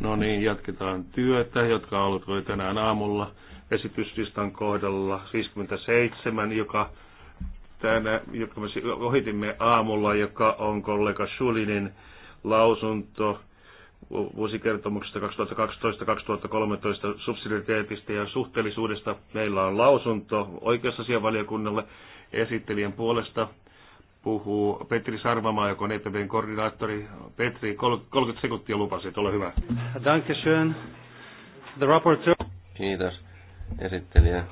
No niin, jatketaan työtä, jotka alkoi tänään aamulla esityslistan kohdalla 57, joka, tänä, joka me ohitimme aamulla, joka on kollega Schulinin lausunto vuosikertomuksesta 2012-2013 subsidiariteetista ja suhteellisuudesta. Meillä on lausunto oikeusasianvaliokunnalle esittelijän puolesta puhuu Petri Sarvamaa, joka on ETVn koordinaattori. Petri, 30 sekuntia lupasit, ole hyvä. Dankeschön. The rapporteur... Kiitos. Esittelijä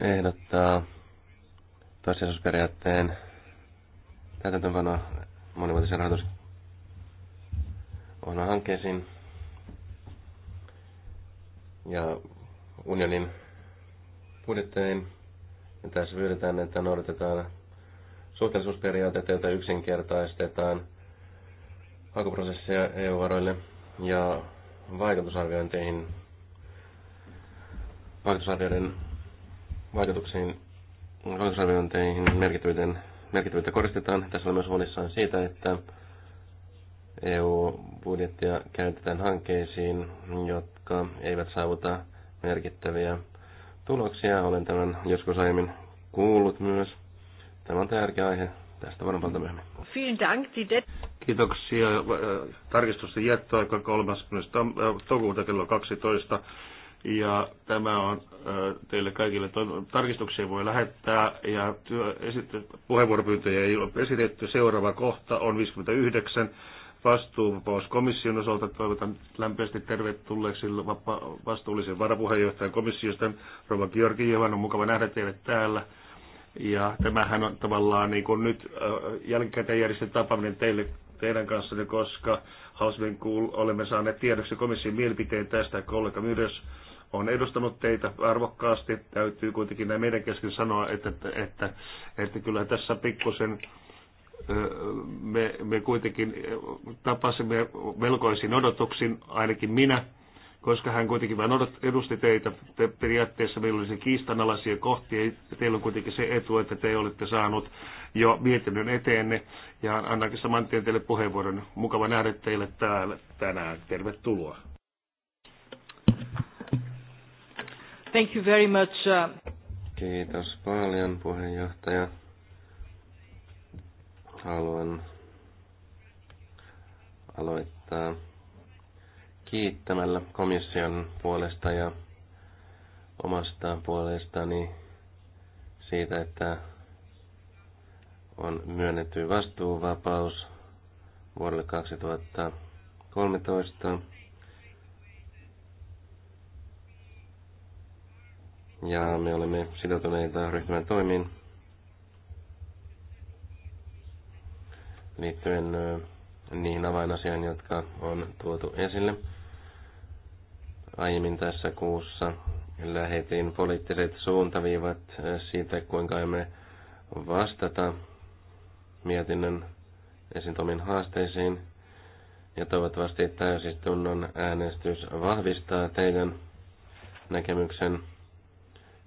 ehdottaa toissijaisuusperiaatteen täytäntöönpanoa monivuotisen rahoitus on hankkeisiin ja unionin budjetteihin. Ja tässä pyydetään, että noudatetaan suhteellisuusperiaatetta, jota yksinkertaistetaan hakuprosesseja EU-varoille ja vaikutusarviointeihin, vaikutusarvioiden vaikutuksiin, vaikutusarviointeihin merkityiden, merkityitä koristetaan. Tässä on myös huolissaan siitä, että EU-budjettia käytetään hankkeisiin, jotka eivät saavuta merkittäviä tuloksia. Olen tämän joskus aiemmin kuullut myös. Tämä on tärkeä aihe. Tästä voidaan palata myöhemmin. Kiitoksia. Tarkistusten jättöaika 30. Äh, toukokuuta kello 12. Ja tämä on äh, teille kaikille. Tarkistuksia voi lähettää ja puheenvuoropyyntöjä ei ole esitetty. Seuraava kohta on 59 vastuuvapauskomission osalta. Toivotan lämpöisesti tervetulleeksi vastuullisen varapuheenjohtajan komissiosta. Rova Jovan on mukava nähdä teille täällä ja tämähän on tavallaan niin kuin nyt jälkikäteen järjestetty tapaaminen teille, teidän kanssanne, koska Hausmin kuul, olemme saaneet tiedoksi komission mielipiteen tästä. Kollega myös on edustanut teitä arvokkaasti. Täytyy kuitenkin näin meidän kesken sanoa, että, että, että, että kyllä tässä pikkusen me, me kuitenkin tapasimme melkoisin odotuksin, ainakin minä, koska hän kuitenkin vain edusti teitä te, periaatteessa, meillä oli se kiistanalaisia kohtia, ja teillä on kuitenkin se etu, että te olette saanut jo mietinnön eteenne, ja annankin saman tien teille puheenvuoron. Mukava nähdä teille täällä tänään. Tervetuloa. Thank you very much. Uh, Kiitos paljon puheenjohtaja. Haluan aloittaa kiittämällä komission puolesta ja omasta puolestani siitä, että on myönnetty vastuuvapaus vuodelle 2013. Ja me olemme sitoutuneita ryhmän toimiin liittyen niihin avainasioihin, jotka on tuotu esille aiemmin tässä kuussa lähetin poliittiset suuntaviivat eh, siitä, kuinka me vastata mietinnön esiintomiin haasteisiin. Ja toivottavasti täysistunnon äänestys vahvistaa teidän näkemyksen.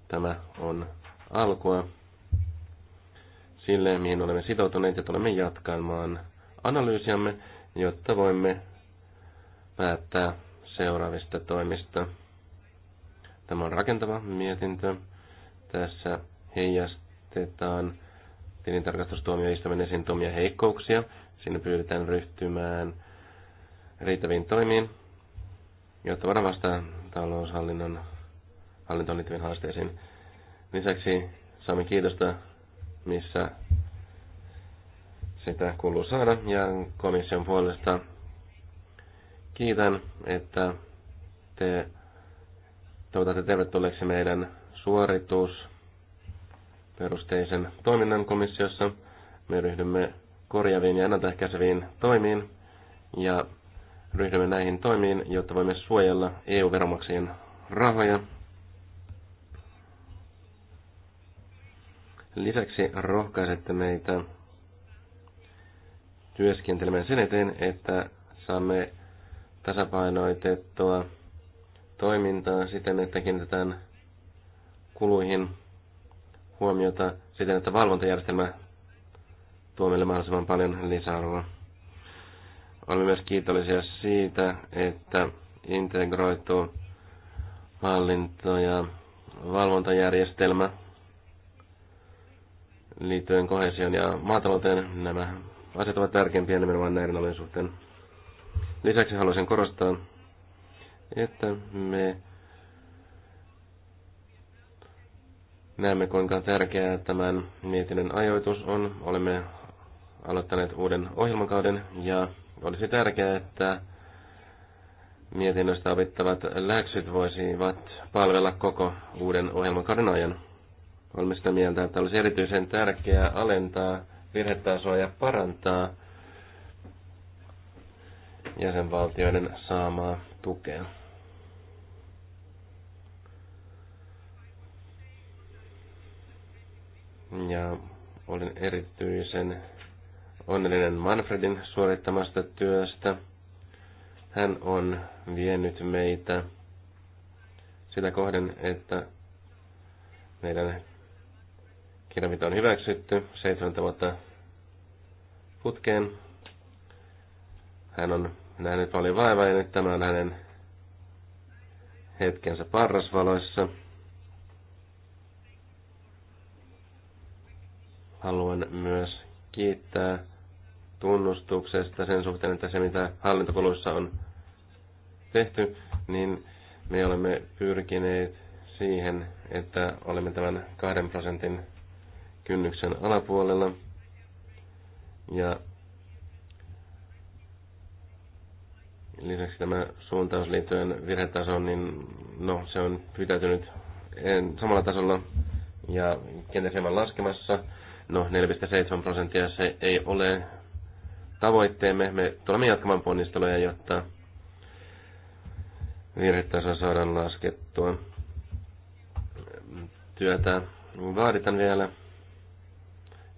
Tämä on alkua sille, mihin olemme sitoutuneet ja tulemme jatkamaan analyysiamme, jotta voimme päättää seuraavista toimista. Tämä on rakentava mietintö. Tässä heijastetaan tilintarkastustuomioistuimen esiin tuomia heikkouksia. Siinä pyydetään ryhtymään riittäviin toimiin, jotta voidaan vastata taloushallinnon hallintoon liittyviin haasteisiin. Lisäksi saamme kiitosta, missä sitä kuuluu saada, ja komission puolesta Kiitän, että te toivotatte tervetulleeksi meidän suoritusperusteisen toiminnan komissiossa. Me ryhdymme korjaaviin ja ennaltaehkäiseviin toimiin ja ryhdymme näihin toimiin, jotta voimme suojella EU-veromaksajien rahoja. Lisäksi rohkaisette meitä työskentelemään sen eteen, että saamme tasapainoitettua toimintaa siten, että kiinnitetään kuluihin huomiota siten, että valvontajärjestelmä tuo meille mahdollisimman paljon lisäarvoa. Olemme myös kiitollisia siitä, että integroitu hallinto- ja valvontajärjestelmä liittyen kohesioon ja maatalouteen. Nämä asiat ovat tärkeimpiä nimenomaan näiden alojen suhteen. Lisäksi haluaisin korostaa, että me näemme kuinka tärkeää tämän mietinnön ajoitus on. Olemme aloittaneet uuden ohjelmakauden ja olisi tärkeää, että mietinnöstä opittavat läksyt voisivat palvella koko uuden ohjelmakauden ajan. Olemme sitä mieltä, että olisi erityisen tärkeää alentaa virhetasoa ja parantaa jäsenvaltioiden saamaa tukea. Ja olin erityisen onnellinen Manfredin suorittamasta työstä. Hän on vienyt meitä sitä kohden, että meidän kirjavit on hyväksytty seitsemän vuotta putkeen. Hän on nähnyt oli vaivaa ja nyt tämä on hänen hetkensä parrasvaloissa. Haluan myös kiittää tunnustuksesta sen suhteen, että se mitä hallintokuluissa on tehty, niin me olemme pyrkineet siihen, että olemme tämän kahden prosentin kynnyksen alapuolella. Ja Lisäksi tämä suuntausliittojen virhetaso niin no, se on pitäytynyt en, samalla tasolla ja kenties hieman laskemassa. No 4,7 prosenttia se ei ole tavoitteemme. Me tulemme jatkamaan ponnisteluja, jotta virhetaso saadaan laskettua. Työtä vaaditaan vielä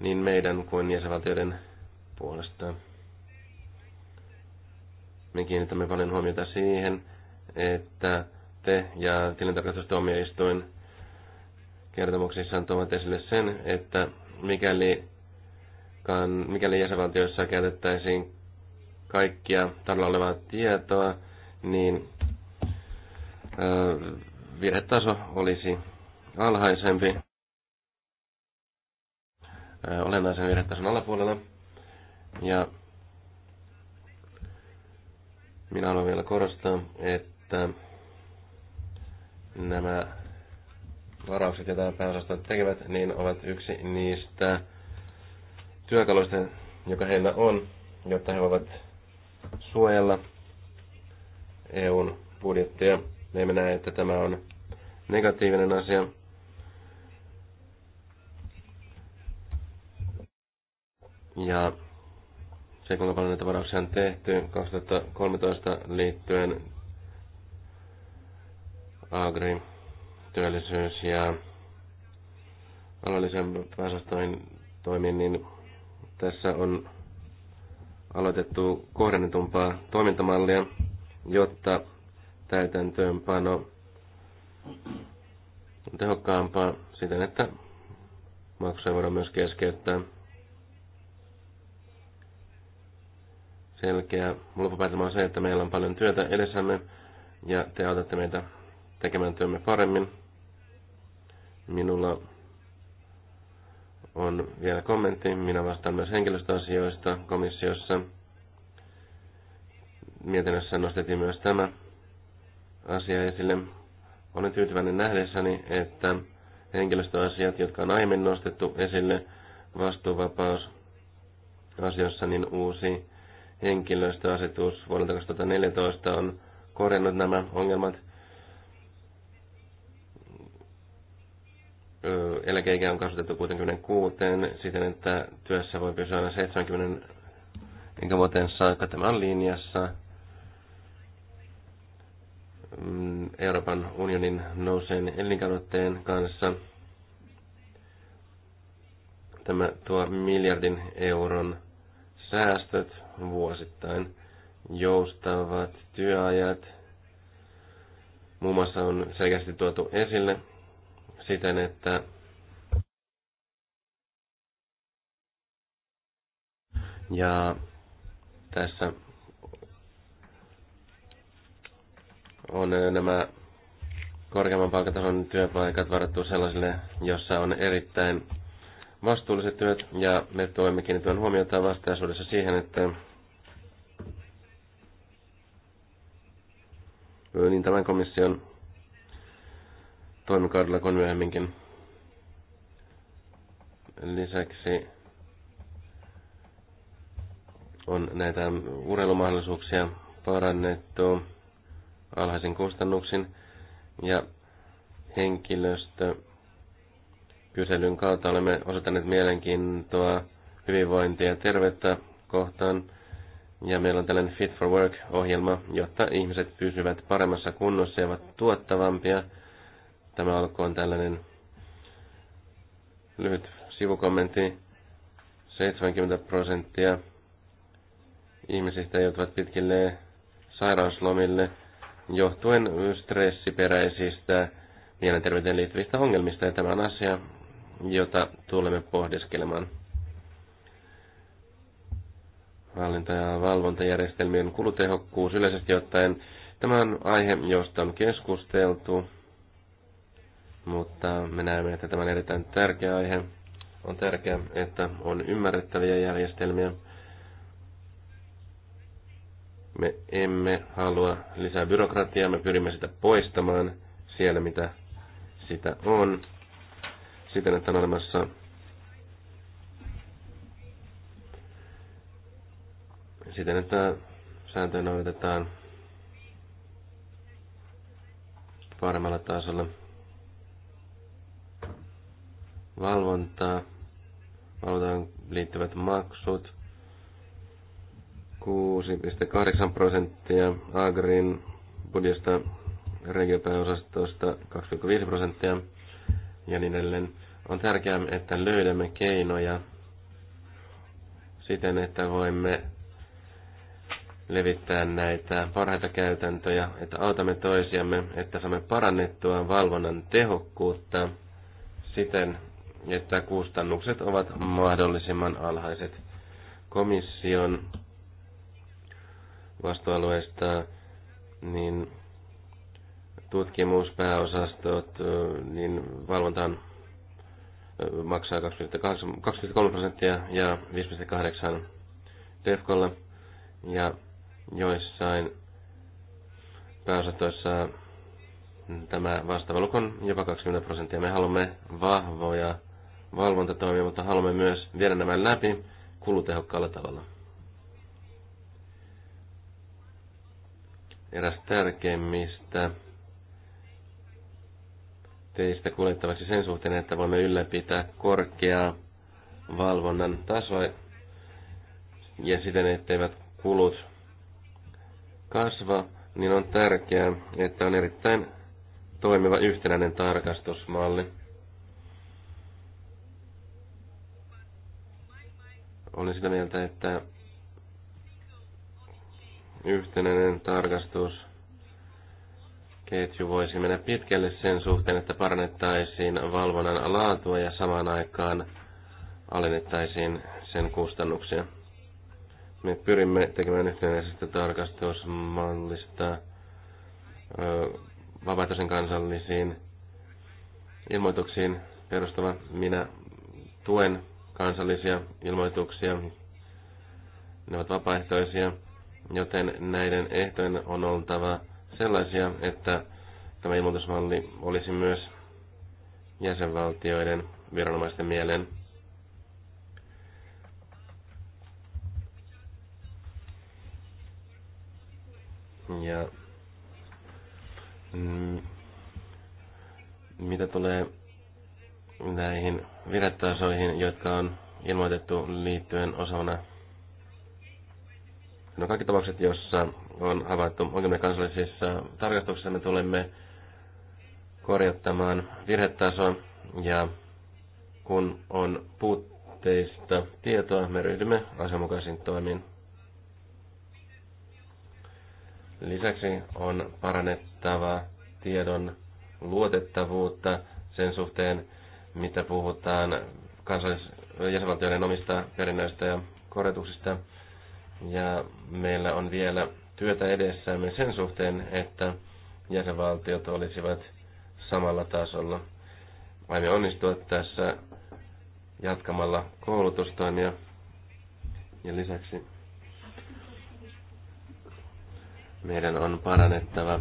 niin meidän kuin jäsenvaltioiden puolesta. Me kiinnitämme paljon huomiota siihen, että te ja tilintarkastustuomioistuin kertomuksissaan tuovat esille sen, että mikäli, kan, mikäli jäsenvaltioissa käytettäisiin kaikkia tarjolla olevaa tietoa, niin ö, virhetaso olisi alhaisempi ö, olennaisen virhetason alapuolella. Ja minä haluan vielä korostaa, että nämä varaukset, joita pääosastot tekevät, niin ovat yksi niistä työkaluista, joka heillä on, jotta he voivat suojella EUn budjettia. Me emme näe, että tämä on negatiivinen asia. Ja se, kuinka paljon näitä varauksia on tehty 2013 liittyen agri, työllisyys ja alueellisen pääsastoin toimiin, niin tässä on aloitettu kohdennetumpaa toimintamallia, jotta täytäntöönpano on tehokkaampaa siten, että maksuja voidaan myös keskeyttää selkeä loppupäätelmä on se, että meillä on paljon työtä edessämme ja te autatte meitä tekemään työmme paremmin. Minulla on vielä kommentti. Minä vastaan myös henkilöstöasioista komissiossa. Mietinnössä nostettiin myös tämä asia esille. Olen tyytyväinen nähdessäni, että henkilöstöasiat, jotka on aiemmin nostettu esille vastuuvapaus asiassa, niin uusi henkilöstöasetus vuodelta 2014 on korjannut nämä ongelmat. Eläkeikä on kasvatettu 66 siten, että työssä voi pysyä aina 70 enkä vuoteen saakka. Tämä on linjassa mm, Euroopan unionin nouseen elinkaadotteen kanssa. Tämä tuo miljardin euron säästöt vuosittain. Joustavat työajat, muun muassa on selkeästi tuotu esille siten, että ja tässä on nämä korkeamman palkatason työpaikat varattu sellaisille, jossa on erittäin vastuulliset työt, ja me tulemme kiinnittämään huomiota vastaisuudessa siihen, että niin tämän komission toimikaudella kuin myöhemminkin. Lisäksi on näitä urheilumahdollisuuksia parannettu alhaisin kustannuksin ja henkilöstö Kyselyn kautta olemme osoittaneet mielenkiintoa hyvinvointia ja terveyttä kohtaan. Ja meillä on tällainen Fit for Work-ohjelma, jotta ihmiset pysyvät paremmassa kunnossa ja ovat tuottavampia. Tämä alkoon tällainen lyhyt sivukommentti. 70 prosenttia ihmisistä joutuvat pitkille sairauslomille johtuen stressiperäisistä mielenterveyteen liittyvistä ongelmista. Ja tämä on asia, jota tulemme pohdiskelemaan. Hallinta- ja valvontajärjestelmien kulutehokkuus yleisesti ottaen. Tämä on aihe, josta on keskusteltu, mutta me näemme, että tämä on erittäin tärkeä aihe. On tärkeää, että on ymmärrettäviä järjestelmiä. Me emme halua lisää byrokratiaa, me pyrimme sitä poistamaan siellä, mitä sitä on siten, että on olemassa siten, että sääntöjä noudatetaan paremmalla tasolla valvontaa, valvontaan liittyvät maksut, 6,8 prosenttia Agrin budjesta regiopääosastosta 2,5 prosenttia ja niin edelleen. On tärkeää, että löydämme keinoja siten, että voimme levittää näitä parhaita käytäntöjä, että autamme toisiamme, että saamme parannettua valvonnan tehokkuutta siten, että kustannukset ovat mahdollisimman alhaiset. Komission vastuualueesta niin tutkimuspääosastot, niin valvontaan maksaa 23 prosenttia ja 5,8 DEFCOlla ja joissain pääosastoissa tämä vastaava luku on jopa 20 prosenttia. Me haluamme vahvoja valvontatoimia, mutta haluamme myös viedä nämä läpi kulutehokkaalla tavalla. Eräs tärkeimmistä teistä kuljettavaksi sen suhteen, että voimme ylläpitää korkeaa valvonnan tasoa ja siten, etteivät kulut kasva, niin on tärkeää, että on erittäin toimiva yhtenäinen tarkastusmalli. Olen sitä mieltä, että yhtenäinen tarkastus ketju voisi mennä pitkälle sen suhteen, että parannettaisiin valvonnan laatua ja samaan aikaan alennettaisiin sen kustannuksia. Me pyrimme tekemään yhtenäisestä tarkastusmallista vapaaehtoisen kansallisiin ilmoituksiin perustuva. Minä tuen kansallisia ilmoituksia. Ne ovat vapaaehtoisia, joten näiden ehtojen on oltava – sellaisia, että tämä ilmoitusmalli olisi myös jäsenvaltioiden viranomaisten mieleen Ja mm, mitä tulee näihin viretasoihin, jotka on ilmoitettu liittyen osana No kaikki tapaukset, joissa on havaittu ongelmia kansallisissa tarkastuksissa, me tulemme korjattamaan virhetasoa ja kun on puutteista tietoa, me ryhdymme asianmukaisiin toimiin. Lisäksi on parannettava tiedon luotettavuutta sen suhteen, mitä puhutaan kansallis- jäsenvaltioiden omista perinnöistä ja korjatuksista ja meillä on vielä työtä edessämme sen suhteen, että jäsenvaltiot olisivat samalla tasolla. Voimme onnistua tässä jatkamalla koulutustoimia ja lisäksi meidän on parannettava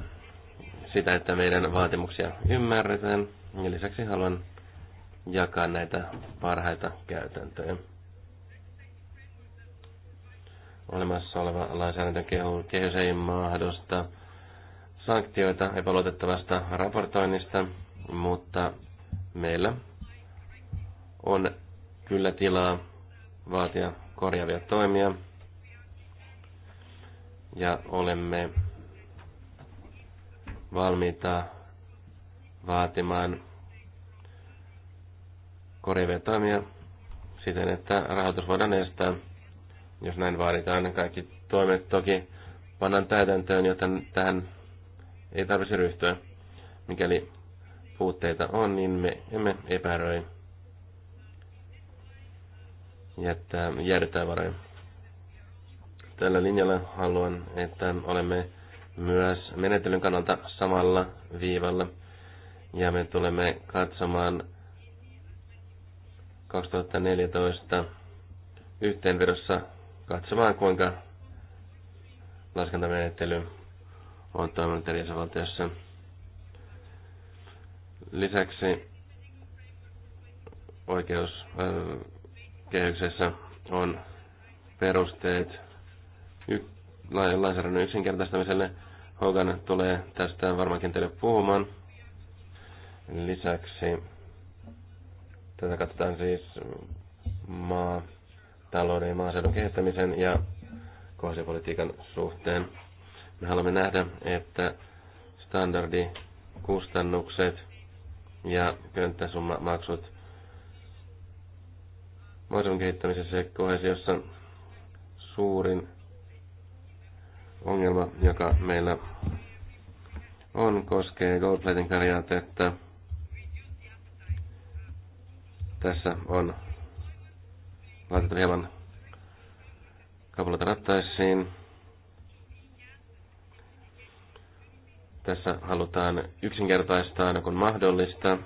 sitä, että meidän vaatimuksia ymmärretään ja lisäksi haluan jakaa näitä parhaita käytäntöjä olemassa oleva kehys ei mahdosta sanktioita epäluotettavasta raportoinnista, mutta meillä on kyllä tilaa vaatia korjaavia toimia. Ja olemme valmiita vaatimaan korjaavia toimia siten, että rahoitus voidaan estää jos näin vaaditaan. Niin kaikki toimet toki pannaan täytäntöön, joten tähän ei tarvitse ryhtyä. Mikäli puutteita on, niin me emme epäröi jättää, jäädyttää varoja. Tällä linjalla haluan, että olemme myös menettelyn kannalta samalla viivalla. Ja me tulemme katsomaan 2014 yhteenvedossa katsomaan, kuinka laskentamenettely on toiminut eri jäsenvaltiossa. Lisäksi oikeuskehyksessä on perusteet y- lainsäädännön yksinkertaistamiselle. Hogan tulee tästä varmaankin teille puhumaan. Lisäksi tätä katsotaan siis maa talouden ja maaseudun kehittämisen ja kohdallisuuspolitiikan suhteen. Me haluamme nähdä, että standardikustannukset ja könttäsummamaksut maaseudun kehittämisessä ja kohesiossa suurin ongelma, joka meillä on, koskee goldplating että Tässä on laitetaan hieman kapuloita rattaisiin. Tässä halutaan yksinkertaistaa aina kun mahdollista.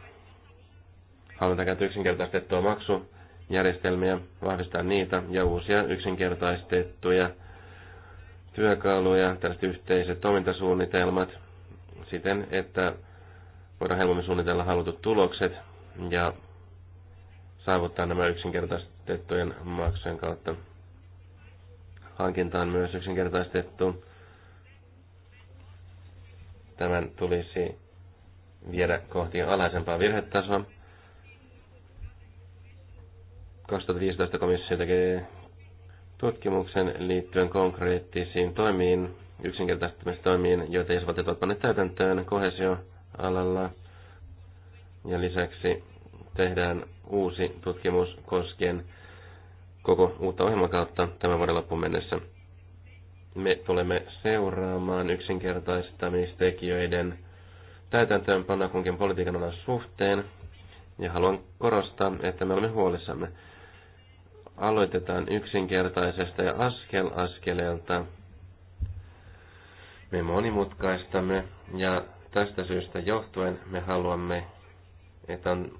Halutaan käyttää yksinkertaistettua maksujärjestelmiä, vahvistaa niitä ja uusia yksinkertaistettuja työkaluja, tällaiset yhteiset toimintasuunnitelmat siten, että voidaan helpommin suunnitella halutut tulokset ja saavuttaa nämä yksinkertaiset tettujen maksujen kautta. hankintaan myös yksinkertaistettu. Tämän tulisi viedä kohti alhaisempaa virhetasoa. 2015 komissio tekee tutkimuksen liittyen konkreettisiin toimiin, yksinkertaistamistoimiin, joita jäsenvaltiot ovat panneet täytäntöön kohesioalalla. Ja lisäksi tehdään uusi tutkimus koskien koko uutta ohjelmakautta tämän vuoden loppuun mennessä. Me tulemme seuraamaan yksinkertaistamistekijöiden täytäntöönpanoa kunkin politiikan alan suhteen, ja haluan korostaa, että me olemme huolissamme. Aloitetaan yksinkertaisesta ja askel askeleelta. Me monimutkaistamme ja tästä syystä johtuen me haluamme, että on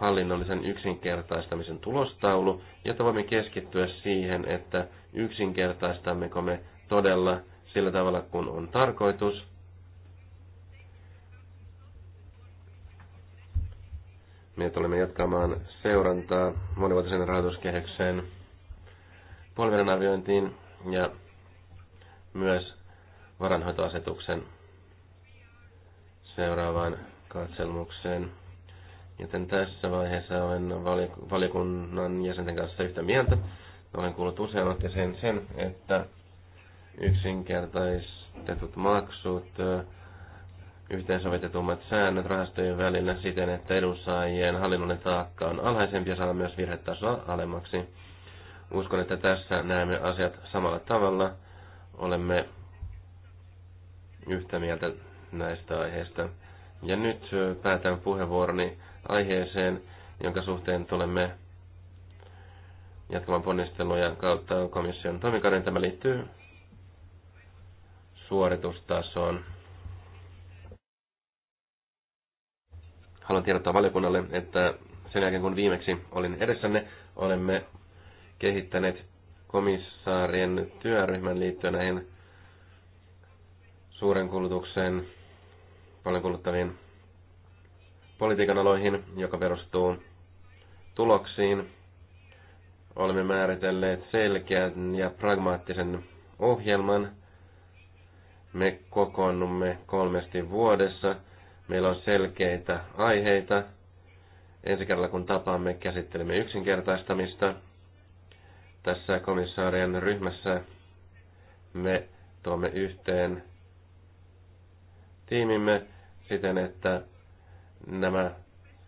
hallinnollisen yksinkertaistamisen tulostaulu, ja voimme keskittyä siihen, että yksinkertaistammeko me todella sillä tavalla, kun on tarkoitus. Me tulemme jatkamaan seurantaa monivuotisen rahoituskehykseen, puolivälin arviointiin ja myös varanhoitoasetuksen seuraavaan katselmukseen. Joten tässä vaiheessa olen valiokunnan jäsenten kanssa yhtä mieltä. Olen kuullut usean otteeseen sen, että yksinkertaistetut maksut, yhteensovitetummat säännöt rahastojen välillä siten, että edunsaajien hallinnollinen taakka on alhaisempi ja saa myös virhetasoa alemmaksi. Uskon, että tässä näemme asiat samalla tavalla. Olemme yhtä mieltä näistä aiheista. Ja nyt päätän puheenvuoroni aiheeseen, jonka suhteen tulemme jatkamaan ponnisteluja kautta komission toimikauden. Tämä liittyy suoritustasoon. Haluan tiedottaa valiokunnalle, että sen jälkeen kun viimeksi olin edessänne, olemme kehittäneet komissaarien työryhmän liittyen näihin suuren kulutukseen, paljon kuluttaviin politiikan aloihin, joka perustuu tuloksiin. Olemme määritelleet selkeän ja pragmaattisen ohjelman. Me kokoonnumme kolmesti vuodessa. Meillä on selkeitä aiheita. Ensi kerralla kun tapaamme, käsittelemme yksinkertaistamista. Tässä komissaarien ryhmässä me tuomme yhteen tiimimme siten, että nämä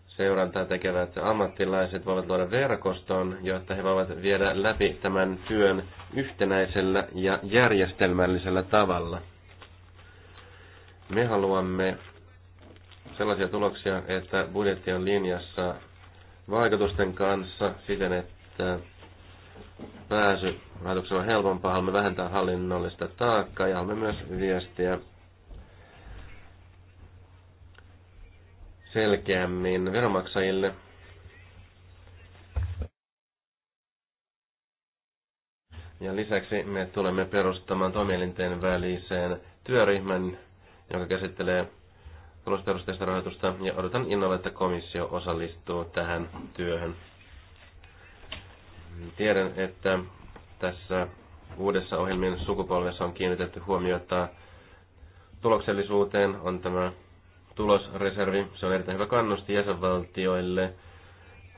seurantaa tekevät ammattilaiset voivat luoda verkoston, jotta he voivat viedä läpi tämän työn yhtenäisellä ja järjestelmällisellä tavalla. Me haluamme sellaisia tuloksia, että budjetti on linjassa vaikutusten kanssa siten, että pääsy rahoituksella on helpompaa, haluamme vähentää hallinnollista taakkaa ja haluamme myös viestiä selkeämmin veronmaksajille. Ja lisäksi me tulemme perustamaan toimielinten väliseen työryhmän, joka käsittelee tulosperusteista rahoitusta, ja odotan innolla, että komissio osallistuu tähän työhön. Tiedän, että tässä uudessa ohjelmien sukupolvessa on kiinnitetty huomiota tuloksellisuuteen, on tämä tulosreservi, se on erittäin hyvä kannusti jäsenvaltioille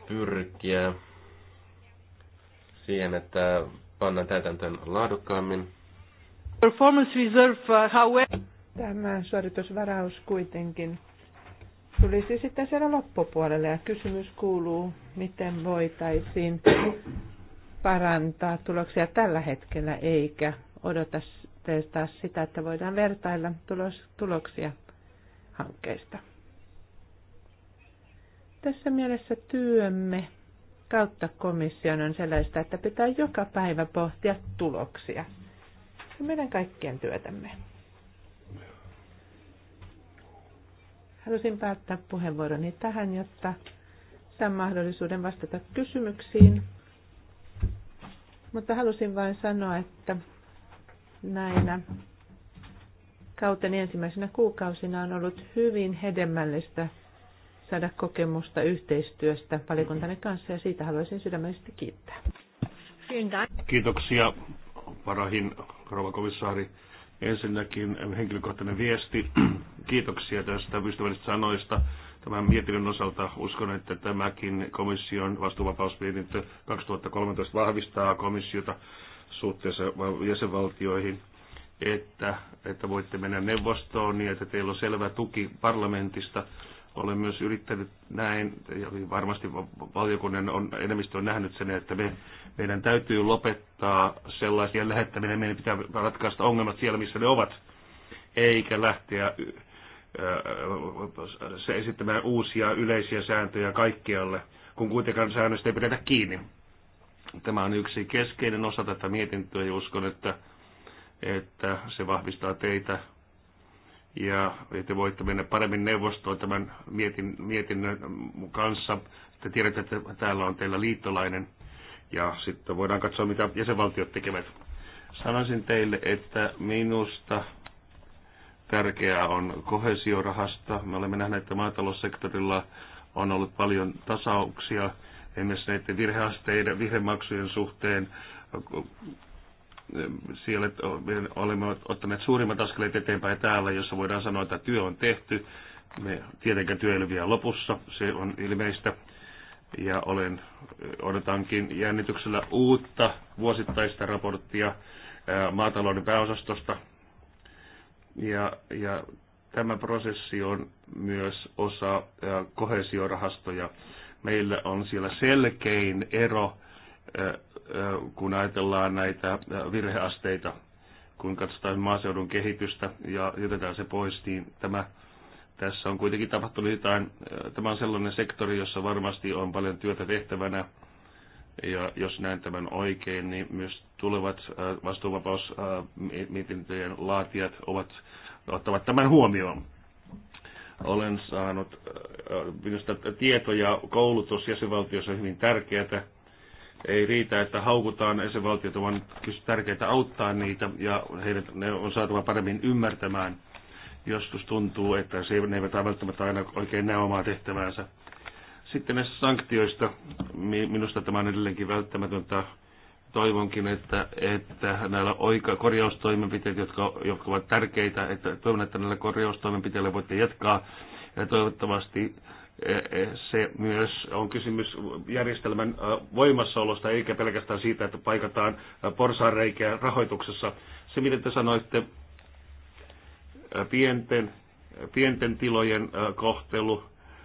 pyrkiä siihen, että pannaan täytäntöön laadukkaammin. Performance reserve, uh, however... Tämä suoritusvaraus kuitenkin tulisi sitten siellä loppupuolelle ja kysymys kuuluu, miten voitaisiin parantaa tuloksia tällä hetkellä eikä odota sitä, että voidaan vertailla tulos, tuloksia hankkeista. Tässä mielessä työmme kautta komission on sellaista, että pitää joka päivä pohtia tuloksia. Ja meidän kaikkien työtämme. Halusin päättää puheenvuoroni tähän, jotta saan mahdollisuuden vastata kysymyksiin. Mutta halusin vain sanoa, että näinä kauteni niin ensimmäisenä kuukausina on ollut hyvin hedelmällistä saada kokemusta yhteistyöstä valiokuntanne kanssa ja siitä haluaisin sydämellisesti kiittää. Kiitoksia Parahin Krovakovissaari. Ensinnäkin henkilökohtainen viesti. Kiitoksia tästä ystävällisistä sanoista tämän mietinnön osalta uskon, että tämäkin komission vastuuvapausmietintö 2013 vahvistaa komissiota suhteessa jäsenvaltioihin että, että voitte mennä neuvostoon niin, että teillä on selvä tuki parlamentista. Olen myös yrittänyt näin, ja varmasti valiokunnan on, enemmistö on nähnyt sen, että me, meidän täytyy lopettaa sellaisia lähettäminen, meidän pitää ratkaista ongelmat siellä, missä ne ovat, eikä lähteä se esittämään uusia yleisiä sääntöjä kaikkialle, kun kuitenkaan säännöstä ei pidetä kiinni. Tämä on yksi keskeinen osa tätä mietintöä ja uskon, että että se vahvistaa teitä ja te voitte mennä paremmin neuvostoon tämän mietin, mietinnön kanssa. Te tiedätte, että täällä on teillä liittolainen ja sitten voidaan katsoa, mitä jäsenvaltiot tekevät. Sanoisin teille, että minusta tärkeää on kohesiorahasta. Me olemme nähneet, että maataloussektorilla on ollut paljon tasauksia esimerkiksi näiden virheasteiden, virhemaksujen suhteen siellä olemme ottaneet suurimmat askeleet eteenpäin täällä, jossa voidaan sanoa, että työ on tehty. Me, tietenkään työ ei vielä lopussa, se on ilmeistä. Ja olen, odotankin jännityksellä uutta vuosittaista raporttia maatalouden pääosastosta. Ja, ja tämä prosessi on myös osa kohesiorahastoja. Meillä on siellä selkein ero kun ajatellaan näitä virheasteita, kun katsotaan maaseudun kehitystä ja jätetään se pois, niin tämä, tässä on kuitenkin tapahtunut jotain. Tämä on sellainen sektori, jossa varmasti on paljon työtä tehtävänä. Ja jos näen tämän oikein, niin myös tulevat vastuuvapausmietintöjen laatijat ovat, ottavat tämän huomioon. Olen saanut minusta tietoja ja koulutus jäsenvaltiossa on hyvin tärkeää ei riitä, että haukutaan jäsenvaltioita, vaan tärkeää auttaa niitä ja heidät, ne on saatava paremmin ymmärtämään. Joskus tuntuu, että se, ne eivät välttämättä aina oikein näe omaa tehtäväänsä. Sitten näistä sanktioista, minusta tämä on edelleenkin välttämätöntä toivonkin, että, että näillä oika- korjaustoimenpiteet, jotka, jotka ovat tärkeitä, että toivon, että näillä korjaustoimenpiteillä voitte jatkaa. Ja toivottavasti E, e, se myös on kysymys järjestelmän voimassaolosta, eikä pelkästään siitä, että paikataan porsaanreikiä rahoituksessa. Se, miten te sanoitte, pienten, pienten tilojen kohtelu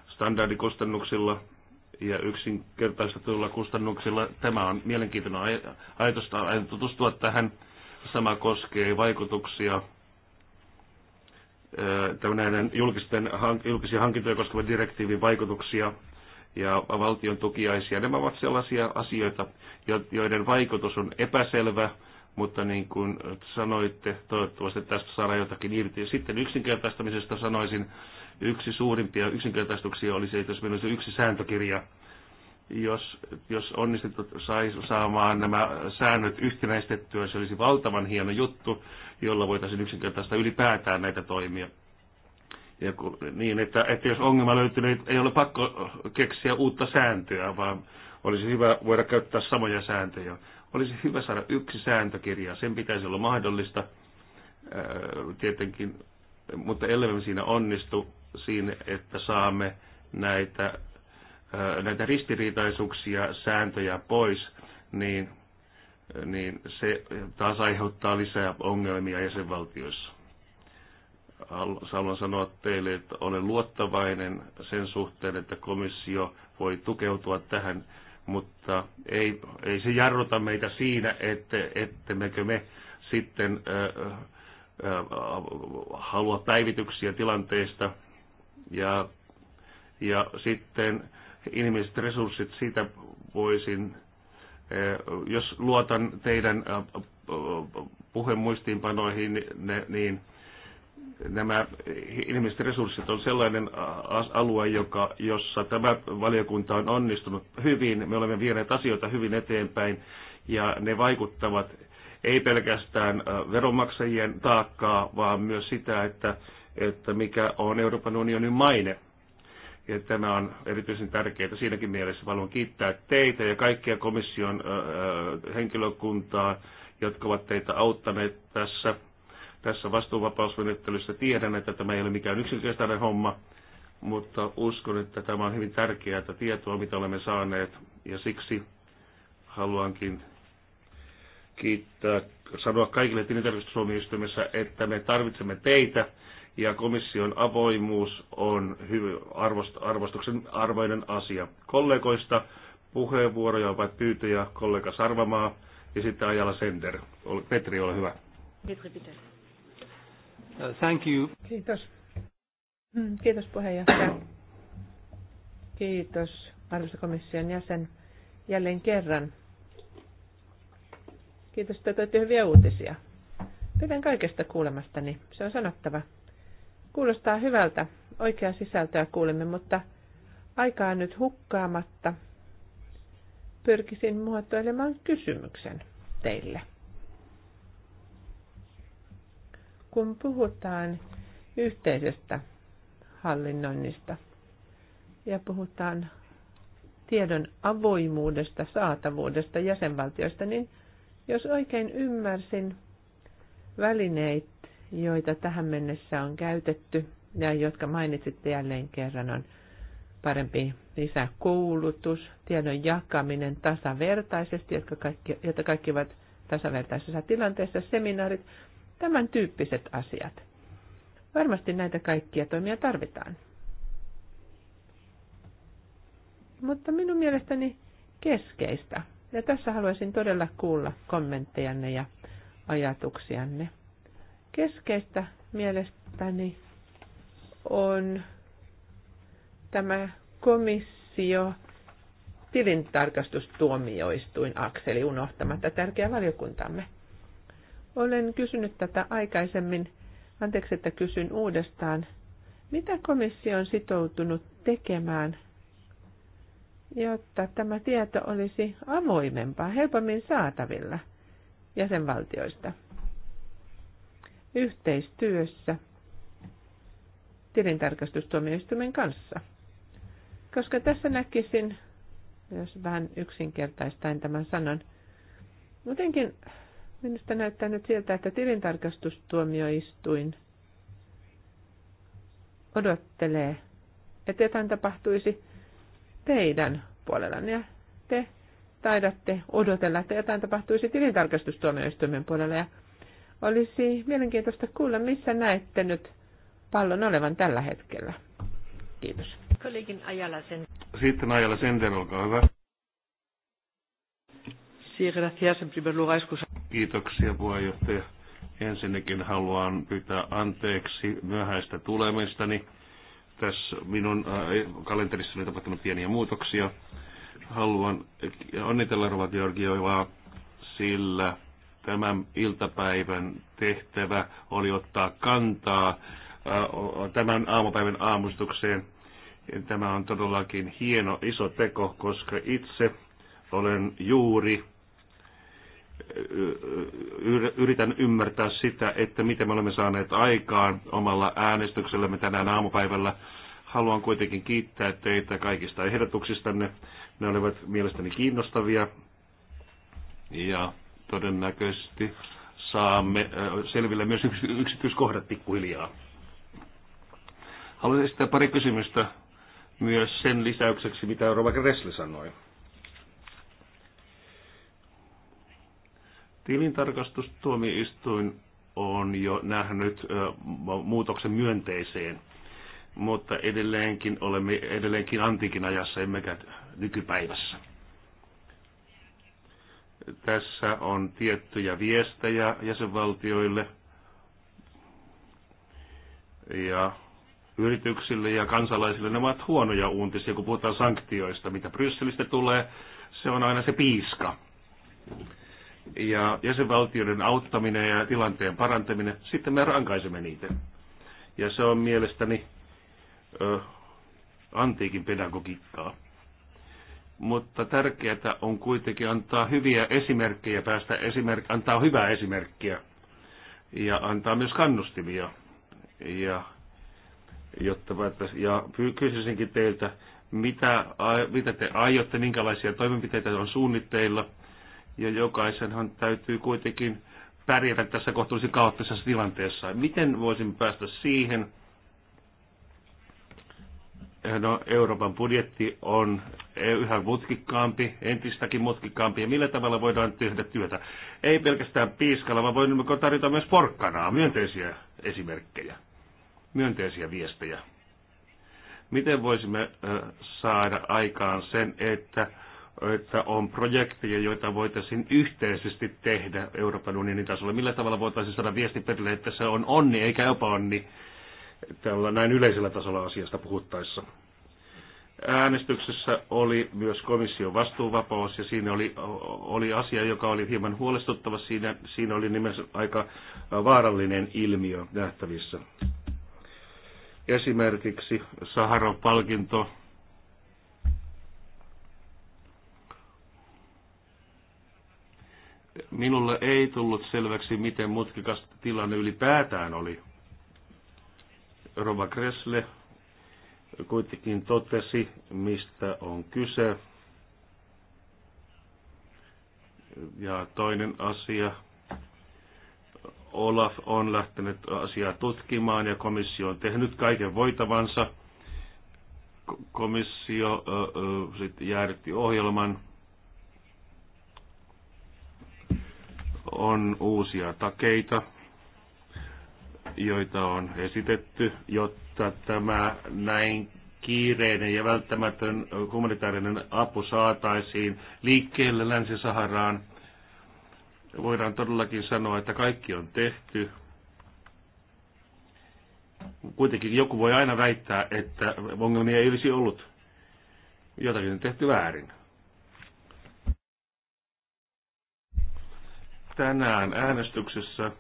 standardikustannuksilla ja yksinkertaistetuilla kustannuksilla, tämä on mielenkiintoinen ajatus, tutustua tähän. Sama koskee vaikutuksia näiden julkisten, julkisia hankintoja koskevan direktiivin vaikutuksia ja valtion tukiaisia. Nämä ovat sellaisia asioita, joiden vaikutus on epäselvä, mutta niin kuin sanoitte, toivottavasti tästä saadaan jotakin irti. Sitten yksinkertaistamisesta sanoisin, yksi suurimpia yksinkertaistuksia oli se, että jos meillä olisi yksi sääntökirja, jos, jos onnistettu saisi saamaan nämä säännöt yhtenäistettyä, se olisi valtavan hieno juttu, jolla voitaisiin yksinkertaista ylipäätään näitä toimia. Ja kun, niin, että, että jos ongelma löytyy, niin ei ole pakko keksiä uutta sääntöä, vaan olisi hyvä voida käyttää samoja sääntöjä. Olisi hyvä saada yksi sääntökirja, sen pitäisi olla mahdollista tietenkin, mutta ellei siinä onnistu siinä, että saamme näitä näitä ristiriitaisuuksia, sääntöjä pois, niin, niin se taas aiheuttaa lisää ongelmia jäsenvaltioissa. Haluan sanoa teille, että olen luottavainen sen suhteen, että komissio voi tukeutua tähän, mutta ei, ei se jarruta meitä siinä, että ettemmekö me sitten äh, äh, halua päivityksiä tilanteesta ja, ja sitten inhimilliset resurssit, siitä voisin, eh, jos luotan teidän eh, eh, puhemuistiinpanoihin, niin nämä inhimilliset resurssit on sellainen alue, joka, jossa tämä valiokunta on onnistunut hyvin. Me olemme vieneet asioita hyvin eteenpäin ja ne vaikuttavat ei pelkästään veronmaksajien taakkaa, vaan myös sitä, että, että mikä on Euroopan unionin maine. Ja tämä on erityisen tärkeää siinäkin mielessä. Haluan kiittää teitä ja kaikkia komission henkilökuntaa, jotka ovat teitä auttaneet tässä, tässä vastuuvapausmenettelyssä. Tiedän, että tämä ei ole mikään yksinkertainen homma, mutta uskon, että tämä on hyvin tärkeää että tietoa, mitä olemme saaneet, ja siksi haluankin kiittää, sanoa kaikille tilintarkastustuomioistuimessa, että me tarvitsemme teitä ja komission avoimuus on hyvin arvostuksen arvoinen asia. Kollegoista puheenvuoroja ovat pyytäjä kollega Sarvamaa ja sitten Ajala Sender. Petri, ole hyvä. Petri uh, Thank you. Kiitos. Mm, kiitos puheenjohtaja. Kiitos arvoisa komission jäsen jälleen kerran. Kiitos, että toitte hyviä uutisia. Pidän kaikesta kuulemastani. Se on sanottava. Kuulostaa hyvältä. Oikea sisältöä kuulemme, mutta aikaa nyt hukkaamatta pyrkisin muotoilemaan kysymyksen teille. Kun puhutaan yhteisestä hallinnoinnista ja puhutaan tiedon avoimuudesta, saatavuudesta jäsenvaltioista, niin jos oikein ymmärsin välineitä, joita tähän mennessä on käytetty ja jotka mainitsitte jälleen kerran, on parempi lisäkoulutus, tiedon jakaminen tasavertaisesti, jotka kaikki, jotta kaikki ovat tasavertaisessa tilanteessa, seminaarit, tämän tyyppiset asiat. Varmasti näitä kaikkia toimia tarvitaan. Mutta minun mielestäni keskeistä, ja tässä haluaisin todella kuulla kommenttejanne ja ajatuksianne, Keskeistä mielestäni on tämä komissio tilintarkastustuomioistuin akseli unohtamatta tärkeä valiokuntamme. Olen kysynyt tätä aikaisemmin. Anteeksi, että kysyn uudestaan. Mitä komissio on sitoutunut tekemään, jotta tämä tieto olisi avoimempaa, helpommin saatavilla jäsenvaltioista? yhteistyössä tilintarkastustuomioistuimen kanssa. Koska tässä näkisin, jos vähän yksinkertaistaen tämän sanon, jotenkin minusta näyttää nyt siltä, että tilintarkastustuomioistuin odottelee, että jotain tapahtuisi teidän puolellanne ja te taidatte odotella, että jotain tapahtuisi tilintarkastustuomioistuimen puolella ja olisi mielenkiintoista kuulla, missä näette nyt pallon olevan tällä hetkellä. Kiitos. Kollegin Ajala sen. Sitten Ajala Senten, olkaa hyvä. Kiitoksia puheenjohtaja. Ensinnäkin haluan pyytää anteeksi myöhäistä tulemistani. Tässä minun äh, kalenterissani on tapahtunut pieniä muutoksia. Haluan onnitella Rova Georgiovaa, sillä Tämän iltapäivän tehtävä oli ottaa kantaa äh, tämän aamupäivän aamustukseen. Tämä on todellakin hieno iso teko, koska itse olen juuri äh, yritän ymmärtää sitä, että miten me olemme saaneet aikaan omalla äänestyksellämme tänään aamupäivällä. Haluan kuitenkin kiittää teitä kaikista ehdotuksistanne. Ne olivat mielestäni kiinnostavia. Ja todennäköisesti saamme äh, selville myös yksityiskohdat pikkuhiljaa. Haluaisin esittää pari kysymystä myös sen lisäykseksi, mitä Rova Gressli sanoi. Tilintarkastustuomioistuin on jo nähnyt äh, muutoksen myönteiseen, mutta edelleenkin olemme edelleenkin antiikin ajassa, emmekä nykypäivässä tässä on tiettyjä viestejä jäsenvaltioille ja yrityksille ja kansalaisille. ne ovat huonoja uutisia, kun puhutaan sanktioista. Mitä Brysselistä tulee, se on aina se piiska. Ja jäsenvaltioiden auttaminen ja tilanteen parantaminen, sitten me rankaisemme niitä. Ja se on mielestäni ö, antiikin pedagogiikkaa mutta tärkeää on kuitenkin antaa hyviä esimerkkejä, päästä esimerk- antaa hyvää esimerkkiä ja antaa myös kannustimia. Ja, jotta ja kysyisinkin teiltä, mitä, mitä te aiotte, minkälaisia toimenpiteitä on suunnitteilla, ja jokaisenhan täytyy kuitenkin pärjätä tässä kohtuullisen kaoottisessa tilanteessa. Miten voisimme päästä siihen, No, Euroopan budjetti on yhä mutkikkaampi, entistäkin mutkikkaampi, ja millä tavalla voidaan tehdä työtä? Ei pelkästään piiskalla, vaan voin tarjota myös porkkanaa, myönteisiä esimerkkejä, myönteisiä viestejä. Miten voisimme saada aikaan sen, että, että on projekteja, joita voitaisiin yhteisesti tehdä Euroopan unionin tasolla? Millä tavalla voitaisiin saada viesti perille, että se on onni eikä epäonni? onni? tällä näin yleisellä tasolla asiasta puhuttaessa. Äänestyksessä oli myös komission vastuuvapaus ja siinä oli, oli asia, joka oli hieman huolestuttava. Siinä, siinä oli nimensä aika vaarallinen ilmiö nähtävissä. Esimerkiksi Saharon palkinto minulle ei tullut selväksi, miten mutkikas tilanne ylipäätään oli. Rova Kressle kuitenkin totesi, mistä on kyse. Ja toinen asia, Olaf on lähtenyt asiaa tutkimaan ja komissio on tehnyt kaiken voitavansa. Komissio sitten jäädytti ohjelman. On uusia takeita joita on esitetty, jotta tämä näin kiireinen ja välttämätön humanitaarinen apu saataisiin liikkeelle Länsi-Saharaan. Voidaan todellakin sanoa, että kaikki on tehty. Kuitenkin joku voi aina väittää, että ongelmia ei olisi ollut. Jotakin on tehty väärin. Tänään äänestyksessä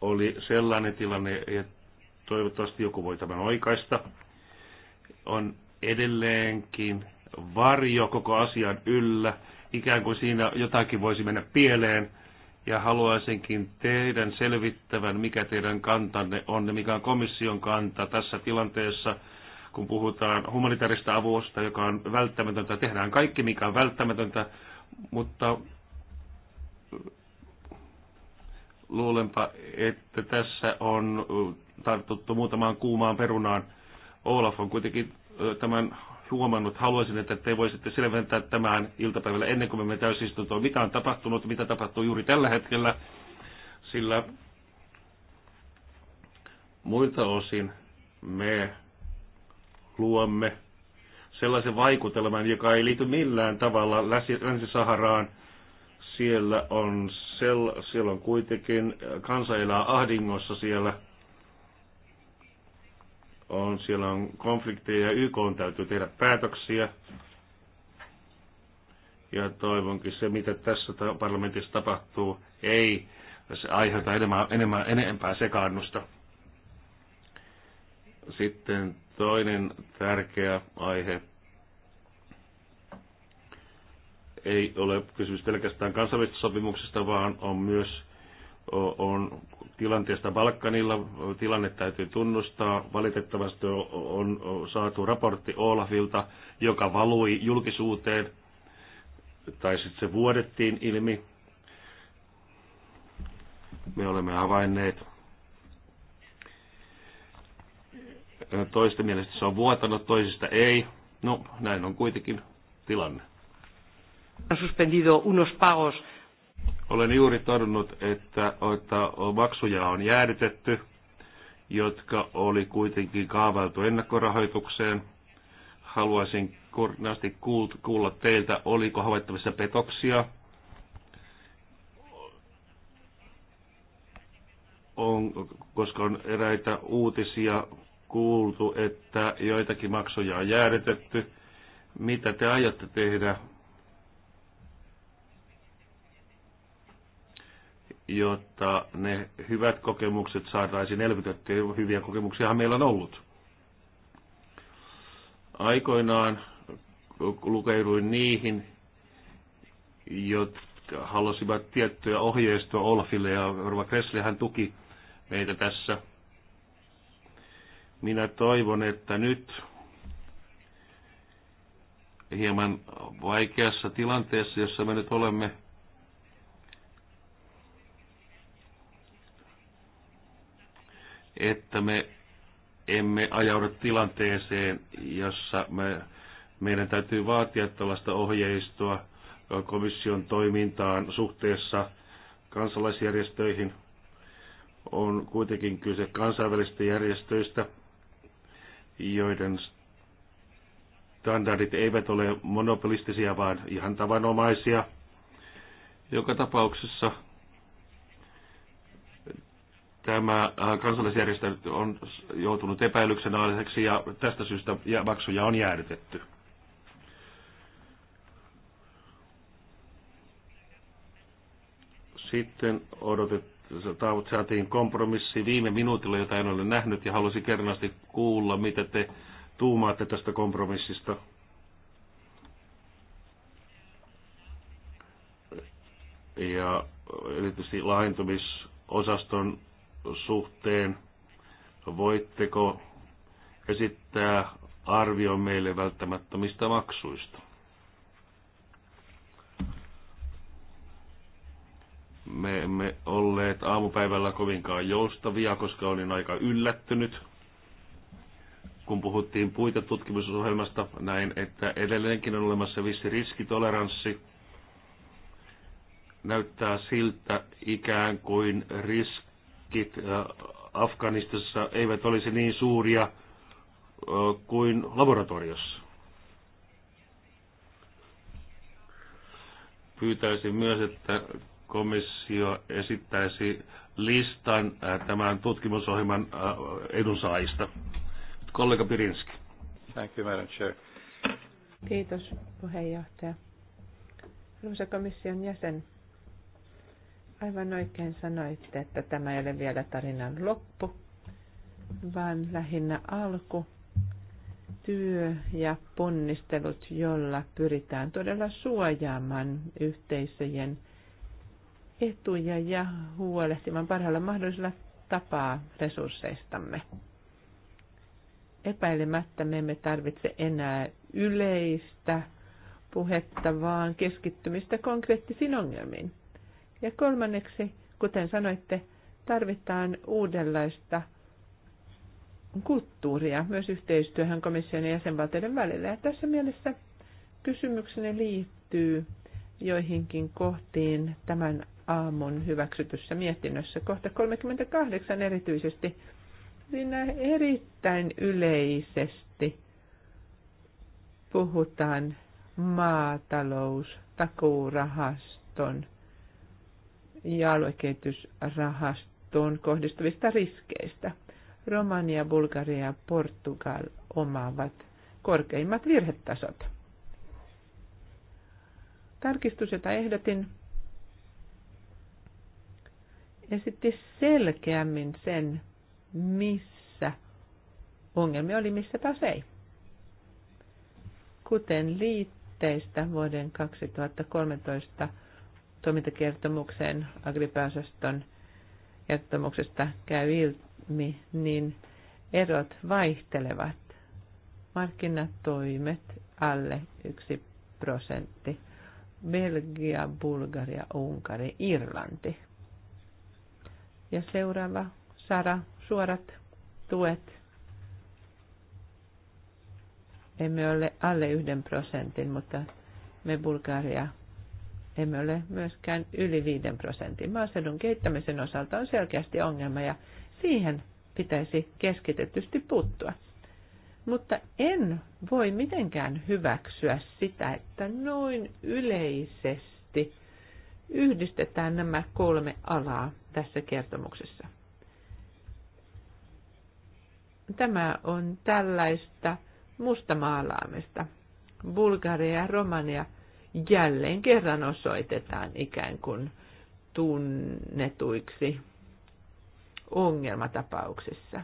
oli sellainen tilanne, että toivottavasti joku voi tämän oikaista, on edelleenkin varjo koko asian yllä, ikään kuin siinä jotakin voisi mennä pieleen, ja haluaisinkin teidän selvittävän, mikä teidän kantanne on ja mikä on komission kanta tässä tilanteessa, kun puhutaan humanitaarista avusta, joka on välttämätöntä. Tehdään kaikki, mikä on välttämätöntä, mutta Luulenpa, että tässä on tartuttu muutamaan kuumaan perunaan. Olaf on kuitenkin tämän huomannut. Haluaisin, että te voisitte selventää tämän iltapäivällä ennen kuin me täysistuntoon, mitä on tapahtunut, mitä tapahtuu juuri tällä hetkellä, sillä muilta osin me luomme sellaisen vaikutelman, joka ei liity millään tavalla Länsi-Saharaan. Siellä on siellä, siellä on kuitenkin, kansa elää ahdingossa siellä, on, siellä on konflikteja ja YK on täytyy tehdä päätöksiä. Ja toivonkin se, mitä tässä parlamentissa tapahtuu, ei se aiheuta enemmän, enemmän, enempää sekaannusta. Sitten toinen tärkeä aihe ei ole kysymys pelkästään kansainvälisestä sopimuksesta, vaan on myös on tilanteesta Balkanilla. Tilanne täytyy tunnustaa. Valitettavasti on saatu raportti Olafilta, joka valui julkisuuteen, tai sitten se vuodettiin ilmi. Me olemme havainneet. Toisten mielestä se on vuotanut, toisista ei. No, näin on kuitenkin tilanne suspendido unos pagos. Olen juuri todennut, että, että maksuja on jäädytetty, jotka oli kuitenkin kaavailtu ennakkorahoitukseen. Haluaisin kornaasti kuulla teiltä, oliko havaittavissa petoksia on, koska on eräitä uutisia kuultu, että joitakin maksuja on jäädytetty. Mitä te aiotte tehdä jotta ne hyvät kokemukset saataisiin elvytettyä. Hyviä kokemuksia meillä on ollut. Aikoinaan lukeuduin niihin, jotka halusivat tiettyä ohjeistoa Olfille, ja Rova Kresslihän tuki meitä tässä. Minä toivon, että nyt hieman vaikeassa tilanteessa, jossa me nyt olemme, että me emme ajaudu tilanteeseen, jossa me, meidän täytyy vaatia tällaista ohjeistoa komission toimintaan suhteessa kansalaisjärjestöihin. On kuitenkin kyse kansainvälisistä järjestöistä, joiden standardit eivät ole monopolistisia, vaan ihan tavanomaisia. Joka tapauksessa tämä äh, kansalaisjärjestö on joutunut epäilyksen aaliseksi ja tästä syystä maksuja on jäädytetty. Sitten odotettiin, saatiin kompromissi viime minuutilla, jota en ole nähnyt, ja halusin kernaasti kuulla, mitä te tuumaatte tästä kompromissista. Ja äh, erityisesti laajentumisosaston suhteen. Voitteko esittää arvio meille välttämättömistä maksuista? Me emme olleet aamupäivällä kovinkaan joustavia, koska olin aika yllättynyt, kun puhuttiin puitetutkimusohjelmasta näin, että edelleenkin on olemassa vissi riskitoleranssi. Näyttää siltä ikään kuin risk riskit äh, Afganistassa eivät olisi niin suuria äh, kuin laboratoriossa. Pyytäisin myös, että komissio esittäisi listan äh, tämän tutkimusohjelman edunsaajista. Kollega Pirinski. Thank you, Madam Chair. Kiitos, puheenjohtaja. Arvoisa komission jäsen, Aivan oikein sanoitte, että tämä ei ole vielä tarinan loppu, vaan lähinnä alku. Työ ja ponnistelut, jolla pyritään todella suojaamaan yhteisöjen etuja ja huolehtimaan parhaalla mahdollisella tapaa resursseistamme. Epäilemättä me emme tarvitse enää yleistä puhetta, vaan keskittymistä konkreettisiin ongelmiin ja kolmanneksi, kuten sanoitte, tarvitaan uudenlaista kulttuuria myös yhteistyöhön komission ja jäsenvaltioiden välillä. Ja tässä mielessä kysymykseni liittyy joihinkin kohtiin tämän aamun hyväksytyssä mietinnössä. Kohta 38 erityisesti siinä erittäin yleisesti puhutaan maatalous, takuurahaston ja aluekehitysrahastoon kohdistuvista riskeistä. Romania, Bulgaria ja Portugal omaavat korkeimmat virhetasot. Tarkistus, jota ehdotin, esitti selkeämmin sen, missä ongelmia oli, missä taas ei. Kuten liitteistä vuoden 2013 toimintakertomukseen agripääosaston kertomuksesta käy ilmi, niin erot vaihtelevat. Markkinatoimet alle 1 prosentti. Belgia, Bulgaria, Unkari, Irlanti. Ja seuraava Sara, suorat tuet. Emme ole alle yhden prosentin, mutta me Bulgaria, emme ole myöskään yli 5 prosentin. Maaseudun kehittämisen osalta on selkeästi ongelma ja siihen pitäisi keskitetysti puuttua. Mutta en voi mitenkään hyväksyä sitä, että noin yleisesti yhdistetään nämä kolme alaa tässä kertomuksessa. Tämä on tällaista mustamaalaamista. Bulgaria ja Romania – jälleen kerran osoitetaan ikään kuin tunnetuiksi ongelmatapauksissa.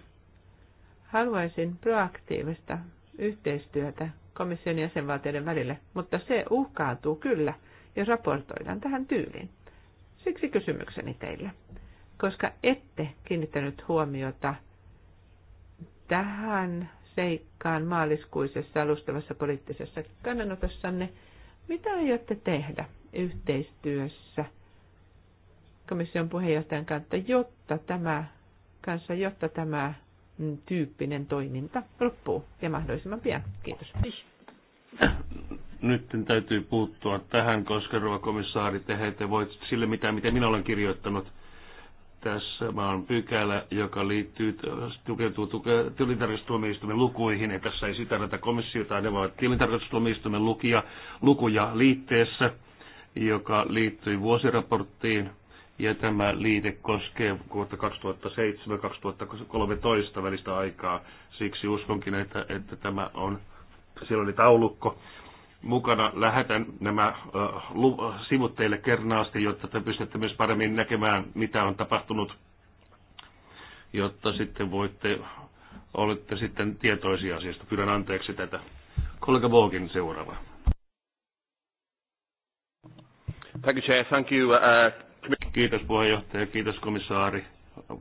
Haluaisin proaktiivista yhteistyötä komission jäsenvaltioiden välille, mutta se uhkaantuu kyllä, jos raportoidaan tähän tyyliin. Siksi kysymykseni teille, koska ette kiinnittänyt huomiota tähän seikkaan maaliskuisessa alustavassa poliittisessa kannanotossanne, mitä aiotte tehdä yhteistyössä komission puheenjohtajan kanssa, jotta tämä, kanssa, jotta tämä mm, tyyppinen toiminta loppuu ja mahdollisimman pian? Kiitos. Nyt täytyy puuttua tähän, koska ruokomissaari, te ette voit sille mitään, mitä minä olen kirjoittanut – tässä maan pykälä, joka liittyy, tukeutuu tilintarkastustuomioistuimen lukuihin, ja tässä ei sitä, näitä komissiota, ne ovat tilintarkastustuomioistuimen lukia, lukuja liitteessä, joka liittyy vuosiraporttiin, ja tämä liite koskee vuotta 2007-2013 välistä aikaa. Siksi uskonkin, että, että tämä on, siellä oli taulukko, mukana. Lähetän nämä sivut teille kernaasti, jotta te pystytte myös paremmin näkemään, mitä on tapahtunut, jotta sitten voitte, olette sitten tietoisia asiasta. Pyydän anteeksi tätä. Kollega Bogin seuraava. Thank you, Chair. Thank you, uh, Kiitos puheenjohtaja, kiitos komissaari.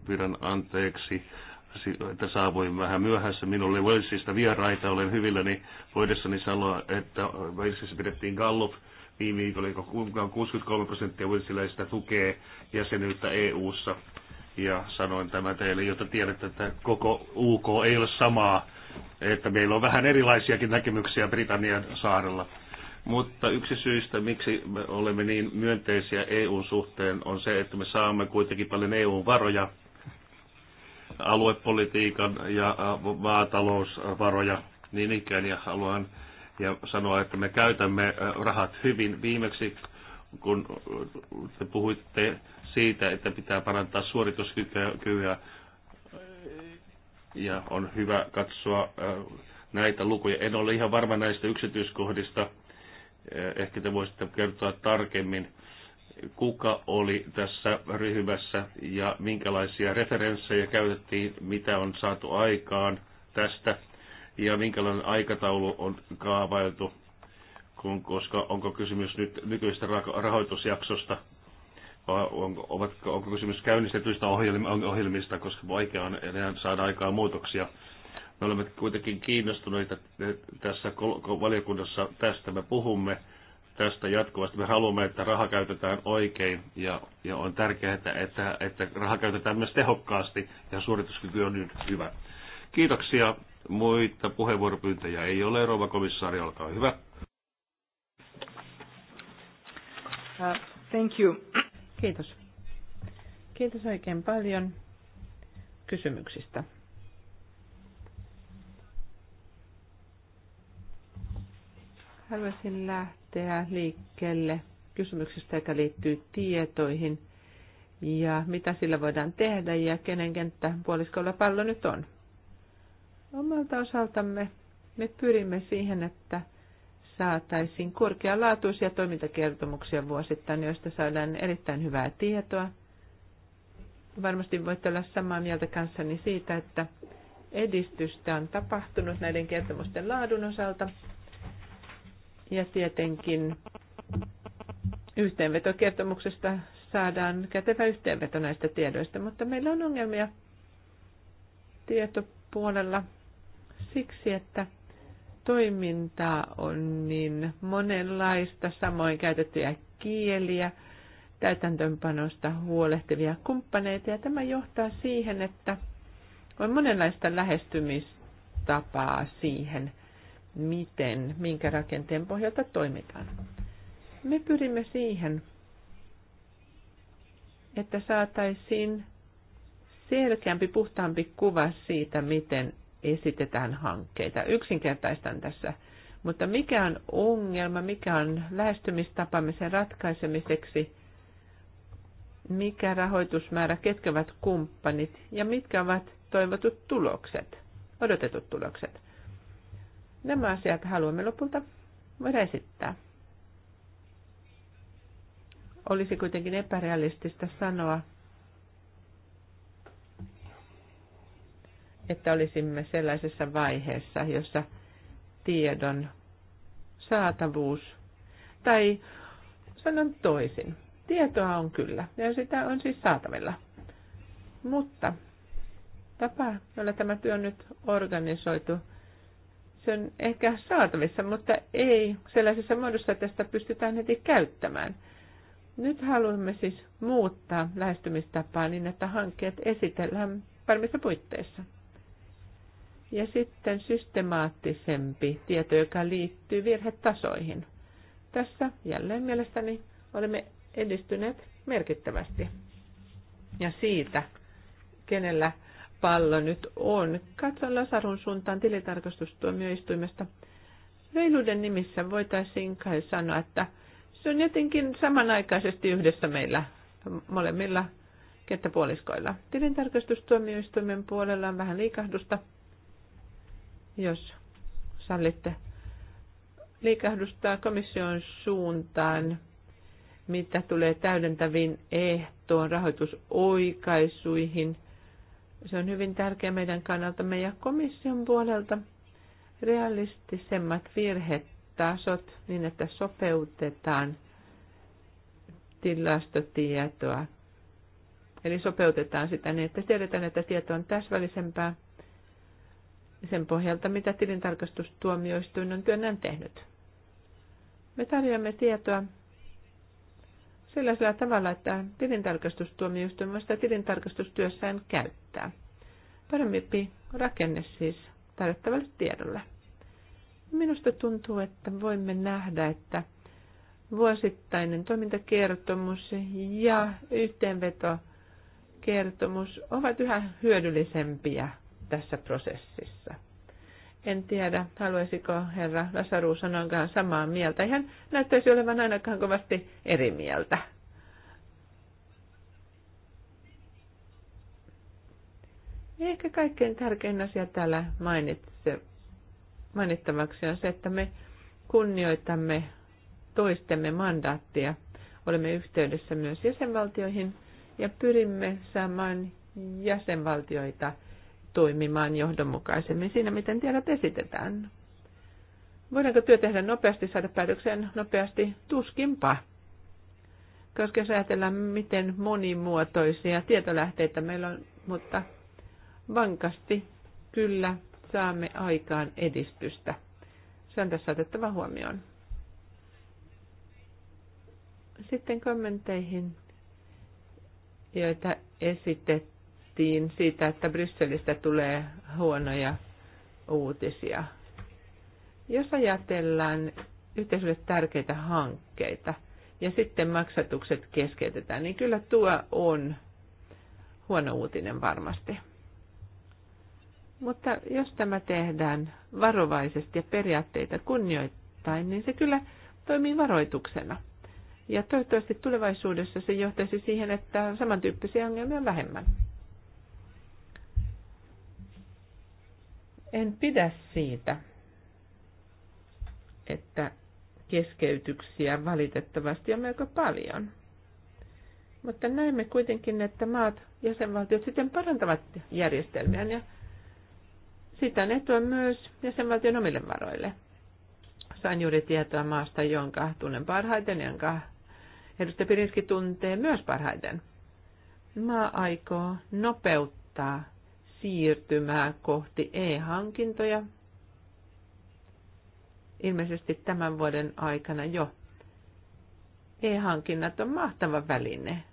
Pyydän anteeksi että saavuin vähän myöhässä. Minulle oli Walesista vieraita, olen hyvilläni voidessani sanoa, että Walesissa pidettiin Gallup viime viikolla, kuinka 63 prosenttia Walesiläistä tukee jäsenyyttä EU-ssa. Ja sanoin tämä teille, jotta tiedätte, että koko UK ei ole samaa, että meillä on vähän erilaisiakin näkemyksiä Britannian saarella. Mutta yksi syistä, miksi me olemme niin myönteisiä EUn suhteen, on se, että me saamme kuitenkin paljon EUn varoja – aluepolitiikan ja maatalousvaroja niin ikään ja haluan ja sanoa, että me käytämme rahat hyvin. Viimeksi kun te puhuitte siitä, että pitää parantaa suorituskykyä ja on hyvä katsoa näitä lukuja. En ole ihan varma näistä yksityiskohdista. Ehkä te voisitte kertoa tarkemmin kuka oli tässä ryhmässä ja minkälaisia referenssejä käytettiin, mitä on saatu aikaan tästä ja minkälainen aikataulu on kaavailtu, kun, koska onko kysymys nyt nykyistä rahoitusjaksosta vai onko, ovatko, onko kysymys käynnistetyistä ohjelmista, koska vaikea on enää saada aikaa muutoksia. Me olemme kuitenkin kiinnostuneita tässä valiokunnassa tästä me puhumme tästä jatkuvasti. Me haluamme, että raha käytetään oikein ja, ja on tärkeää, että, että, että raha käytetään myös tehokkaasti ja suorituskyky on nyt hyvä. Kiitoksia. Muita puheenvuoropyyntöjä ei ole. Rouva komissaari, olkaa hyvä. Uh, thank you. Kiitos. Kiitos oikein paljon kysymyksistä. Haluaisin lähteä liikkeelle kysymyksestä, joka liittyy tietoihin ja mitä sillä voidaan tehdä ja kenen puoliskolla pallo nyt on. Omalta osaltamme me pyrimme siihen, että saataisiin korkealaatuisia toimintakertomuksia vuosittain, joista saadaan erittäin hyvää tietoa. Varmasti voitte olla samaa mieltä kanssani siitä, että edistystä on tapahtunut näiden kertomusten laadun osalta ja tietenkin yhteenvetokertomuksesta saadaan kätevä yhteenveto näistä tiedoista, mutta meillä on ongelmia tietopuolella siksi, että toimintaa on niin monenlaista, samoin käytettyjä kieliä, täytäntöönpanosta huolehtivia kumppaneita, ja tämä johtaa siihen, että on monenlaista lähestymistapaa siihen, miten, minkä rakenteen pohjalta toimitaan. Me pyrimme siihen, että saataisiin selkeämpi, puhtaampi kuva siitä, miten esitetään hankkeita. Yksinkertaistan tässä. Mutta mikä on ongelma, mikä on lähestymistapamme sen ratkaisemiseksi, mikä rahoitusmäärä, ketkä ovat kumppanit ja mitkä ovat toivotut tulokset, odotetut tulokset. Nämä asiat haluamme lopulta voida esittää. Olisi kuitenkin epärealistista sanoa, että olisimme sellaisessa vaiheessa, jossa tiedon saatavuus, tai sanon toisin, tietoa on kyllä, ja sitä on siis saatavilla. Mutta tapa, jolla tämä työ on nyt organisoitu, se on ehkä saatavissa, mutta ei sellaisessa muodossa, että sitä pystytään heti käyttämään. Nyt haluamme siis muuttaa lähestymistapaa niin, että hankkeet esitellään varmissa puitteissa. Ja sitten systemaattisempi tieto, joka liittyy virhetasoihin. Tässä jälleen mielestäni olemme edistyneet merkittävästi. Ja siitä, kenellä pallo nyt on. Katso Lasarun suuntaan tilitarkastustuomioistuimesta. Reiluuden nimissä voitaisiin kai sanoa, että se on jotenkin samanaikaisesti yhdessä meillä molemmilla kettäpuoliskoilla. Tilintarkastustuomioistuimen puolella on vähän liikahdusta, jos sallitte liikahdusta komission suuntaan, mitä tulee täydentäviin ehtoon, rahoitusoikaisuihin – se on hyvin tärkeä meidän kannalta meidän komission puolelta realistisemmat virhetasot niin, että sopeutetaan tilastotietoa. Eli sopeutetaan sitä niin, että tiedetään, että tieto on täsmällisempää sen pohjalta, mitä tilintarkastustuomioistuin on työnnän tehnyt. Me tarjoamme tietoa sellaisella tavalla, että tilintarkastustuomioistuin vasta tilintarkastustyössään käyttää. Parempi rakenne siis tarjottavalle tiedolle. Minusta tuntuu, että voimme nähdä, että vuosittainen toimintakertomus ja yhteenvetokertomus ovat yhä hyödyllisempiä tässä prosessissa – en tiedä, haluaisiko herra Lasaru sanonkaan samaa mieltä. Hän näyttäisi olevan ainakaan kovasti eri mieltä. Ehkä kaikkein tärkein asia täällä mainitse, mainittavaksi on se, että me kunnioitamme toistemme mandaattia. Olemme yhteydessä myös jäsenvaltioihin ja pyrimme saamaan jäsenvaltioita – toimimaan johdonmukaisemmin siinä, miten tiedot esitetään. Voidaanko työ tehdä nopeasti, saada päätöksen nopeasti? Tuskinpa. Koska jos ajatellaan, miten monimuotoisia tietolähteitä meillä on, mutta vankasti kyllä saamme aikaan edistystä. Se on tässä otettava huomioon. Sitten kommenteihin, joita esitettiin pelättiin siitä, että Brysselistä tulee huonoja uutisia. Jos ajatellaan yhteisölle tärkeitä hankkeita ja sitten maksatukset keskeytetään, niin kyllä tuo on huono uutinen varmasti. Mutta jos tämä tehdään varovaisesti ja periaatteita kunnioittain, niin se kyllä toimii varoituksena. Ja toivottavasti tulevaisuudessa se johtaisi siihen, että samantyyppisiä ongelmia on vähemmän. En pidä siitä, että keskeytyksiä valitettavasti on melko paljon. Mutta näemme kuitenkin, että maat, jäsenvaltiot sitten parantavat järjestelmiään ja sitä on etua myös jäsenvaltion omille varoille. Sain juuri tietoa maasta, jonka tunnen parhaiten, jonka edustaja Pirinski tuntee myös parhaiten. Maa aikoo nopeuttaa siirtymää kohti e-hankintoja. Ilmeisesti tämän vuoden aikana jo. E-hankinnat on mahtava väline.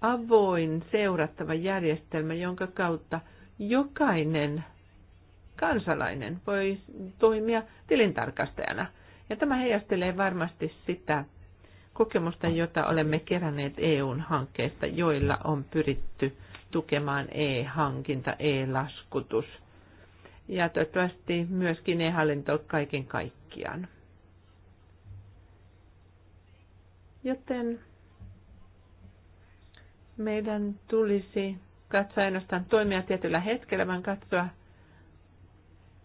Avoin seurattava järjestelmä, jonka kautta jokainen kansalainen voi toimia tilintarkastajana. Ja tämä heijastelee varmasti sitä kokemusta, jota olemme keränneet EUn hankkeista, joilla on pyritty tukemaan e-hankinta, e-laskutus ja toivottavasti myöskin e-hallinto kaiken kaikkiaan. Joten meidän tulisi katsoa ainoastaan toimia tietyllä hetkellä, vaan katsoa,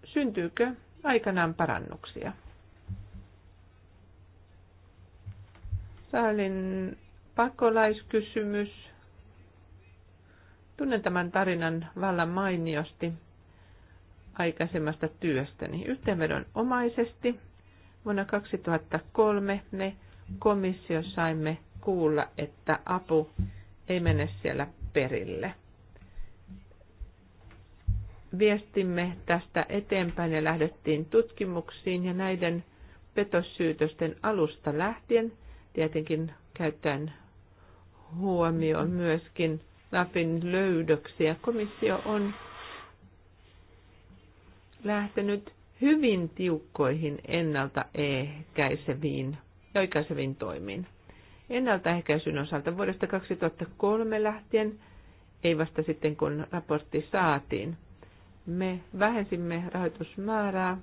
syntyykö aikanaan parannuksia. Saalin pakolaiskysymys Tunnen tämän tarinan vallan mainiosti aikaisemmasta työstäni. omaisesti vuonna 2003 me komissio saimme kuulla, että apu ei mene siellä perille. Viestimme tästä eteenpäin ja lähdettiin tutkimuksiin ja näiden petossyytösten alusta lähtien, tietenkin käyttäen huomioon myöskin – LAPin löydöksiä. Komissio on lähtenyt hyvin tiukkoihin ennaltaehkäiseviin ja oikaiseviin toimiin. Ennaltaehkäisyn osalta vuodesta 2003 lähtien, ei vasta sitten kun raportti saatiin, me vähensimme rahoitusmäärää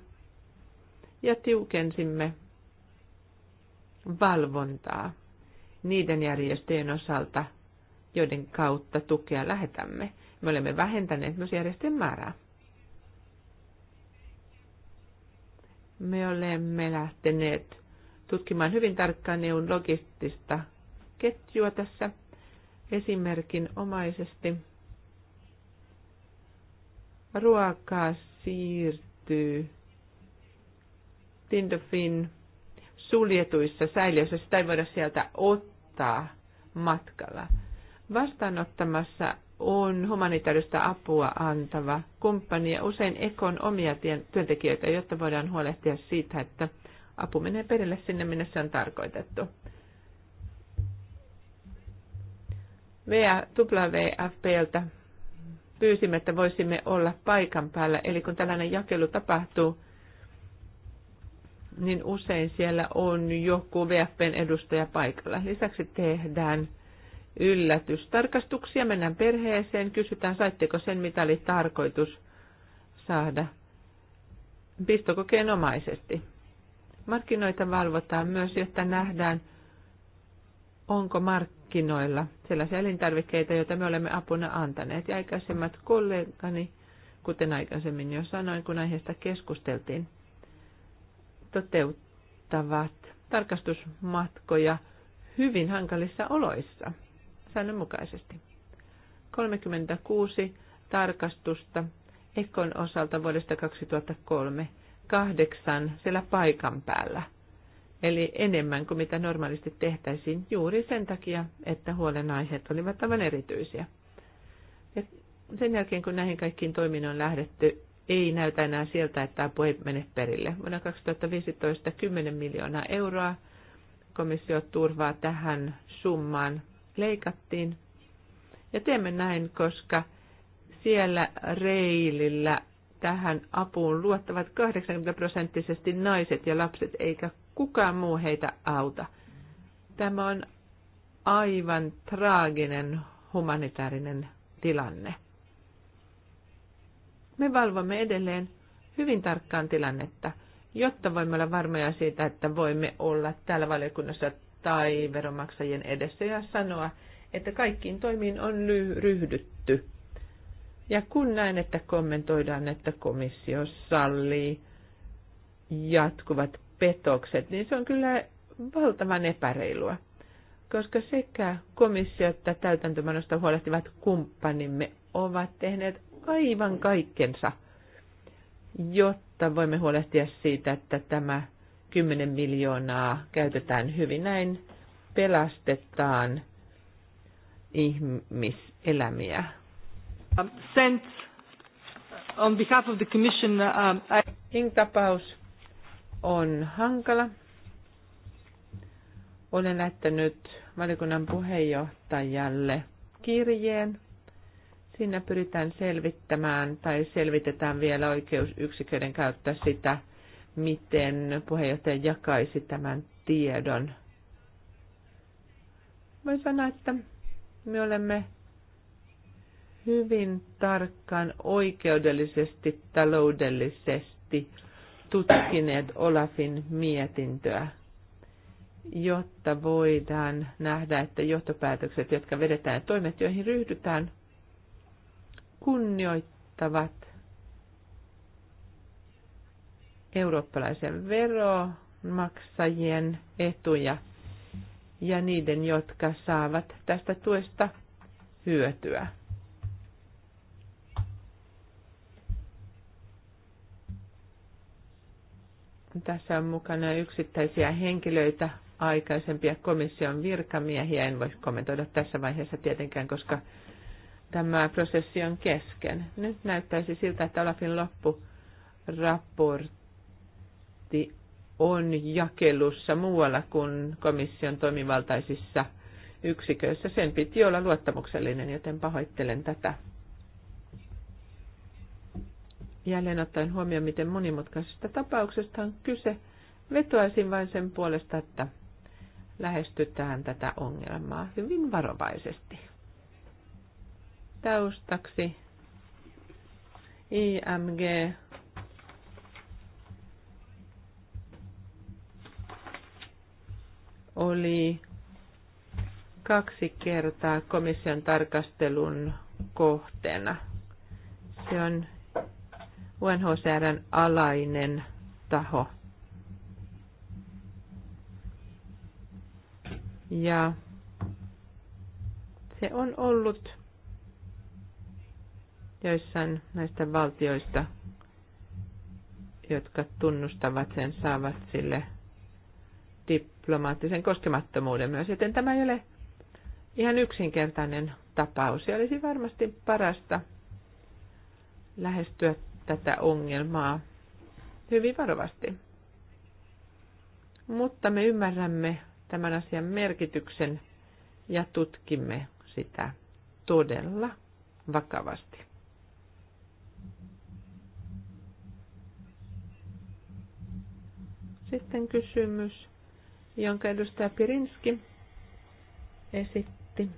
ja tiukensimme valvontaa niiden järjestöjen osalta, joiden kautta tukea lähetämme. Me olemme vähentäneet myös järjestöjen määrää. Me olemme lähteneet tutkimaan hyvin tarkkaan EUn logistista ketjua tässä esimerkin omaisesti. Ruokaa siirtyy Tindofin suljetuissa säiliöissä. Sitä ei voida sieltä ottaa matkalla Vastaanottamassa on humanitaarista apua antava kumppani ja usein Ekon omia työntekijöitä, jotta voidaan huolehtia siitä, että apu menee perille sinne, minne se on tarkoitettu. WFPltä pyysimme, että voisimme olla paikan päällä. Eli kun tällainen jakelu tapahtuu, niin usein siellä on joku VFPn edustaja paikalla. Lisäksi tehdään yllätystarkastuksia. Mennään perheeseen, kysytään, saitteko sen, mitä oli tarkoitus saada pistokokeenomaisesti. Markkinoita valvotaan myös, jotta nähdään, onko markkinoilla sellaisia elintarvikkeita, joita me olemme apuna antaneet. Ja aikaisemmat kollegani, kuten aikaisemmin jo sanoin, kun aiheesta keskusteltiin, toteuttavat tarkastusmatkoja hyvin hankalissa oloissa – säännönmukaisesti. 36 tarkastusta Ekon osalta vuodesta 2003 kahdeksan siellä paikan päällä. Eli enemmän kuin mitä normaalisti tehtäisiin juuri sen takia, että huolenaiheet olivat aivan erityisiä. Ja sen jälkeen, kun näihin kaikkiin toimiin on lähdetty, ei näytä enää sieltä, että apu ei mene perille. Vuonna 2015 10 miljoonaa euroa komissio turvaa tähän summaan leikattiin. Ja teemme näin, koska siellä reilillä tähän apuun luottavat 80 prosenttisesti naiset ja lapset, eikä kukaan muu heitä auta. Tämä on aivan traaginen humanitaarinen tilanne. Me valvomme edelleen hyvin tarkkaan tilannetta, jotta voimme olla varmoja siitä, että voimme olla täällä valiokunnassa tai veronmaksajien edessä ja sanoa, että kaikkiin toimiin on ryhdytty. Ja kun näin, että kommentoidaan, että komissio sallii jatkuvat petokset, niin se on kyllä valtavan epäreilua, koska sekä komissio että täytäntömanosta huolehtivat kumppanimme ovat tehneet aivan kaikkensa, jotta voimme huolehtia siitä, että tämä 10 miljoonaa käytetään hyvin. Näin pelastetaan ihmiselämiä. Um, uh, on behalf of the commission, um, I... tapaus on hankala. Olen lähettänyt valiokunnan puheenjohtajalle kirjeen. Siinä pyritään selvittämään tai selvitetään vielä oikeusyksiköiden kautta sitä, miten puheenjohtaja jakaisi tämän tiedon. Voin sanoa, että me olemme hyvin tarkkaan oikeudellisesti, taloudellisesti tutkineet Olafin mietintöä, jotta voidaan nähdä, että johtopäätökset, jotka vedetään toimet, joihin ryhdytään, kunnioittavat eurooppalaisen veromaksajien etuja ja niiden, jotka saavat tästä tuesta hyötyä. Tässä on mukana yksittäisiä henkilöitä, aikaisempia komission virkamiehiä. En voi kommentoida tässä vaiheessa tietenkään, koska tämä prosessi on kesken. Nyt näyttäisi siltä, että Olafin loppuraportti ilmeisesti on jakelussa muualla kuin komission toimivaltaisissa yksiköissä. Sen piti olla luottamuksellinen, joten pahoittelen tätä. Jälleen ottaen huomioon, miten monimutkaisesta tapauksesta on kyse, vetoaisin vain sen puolesta, että lähestytään tätä ongelmaa hyvin varovaisesti. Taustaksi IMG oli kaksi kertaa komission tarkastelun kohteena. Se on UNHCRn alainen taho. Ja se on ollut joissain näistä valtioista, jotka tunnustavat sen, saavat sille diplomaattisen koskemattomuuden myös, joten tämä ei ole ihan yksinkertainen tapaus. Ja olisi varmasti parasta lähestyä tätä ongelmaa hyvin varovasti. Mutta me ymmärrämme tämän asian merkityksen ja tutkimme sitä todella vakavasti. Sitten kysymys jonka edustaja Pirinski esitti.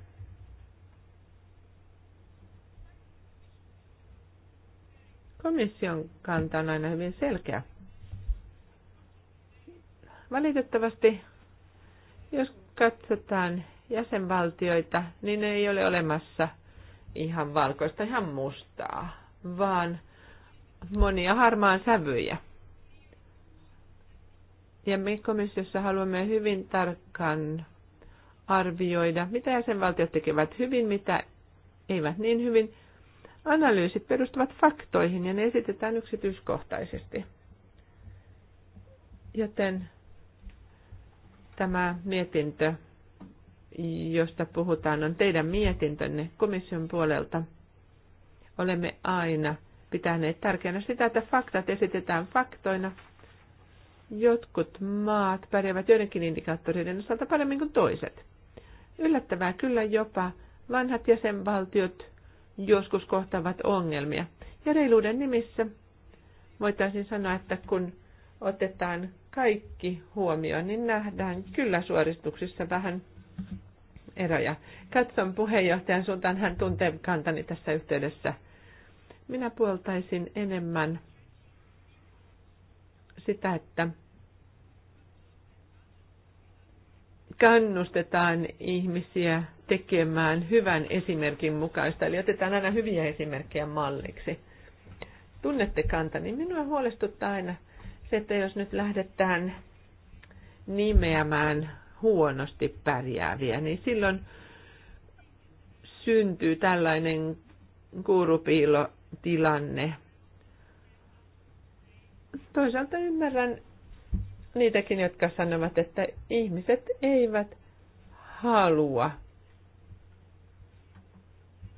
Komission kanta on aina hyvin selkeä. Valitettavasti, jos katsotaan jäsenvaltioita, niin ei ole olemassa ihan valkoista, ihan mustaa, vaan monia harmaan sävyjä. Ja me komissiossa haluamme hyvin tarkkaan arvioida, mitä jäsenvaltiot tekevät hyvin, mitä eivät niin hyvin. Analyysit perustuvat faktoihin ja ne esitetään yksityiskohtaisesti. Joten tämä mietintö, josta puhutaan, on teidän mietintönne komission puolelta. Olemme aina pitäneet tärkeänä sitä, että faktat esitetään faktoina, jotkut maat pärjäävät joidenkin indikaattoreiden osalta paremmin kuin toiset. Yllättävää kyllä jopa vanhat jäsenvaltiot joskus kohtaavat ongelmia. Ja reiluuden nimissä voitaisiin sanoa, että kun otetaan kaikki huomioon, niin nähdään kyllä suoristuksissa vähän eroja. Katson puheenjohtajan suuntaan, hän tuntee kantani tässä yhteydessä. Minä puoltaisin enemmän sitä, että kannustetaan ihmisiä tekemään hyvän esimerkin mukaista, eli otetaan aina hyviä esimerkkejä malliksi. Tunnette kanta, niin minua huolestuttaa aina se, että jos nyt lähdetään nimeämään huonosti pärjääviä, niin silloin syntyy tällainen kuurupiilotilanne, Toisaalta ymmärrän niitäkin, jotka sanovat, että ihmiset eivät halua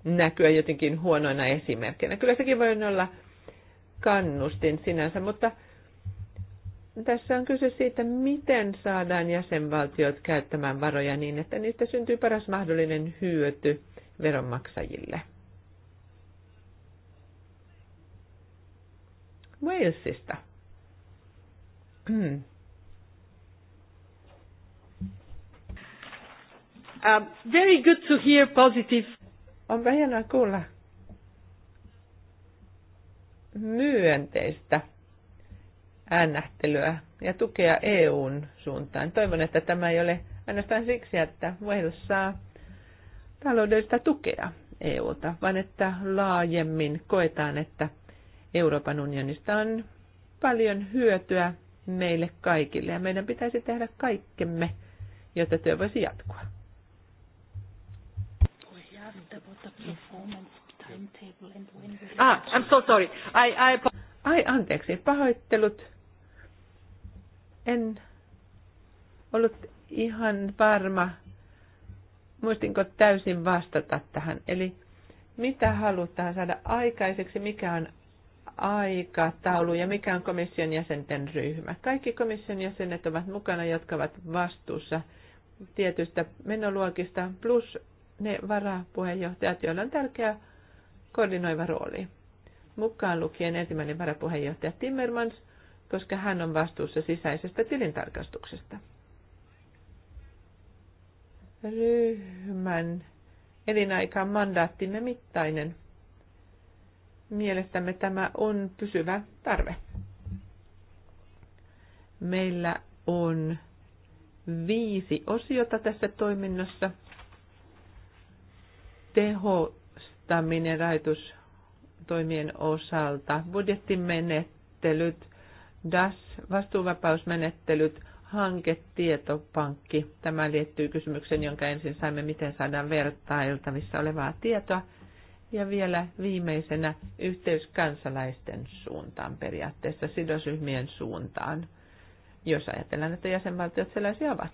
näkyä jotenkin huonoina esimerkkinä. Kyllä sekin voi olla kannustin sinänsä, mutta tässä on kyse siitä, miten saadaan jäsenvaltiot käyttämään varoja niin, että niistä syntyy paras mahdollinen hyöty veronmaksajille. Walesista. Mm. Um, very good to hear positive. On hienoa kuulla myönteistä äänähtelyä ja tukea EUn suuntaan. Toivon, että tämä ei ole ainoastaan siksi, että Wales saa taloudellista tukea EUlta, vaan että laajemmin koetaan, että Euroopan unionista on paljon hyötyä meille kaikille ja meidän pitäisi tehdä kaikkemme, jotta työ voisi jatkua. Ah, I'm so sorry. I, I... Ai anteeksi, pahoittelut. En ollut ihan varma, muistinko täysin vastata tähän. Eli mitä halutaan saada aikaiseksi, mikä on aikataulu ja mikä on komission jäsenten ryhmä. Kaikki komission jäsenet ovat mukana, jotka ovat vastuussa tietystä menoluokista, plus ne varapuheenjohtajat, joilla on tärkeä koordinoiva rooli. Mukaan lukien ensimmäinen varapuheenjohtaja Timmermans, koska hän on vastuussa sisäisestä tilintarkastuksesta. Ryhmän elinaika on mandaattimme mittainen – Mielestämme tämä on pysyvä tarve. Meillä on viisi osiota tässä toiminnassa. Tehostaminen rajoitustoimien osalta, budjettimenettelyt, DAS, vastuuvapausmenettelyt, hanketietopankki. Tämä liittyy kysymykseen, jonka ensin saimme, miten saadaan vertailtavissa olevaa tietoa. Ja vielä viimeisenä yhteys kansalaisten suuntaan periaatteessa, sidosryhmien suuntaan, jos ajatellaan, että jäsenvaltiot sellaisia ovat.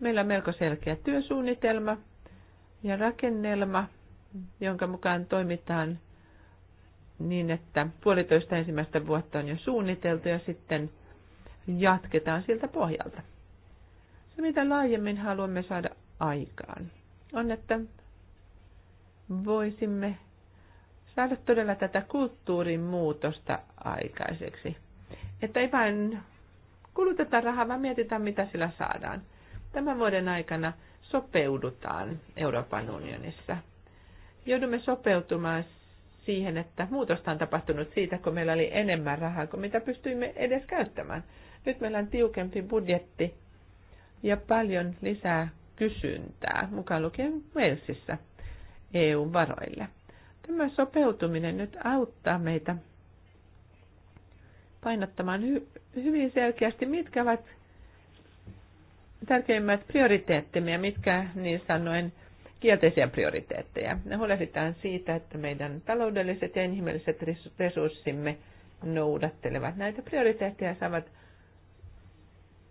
Meillä on melko selkeä työsuunnitelma ja rakennelma, jonka mukaan toimitaan niin, että puolitoista ensimmäistä vuotta on jo suunniteltu ja sitten jatketaan siltä pohjalta. Se, mitä laajemmin haluamme saada aikaan, on, että voisimme saada todella tätä kulttuurin muutosta aikaiseksi. Että ei vain kuluteta rahaa, vaan mietitään, mitä sillä saadaan. Tämän vuoden aikana sopeudutaan Euroopan unionissa. Joudumme sopeutumaan siihen, että muutosta on tapahtunut siitä, kun meillä oli enemmän rahaa kuin mitä pystyimme edes käyttämään. Nyt meillä on tiukempi budjetti ja paljon lisää kysyntää, mukaan lukien Walesissa – EU-varoille. Tämä sopeutuminen nyt auttaa meitä painottamaan hy- hyvin selkeästi, mitkä ovat tärkeimmät prioriteettimme ja mitkä niin sanoen kielteisiä prioriteetteja. Me huolehditaan siitä, että meidän taloudelliset ja inhimilliset resurssimme noudattelevat näitä prioriteetteja ja saavat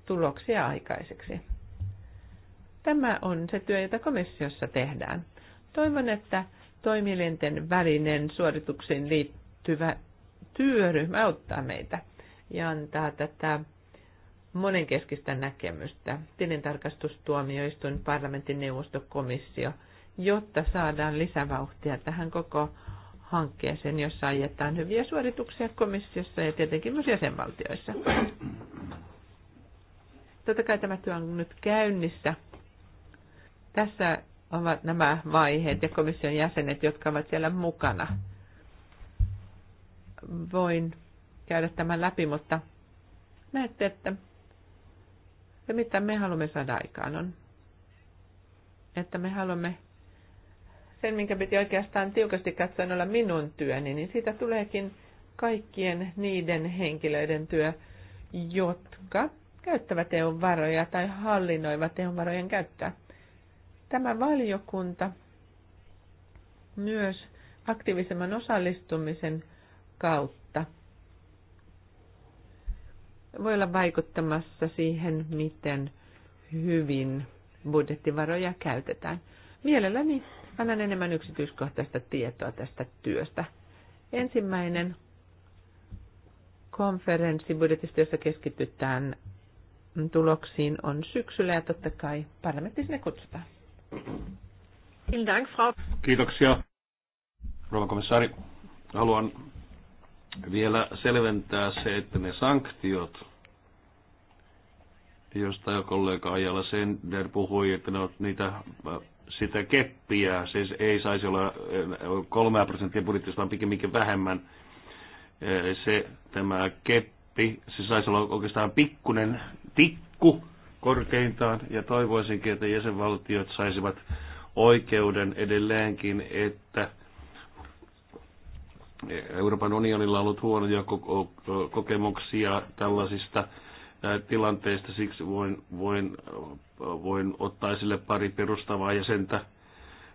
tuloksia aikaiseksi. Tämä on se työ, jota komissiossa tehdään. Toivon, että toimielinten välinen suorituksiin liittyvä työryhmä auttaa meitä ja antaa tätä monenkeskistä näkemystä, tilintarkastustuomioistuin, parlamentin neuvostokomissio, jotta saadaan lisävauhtia tähän koko hankkeeseen, jossa ajetaan hyviä suorituksia komissiossa ja tietenkin myös jäsenvaltioissa. Totta kai tämä työ on nyt käynnissä. Tässä ovat nämä vaiheet ja komission jäsenet, jotka ovat siellä mukana. Voin käydä tämän läpi, mutta näette, että se mitä me haluamme saada aikaan on, että me haluamme sen, minkä piti oikeastaan tiukasti katsoen olla minun työni, niin siitä tuleekin kaikkien niiden henkilöiden työ, jotka käyttävät EU-varoja tai hallinnoivat EU-varojen käyttöä. Tämä valiokunta myös aktiivisemman osallistumisen kautta voi olla vaikuttamassa siihen, miten hyvin budjettivaroja käytetään. Mielelläni annan enemmän yksityiskohtaista tietoa tästä työstä. Ensimmäinen konferenssi budjetista, jossa keskitytään tuloksiin, on syksyllä ja totta kai parlamentti sinne kutsutaan. Kiitoksia. Rouva komissaari, haluan vielä selventää se, että ne sanktiot, josta jo kollega Ajala Sender puhui, että ne ovat niitä äh, sitä keppiä, siis ei saisi olla äh, kolmea prosenttia budjettista, vaan pikemminkin vähemmän. Äh, se, tämä keppi, se saisi olla oikeastaan pikkunen tikku, korkeintaan ja toivoisinkin, että jäsenvaltiot saisivat oikeuden edelleenkin, että Euroopan unionilla on ollut huonoja kokemuksia tällaisista tilanteista, siksi voin, voin, voin ottaa esille pari perustavaa jäsentä,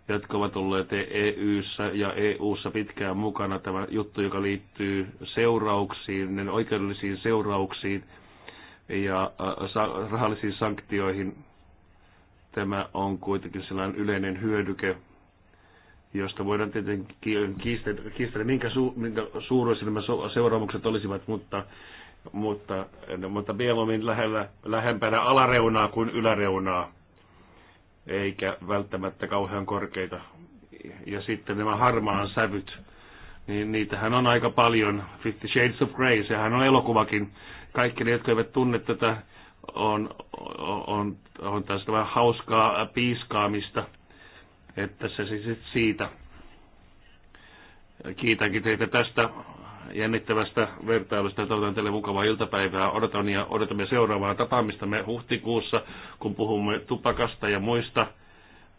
jotka ovat olleet EYssä e ja EUssa pitkään mukana. Tämä juttu, joka liittyy seurauksiin, niin oikeudellisiin seurauksiin – ja äh, rahallisiin sanktioihin. Tämä on kuitenkin sellainen yleinen hyödyke, josta voidaan tietenkin kiistellä, minkä, su, minkä suuruisia nämä seuraamukset olisivat, mutta, mutta, mutta mieluummin lähellä, lähempänä alareunaa kuin yläreunaa, eikä välttämättä kauhean korkeita. Ja sitten nämä harmaan sävyt, niin niitähän on aika paljon. Fifty Shades of Grey, sehän on elokuvakin, kaikki ne, jotka eivät tunne tätä, on, on, on tästä vähän hauskaa piiskaamista, että se siis siitä. Kiitänkin teitä tästä jännittävästä vertailusta ja toivotan teille mukavaa iltapäivää. Odotan ja odotamme seuraavaa me huhtikuussa, kun puhumme tupakasta ja muista,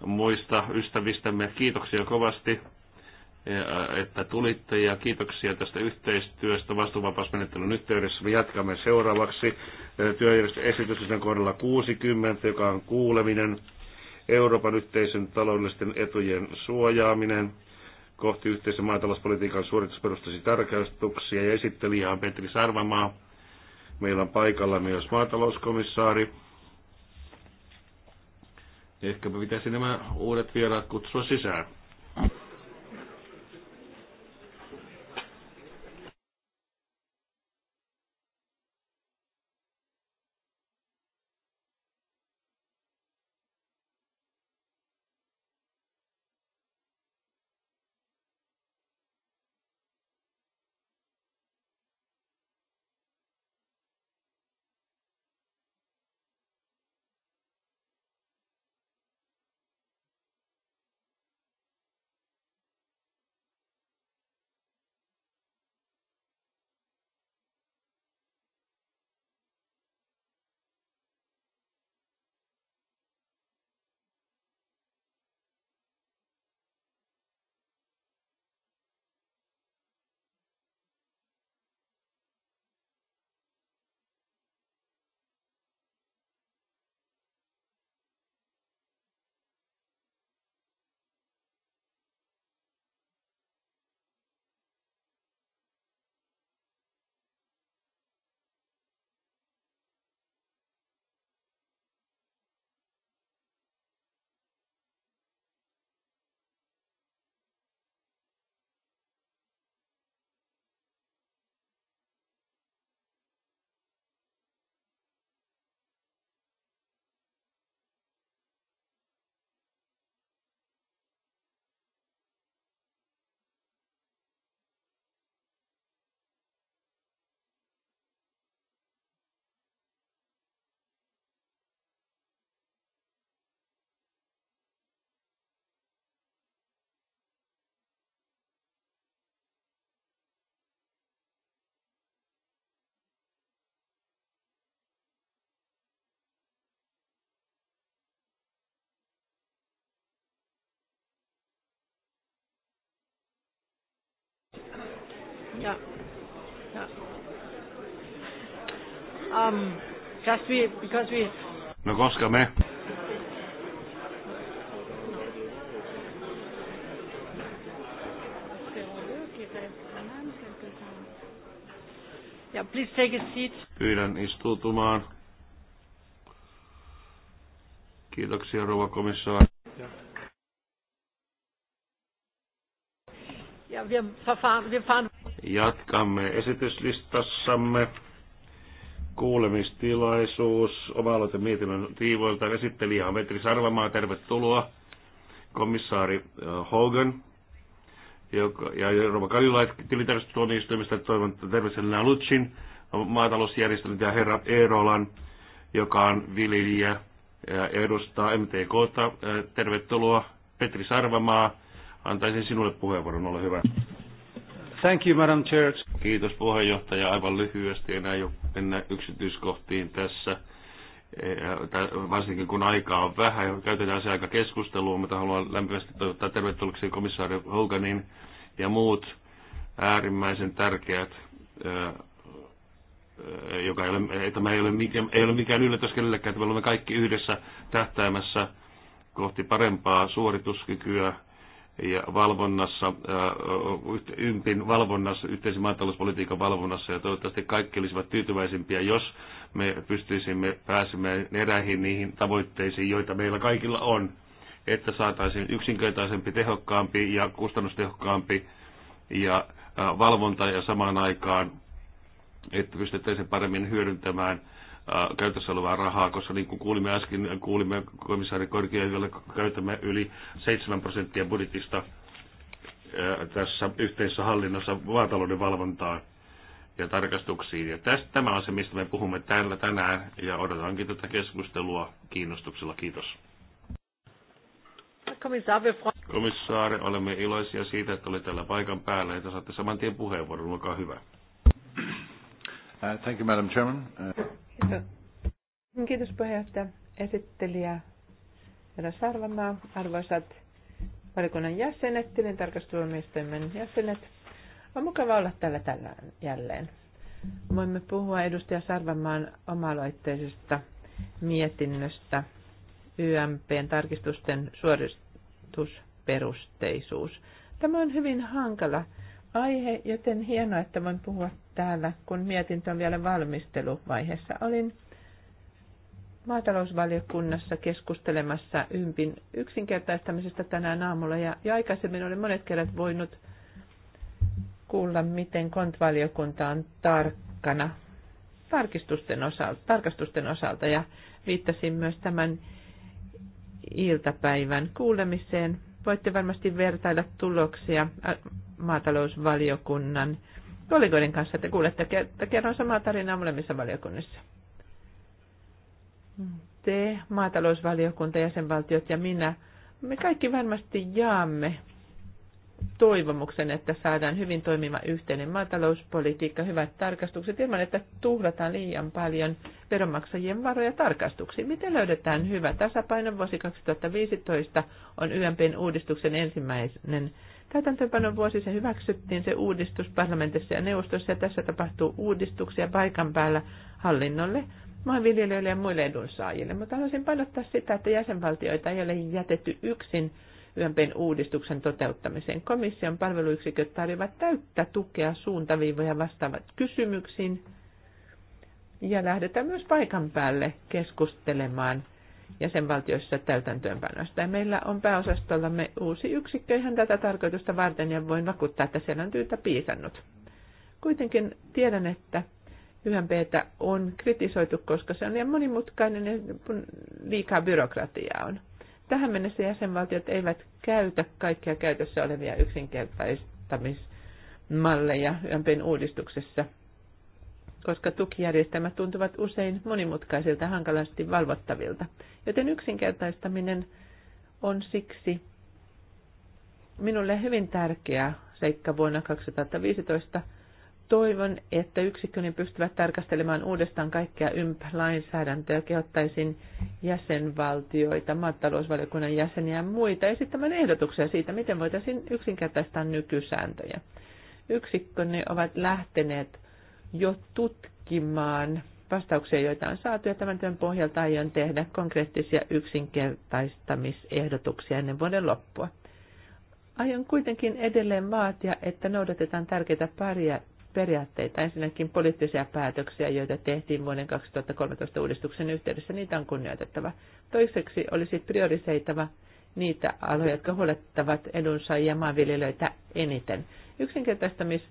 muista ystävistämme. Kiitoksia kovasti että tulitte ja kiitoksia tästä yhteistyöstä vastuunvapausmenettelyn yhteydessä. Me jatkamme seuraavaksi työjärjestysesityksen kohdalla 60, joka on kuuleminen, Euroopan yhteisön taloudellisten etujen suojaaminen kohti yhteisen maatalouspolitiikan suoritusperustaisia tarkastuksia ja esittelijä Petri Sarvamaa. Meillä on paikalla myös maatalouskomissaari. Ehkäpä pitäisi nämä uudet vieraat kutsua sisään. Ja. ja. Um, just we, because we... No koska me... Ja, please take a seat. Pyydän istuutumaan. Kiitoksia, rouva komissaari. Ja. ja, wir verfahren, wir fahren. Jatkamme esityslistassamme. Kuulemistilaisuus oma mietinnön tiivoilta. Esittelijä on Petri Sarvamaa, tervetuloa. Komissaari äh, Hogan joka, ja Rova Kalilait tilintarvistustuomioistuimista toivon tervetuloa Lutsin, maatalousjärjestelmät ja herra Eerolan, joka on viljelijä ja edustaa MTKta. Äh, tervetuloa Petri Sarvamaa. Antaisin sinulle puheenvuoron, ole hyvä. Thank you, Madam Chair. Kiitos puheenjohtaja. Aivan lyhyesti enää jo mennä yksityiskohtiin tässä, e, varsinkin kun aikaa on vähän. Käytetään se aika keskusteluun, mutta haluan lämpimästi toivottaa tervetulleeksi komissaari Hoganin ja muut äärimmäisen tärkeät joka ei ole, tämä ei ole, mikään, ei ole mikään yllätys kenellekään, että me olemme kaikki yhdessä tähtäämässä kohti parempaa suorituskykyä ja valvonnassa, äh, ympin valvonnassa, yhteisen maatalouspolitiikan valvonnassa ja toivottavasti kaikki olisivat tyytyväisimpiä, jos me pystyisimme pääsemään eräihin niihin tavoitteisiin, joita meillä kaikilla on, että saataisiin yksinkertaisempi, tehokkaampi ja kustannustehokkaampi ja äh, valvonta ja samaan aikaan, että pystyttäisiin paremmin hyödyntämään – käytössä olevaa rahaa, koska niin kuin kuulimme äsken, kuulimme komissaari jolle käytämme yli 7 prosenttia budjetista tässä yhteisessä hallinnossa maatalouden valvontaan ja tarkastuksiin. Ja tästä, tämä on se, mistä me puhumme täällä tänään, ja odotankin tätä keskustelua kiinnostuksella. Kiitos. Komissaari, olemme iloisia siitä, että olette täällä paikan päällä, että saatte saman tien puheenvuoron. Olkaa hyvä. Uh, thank you, Madam Chairman. Uh... Kiitos puheenjohtaja, esittelijä Herra Sarvamaa, arvoisat valikunnan jäsenet, tilintarkastustuomioistuimen jäsenet. On mukava olla täällä tällä jälleen. Voimme puhua edustaja Sarvamaan omaloitteisesta mietinnöstä YMPn tarkistusten suoritusperusteisuus. Tämä on hyvin hankala aihe, joten hienoa, että voin puhua täällä, kun mietintö on vielä valmisteluvaiheessa. Olin maatalousvaliokunnassa keskustelemassa ympin yksinkertaistamisesta tänään aamulla ja jo aikaisemmin olen monet kerrat voinut kuulla, miten kontvaliokunta on tarkkana tarkistusten osalta, tarkastusten osalta ja viittasin myös tämän iltapäivän kuulemiseen. Voitte varmasti vertailla tuloksia maatalousvaliokunnan kollegoiden kanssa, että kuulette, että kerron samaa tarinaa molemmissa valiokunnissa. Te, maatalousvaliokunta, jäsenvaltiot ja minä, me kaikki varmasti jaamme toivomuksen, että saadaan hyvin toimiva yhteinen maatalouspolitiikka, hyvät tarkastukset, ilman että tuhlataan liian paljon veronmaksajien varoja tarkastuksiin. Miten löydetään hyvä tasapaino? Vuosi 2015 on YMPn uudistuksen ensimmäinen Täytäntöönpanon vuosi se hyväksyttiin se uudistus parlamentissa ja neuvostossa ja tässä tapahtuu uudistuksia paikan päällä hallinnolle, maanviljelijöille ja muille edunsaajille. Mutta haluaisin painottaa sitä, että jäsenvaltioita ei ole jätetty yksin YMPn uudistuksen toteuttamiseen. Komission palveluyksiköt tarjoavat täyttä tukea suuntaviivoja vastaavat kysymyksiin ja lähdetään myös paikan päälle keskustelemaan – jäsenvaltioissa täytäntöönpanosta. Ja meillä on pääosastollamme uusi yksikkö ihan tätä tarkoitusta varten ja voin vakuuttaa, että siellä on työtä piisannut. Kuitenkin tiedän, että YMPtä on kritisoitu, koska se on niin monimutkainen ja liikaa byrokratiaa on. Tähän mennessä jäsenvaltiot eivät käytä kaikkia käytössä olevia yksinkertaistamismalleja YMPn uudistuksessa – koska tukijärjestelmät tuntuvat usein monimutkaisilta hankalasti valvottavilta. Joten yksinkertaistaminen on siksi minulle hyvin tärkeä seikka vuonna 2015. Toivon, että yksikköni pystyvät tarkastelemaan uudestaan kaikkea YMP-lainsäädäntöä. Kehottaisin jäsenvaltioita, maatalousvaliokunnan jäseniä ja muita esittämään ehdotuksia siitä, miten voitaisiin yksinkertaistaa nykysääntöjä. Yksikköni ovat lähteneet jo tutkimaan vastauksia, joita on saatu, ja tämän työn pohjalta aion tehdä konkreettisia yksinkertaistamisehdotuksia ennen vuoden loppua. Aion kuitenkin edelleen vaatia, että noudatetaan tärkeitä paria periaatteita. Ensinnäkin poliittisia päätöksiä, joita tehtiin vuoden 2013 uudistuksen yhteydessä, niitä on kunnioitettava. Toiseksi olisi prioriseitava niitä aloja, jotka huolettavat edunsaajia maanviljelijöitä eniten. Yksinkertaistamis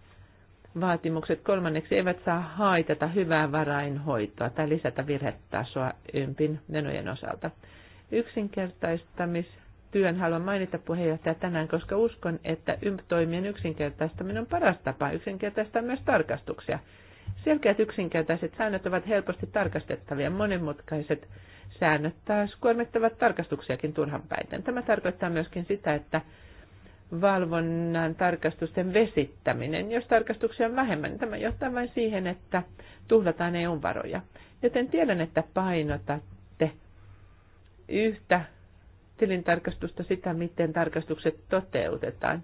vaatimukset kolmanneksi eivät saa haitata hyvää varainhoitoa tai lisätä virhetasoa ympin menojen osalta. Yksinkertaistamistyön haluan mainita puheenjohtaja tänään, koska uskon, että YMP-toimien yksinkertaistaminen on paras tapa yksinkertaistaa myös tarkastuksia. Selkeät yksinkertaiset säännöt ovat helposti tarkastettavia, monimutkaiset säännöt taas kuormittavat tarkastuksiakin päin. Tämä tarkoittaa myöskin sitä, että valvonnan tarkastusten vesittäminen. Jos tarkastuksia on vähemmän, niin tämä johtaa vain siihen, että tuhlataan EUn varoja. Joten tiedän, että painotatte yhtä tilintarkastusta sitä, miten tarkastukset toteutetaan.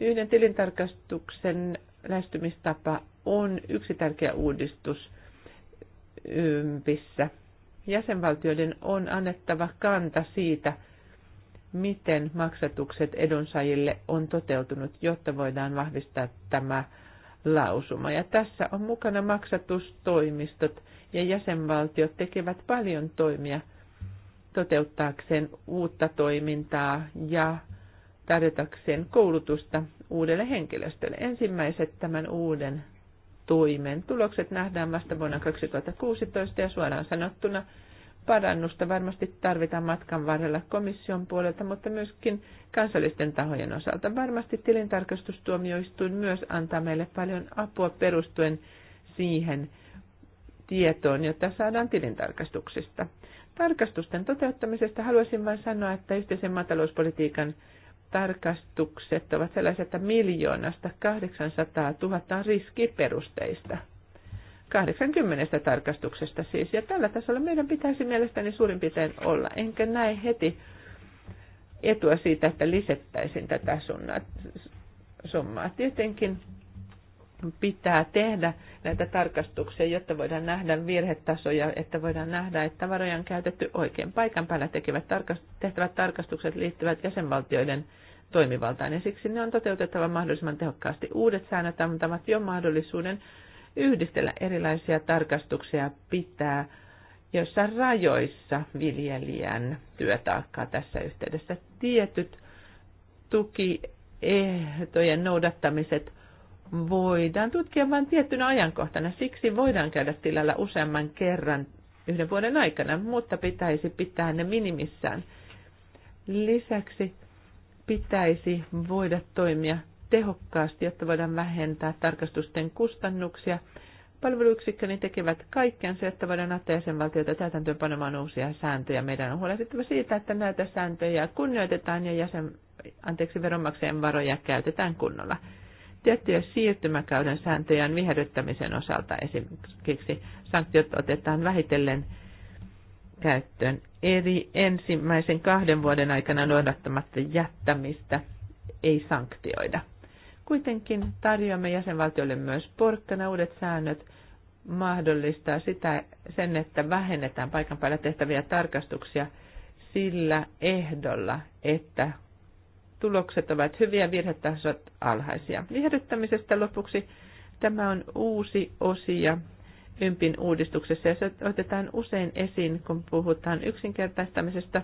Yhden tilintarkastuksen lähestymistapa on yksi tärkeä uudistus ympissä. Jäsenvaltioiden on annettava kanta siitä, miten maksatukset edunsaajille on toteutunut, jotta voidaan vahvistaa tämä lausuma. Ja tässä on mukana maksatustoimistot ja jäsenvaltiot tekevät paljon toimia toteuttaakseen uutta toimintaa ja tarjotakseen koulutusta uudelle henkilöstölle. Ensimmäiset tämän uuden toimen tulokset nähdään vasta vuonna 2016 ja suoraan sanottuna – parannusta varmasti tarvitaan matkan varrella komission puolelta, mutta myöskin kansallisten tahojen osalta. Varmasti tilintarkastustuomioistuin myös antaa meille paljon apua perustuen siihen tietoon, jota saadaan tilintarkastuksista. Tarkastusten toteuttamisesta haluaisin vain sanoa, että yhteisen maatalouspolitiikan tarkastukset ovat sellaisia, että miljoonasta 800 000 on riskiperusteista – 80 tarkastuksesta siis. Ja tällä tasolla meidän pitäisi mielestäni suurin piirtein olla. Enkä näe heti etua siitä, että lisättäisiin tätä summaa. Tietenkin pitää tehdä näitä tarkastuksia, jotta voidaan nähdä virhetasoja, että voidaan nähdä, että varoja on käytetty oikein. Paikan päällä tekevät tarkast- tehtävät tarkastukset liittyvät jäsenvaltioiden toimivaltaan ja siksi ne on toteutettava mahdollisimman tehokkaasti. Uudet säännöt antavat jo mahdollisuuden yhdistellä erilaisia tarkastuksia pitää joissa rajoissa viljelijän työtaakkaa tässä yhteydessä. Tietyt tukiehtojen noudattamiset voidaan tutkia vain tiettynä ajankohtana. Siksi voidaan käydä tilalla useamman kerran yhden vuoden aikana, mutta pitäisi pitää ne minimissään. Lisäksi pitäisi voida toimia tehokkaasti, jotta voidaan vähentää tarkastusten kustannuksia. Palveluyksikköni tekevät kaikkensa, jotta voidaan ottaa jäsenvaltioita panemaan uusia sääntöjä. Meidän on huolehdittava siitä, että näitä sääntöjä kunnioitetaan ja jäsen, anteeksi, veronmaksajien varoja käytetään kunnolla. Tiettyjä siirtymäkauden sääntöjä on viherryttämisen osalta esimerkiksi sanktiot otetaan vähitellen käyttöön eri ensimmäisen kahden vuoden aikana noudattamatta jättämistä ei sanktioida. Kuitenkin tarjoamme jäsenvaltioille myös porkkana uudet säännöt mahdollistaa sitä, sen, että vähennetään paikan päällä tehtäviä tarkastuksia sillä ehdolla, että tulokset ovat hyviä, virhetasot alhaisia. Viherryttämisestä lopuksi tämä on uusi osia ympin uudistuksessa ja se otetaan usein esiin, kun puhutaan yksinkertaistamisesta.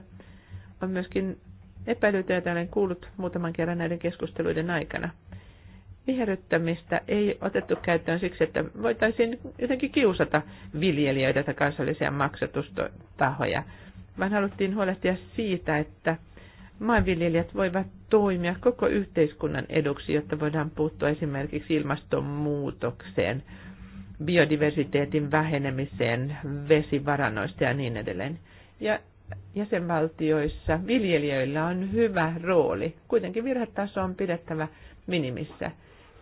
On myöskin epäilytä, joita olen kuullut muutaman kerran näiden keskusteluiden aikana viherryttämistä ei otettu käyttöön siksi, että voitaisiin jotenkin kiusata viljelijöitä tai kansallisia maksatustahoja, vaan haluttiin huolehtia siitä, että maanviljelijät voivat toimia koko yhteiskunnan eduksi, jotta voidaan puuttua esimerkiksi ilmastonmuutokseen, biodiversiteetin vähenemiseen, vesivarannoista ja niin edelleen. Ja jäsenvaltioissa viljelijöillä on hyvä rooli. Kuitenkin virhetaso on pidettävä minimissä.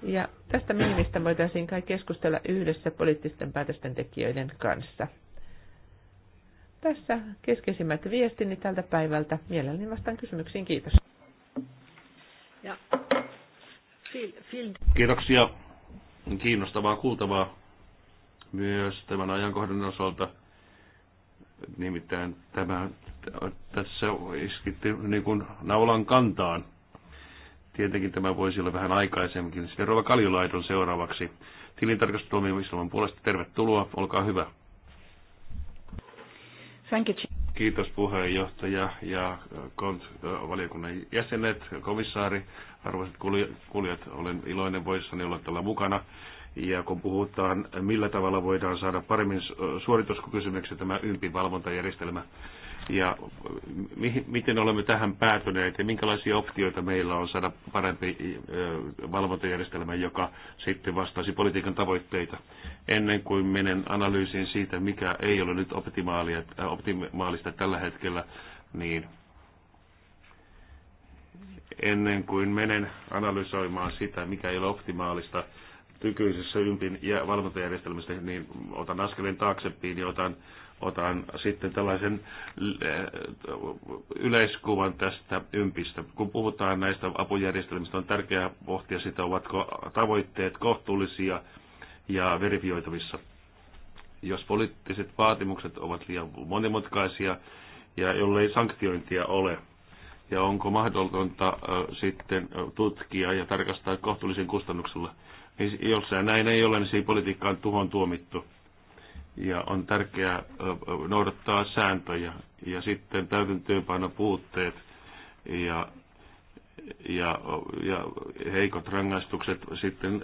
Ja tästä minimistä voitaisiin kai keskustella yhdessä poliittisten päätösten tekijöiden kanssa. Tässä keskeisimmät viestini tältä päivältä. Mielelläni vastaan kysymyksiin. Kiitos. Ja. Kiitoksia. Kiinnostavaa kuultavaa myös tämän ajankohdan osalta. Nimittäin tämä tässä iskitti niin kuin naulan kantaan. Tietenkin tämä voisi olla vähän aikaisemminkin. Sitten Rova Kaljulaidon seuraavaksi. Tilintarkastustuomioistuimen puolesta tervetuloa. Olkaa hyvä. Thank you. Kiitos puheenjohtaja ja äh, äh, valiokunnan jäsenet, komissaari, arvoisat kuljat. Olen iloinen voissani olla tällä mukana. Ja kun puhutaan, millä tavalla voidaan saada paremmin äh, suorituskysymyksiä tämä ympivalvontajärjestelmä, valvontajärjestelmä ja äh, miten olemme tähän päätyneet ja minkälaisia optioita meillä on saada parempi äh, valvontajärjestelmä, joka sitten vastaisi politiikan tavoitteita. Ennen kuin menen analyysiin siitä, mikä ei ole nyt äh, optimaalista tällä hetkellä, niin ennen kuin menen analysoimaan sitä, mikä ei ole optimaalista nykyisessä ympin ja valvontajärjestelmässä, niin otan askeleen taaksepäin ja otan otan sitten tällaisen eh, yleiskuvan tästä ympistä. Kun puhutaan näistä apujärjestelmistä, on tärkeää pohtia sitä, ovatko tavoitteet kohtuullisia ja verifioitavissa. Jos poliittiset vaatimukset ovat liian monimutkaisia ja jollei sanktiointia ole, ja onko mahdotonta eh, sitten eh, tutkia ja tarkastaa kohtuullisen kustannuksella, niin jos näin ei ole, niin se ei politiikkaan tuhon tuomittu ja on tärkeää noudattaa sääntöjä ja sitten täytäntöönpano puutteet ja, ja, ja heikot rangaistukset sitten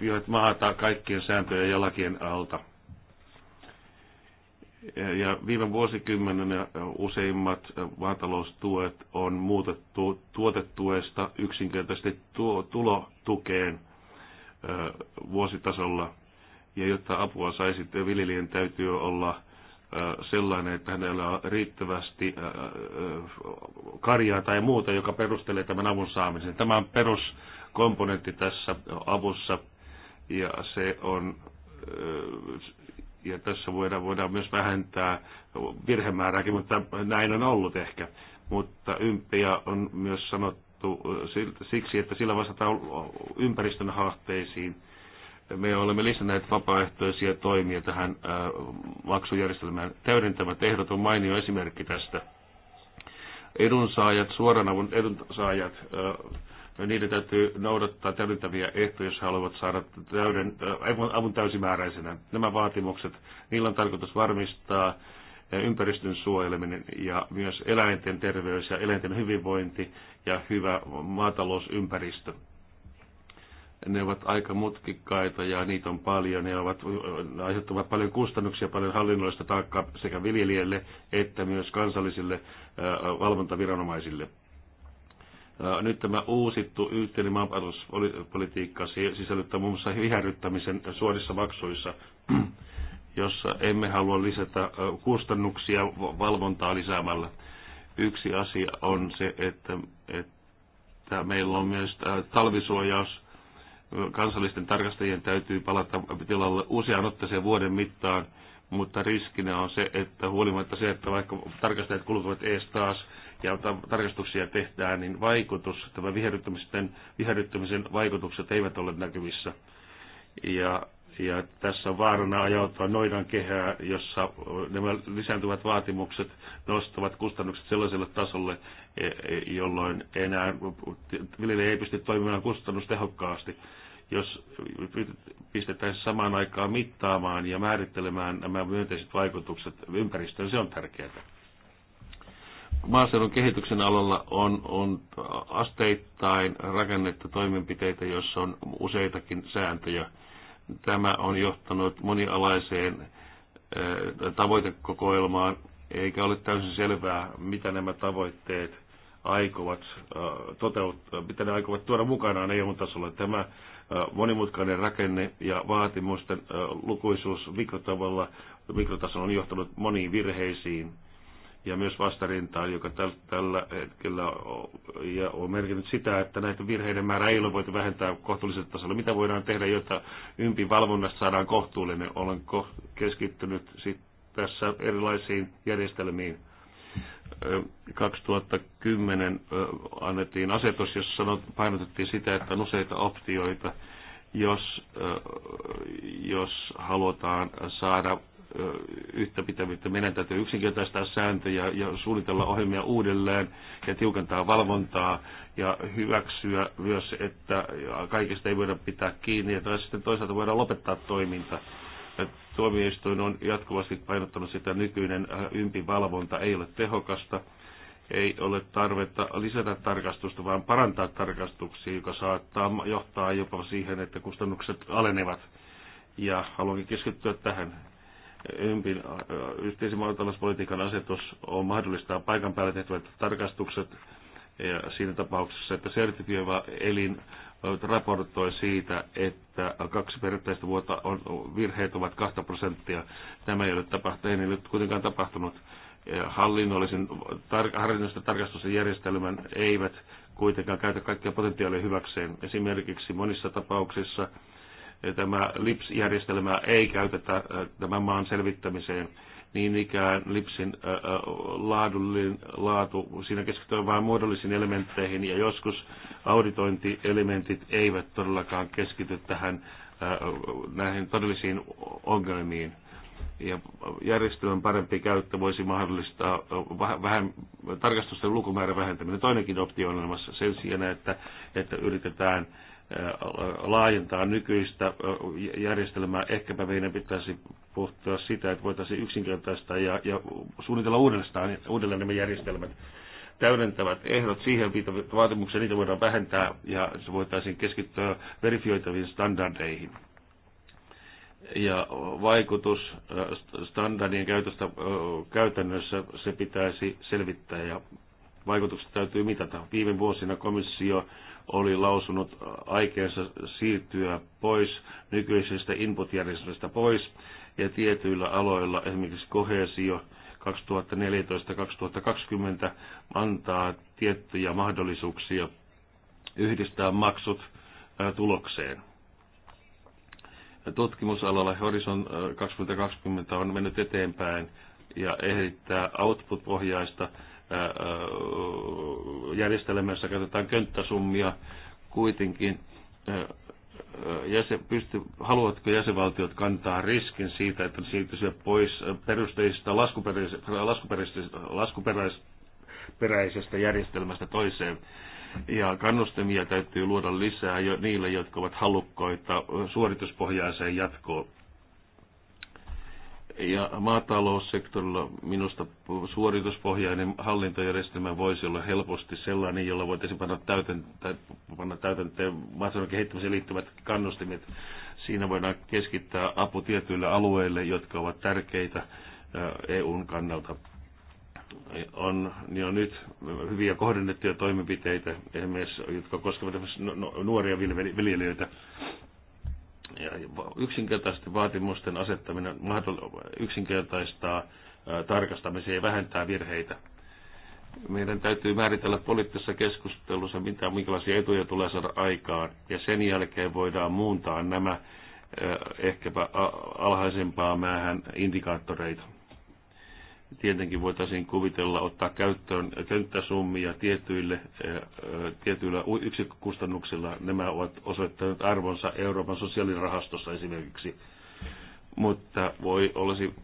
vievät maata kaikkien sääntöjen ja lakien alta. Ja viime vuosikymmenen useimmat maataloustuet on muutettu tuotetuesta yksinkertaisesti tulotukeen vuositasolla – ja jotta apua saisi, viljelijän täytyy olla sellainen, että hänellä on riittävästi karjaa tai muuta, joka perustelee tämän avun saamisen. Tämä on peruskomponentti tässä avussa ja se on ja tässä voidaan, voidaan myös vähentää virhemäärääkin, mutta näin on ollut ehkä. Mutta ympiä on myös sanottu siksi, että sillä vastataan ympäristön haasteisiin me olemme lisänneet vapaaehtoisia toimia tähän äh, maksujärjestelmään. Täydentävä ehdot on mainio esimerkki tästä. Edunsaajat, avun edunsaajat, äh, niiden täytyy noudattaa täydentäviä ehtoja, jos haluavat saada täyden, äh, avun täysimääräisenä. Nämä vaatimukset, niillä on tarkoitus varmistaa ympäristön suojeleminen ja myös eläinten terveys ja eläinten hyvinvointi ja hyvä maatalousympäristö ne ovat aika mutkikkaita ja niitä on paljon. Ne, ovat, ne aiheuttavat paljon kustannuksia, paljon hallinnollista taakkaa sekä viljelijälle että myös kansallisille valvontaviranomaisille. Nyt tämä uusittu yhteinen maanpuolustuspolitiikka sisällyttää muun muassa viherryttämisen suorissa maksuissa, jossa emme halua lisätä kustannuksia valvontaa lisäämällä. Yksi asia on se, että, että meillä on myös talvisuojaus kansallisten tarkastajien täytyy palata tilalle usean otteeseen vuoden mittaan, mutta riskinä on se, että huolimatta se, että vaikka tarkastajat kulkevat ees taas ja tarkastuksia tehdään, niin vaikutus, tämä viherryttämisen, viherryttämisen vaikutukset eivät ole näkyvissä. Ja, ja tässä on vaarana ajautua noidan kehää, jossa nämä lisääntyvät vaatimukset nostavat kustannukset sellaiselle tasolle, e, e, jolloin enää viljelijä ei pysty toimimaan kustannustehokkaasti jos pistetään samaan aikaan mittaamaan ja määrittelemään nämä myönteiset vaikutukset ympäristöön, se on tärkeää. Maaseudun kehityksen alalla on, on asteittain rakennettu toimenpiteitä, joissa on useitakin sääntöjä. Tämä on johtanut monialaiseen eh, tavoitekokoelmaan, eikä ole täysin selvää, mitä nämä tavoitteet aikovat eh, toteuttaa, mitä ne aikovat tuoda mukanaan EU-tasolla. Tämä monimutkainen rakenne ja vaatimusten lukuisuus mikrotasolla, mikrotasolla on johtanut moniin virheisiin ja myös vastarintaan, joka tällä hetkellä ja on merkinnyt sitä, että näitä virheiden määrä ei ole voitu vähentää kohtuullisella tasolla. Mitä voidaan tehdä, jotta ympin valvonnasta saadaan kohtuullinen? Olen keskittynyt tässä erilaisiin järjestelmiin 2010 annettiin asetus, jossa painotettiin sitä, että on useita optioita, jos, jos halutaan saada yhtä pitävyyttä. Meidän täytyy yksinkertaistaa sääntöjä ja suunnitella ohjelmia uudelleen ja tiukentaa valvontaa ja hyväksyä myös, että kaikesta ei voida pitää kiinni ja sitten toisaalta voidaan lopettaa toiminta. Tuomioistuin on jatkuvasti painottanut sitä, että nykyinen äh, ympivalvonta ei ole tehokasta, ei ole tarvetta lisätä tarkastusta, vaan parantaa tarkastuksia, joka saattaa johtaa jopa siihen, että kustannukset alenevat. Ja haluankin keskittyä tähän. Ympin äh, yhteisen maatalouspolitiikan asetus on mahdollistaa paikan päällä tehtävät tarkastukset ja siinä tapauksessa, että sertifioiva elin raportoi siitä, että kaksi perinteistä vuotta on, virheet ovat 2 prosenttia. Tämä ei ole tapahtunut, ei nyt kuitenkaan tapahtunut. Hallinnollisen tar- hallinnollisten järjestelmän eivät kuitenkaan käytä kaikkia potentiaalia hyväkseen. Esimerkiksi monissa tapauksissa tämä lips järjestelmä ei käytetä tämän maan selvittämiseen niin ikään lipsin äh, laatu, siinä keskitytään vain muodollisiin elementteihin ja joskus auditointielementit eivät todellakaan keskity tähän äh, näihin todellisiin ongelmiin. Ja järjestelmän parempi käyttö voisi mahdollistaa vähän, tarkastusten lukumäärän vähentäminen. Toinenkin optio on olemassa sen sijaan, että, että yritetään laajentaa nykyistä järjestelmää. Ehkäpä meidän pitäisi pohtia sitä, että voitaisiin yksinkertaistaa ja, ja suunnitella uudestaan, uudelleen nämä järjestelmät täydentävät ehdot siihen vaatimuksia, niitä voidaan vähentää ja se voitaisiin keskittyä verifioitaviin standardeihin. Ja vaikutus standardien käytöstä käytännössä se pitäisi selvittää ja vaikutukset täytyy mitata. Viime vuosina komissio oli lausunut aikeensa siirtyä pois nykyisestä inputjärjestelmästä pois ja tietyillä aloilla, esimerkiksi kohesio 2014-2020 antaa tiettyjä mahdollisuuksia yhdistää maksut tulokseen. Tutkimusalalla Horizon 2020 on mennyt eteenpäin ja ehdittää output-pohjaista Järjestelmässä käytetään könttäsummia kuitenkin. Jäsen, pysty, haluatko jäsenvaltiot kantaa riskin siitä, että siirtyisivät pois perusteista laskuperäisestä, laskuperäisestä, laskuperäisestä järjestelmästä toiseen? ja kannustimia täytyy luoda lisää jo niille, jotka ovat halukkoita suorituspohjaiseen jatkoon. Ja maataloussektorilla minusta suorituspohjainen hallintojärjestelmä voisi olla helposti sellainen, jolla voitaisiin panna täytäntöön, panna täytäntöön maatalouden kehittämiseen liittyvät kannustimet. Siinä voidaan keskittää apu tietyille alueille, jotka ovat tärkeitä EUn kannalta. On jo nyt hyviä kohdennettuja toimenpiteitä, esimerkiksi, jotka koskevat nuoria viljelijöitä ja yksinkertaisesti vaatimusten asettaminen yksinkertaistaa tarkastamisia ja vähentää virheitä. Meidän täytyy määritellä poliittisessa keskustelussa, mitä, minkälaisia etuja tulee saada aikaan, ja sen jälkeen voidaan muuntaa nämä ehkäpä alhaisempaa määhän indikaattoreita tietenkin voitaisiin kuvitella ottaa käyttöön könttäsummia tietyille, eh, eh, tietyillä yksikkökustannuksilla. Nämä ovat osoittaneet arvonsa Euroopan sosiaalirahastossa esimerkiksi. Mutta voi olisi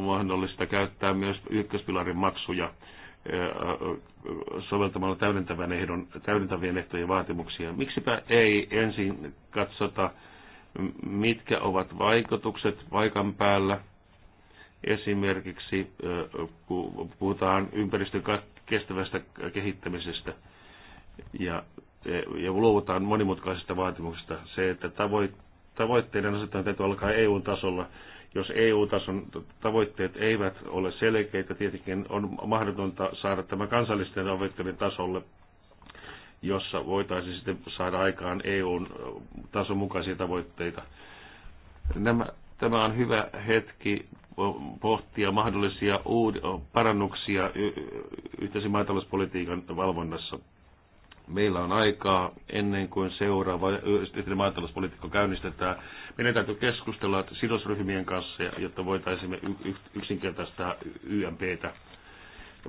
mahdollista käyttää myös ykköspilarin maksuja eh, soveltamalla täydentävän ehdon, täydentävien ehtojen vaatimuksia. Miksipä ei ensin katsota, mitkä ovat vaikutukset paikan päällä – Esimerkiksi kun puhutaan ympäristön kestävästä kehittämisestä ja, e, ja luovutaan monimutkaisista vaatimuksista, se, että tavoitteiden asettaminen täytyy alkaa EU-tasolla, jos EU-tason tavoitteet eivät ole selkeitä, tietenkin on mahdotonta saada tämä kansallisten tavoitteiden tasolle, jossa voitaisiin sitten saada aikaan eu tason mukaisia tavoitteita. Nämä, tämä on hyvä hetki pohtia mahdollisia uud- parannuksia yhteisen maatalouspolitiikan valvonnassa. Meillä on aikaa ennen kuin seuraava yhteinen maatalouspolitiikka käynnistetään. Meidän täytyy keskustella sidosryhmien kanssa, jotta voitaisiin yksinkertaistaa YMPtä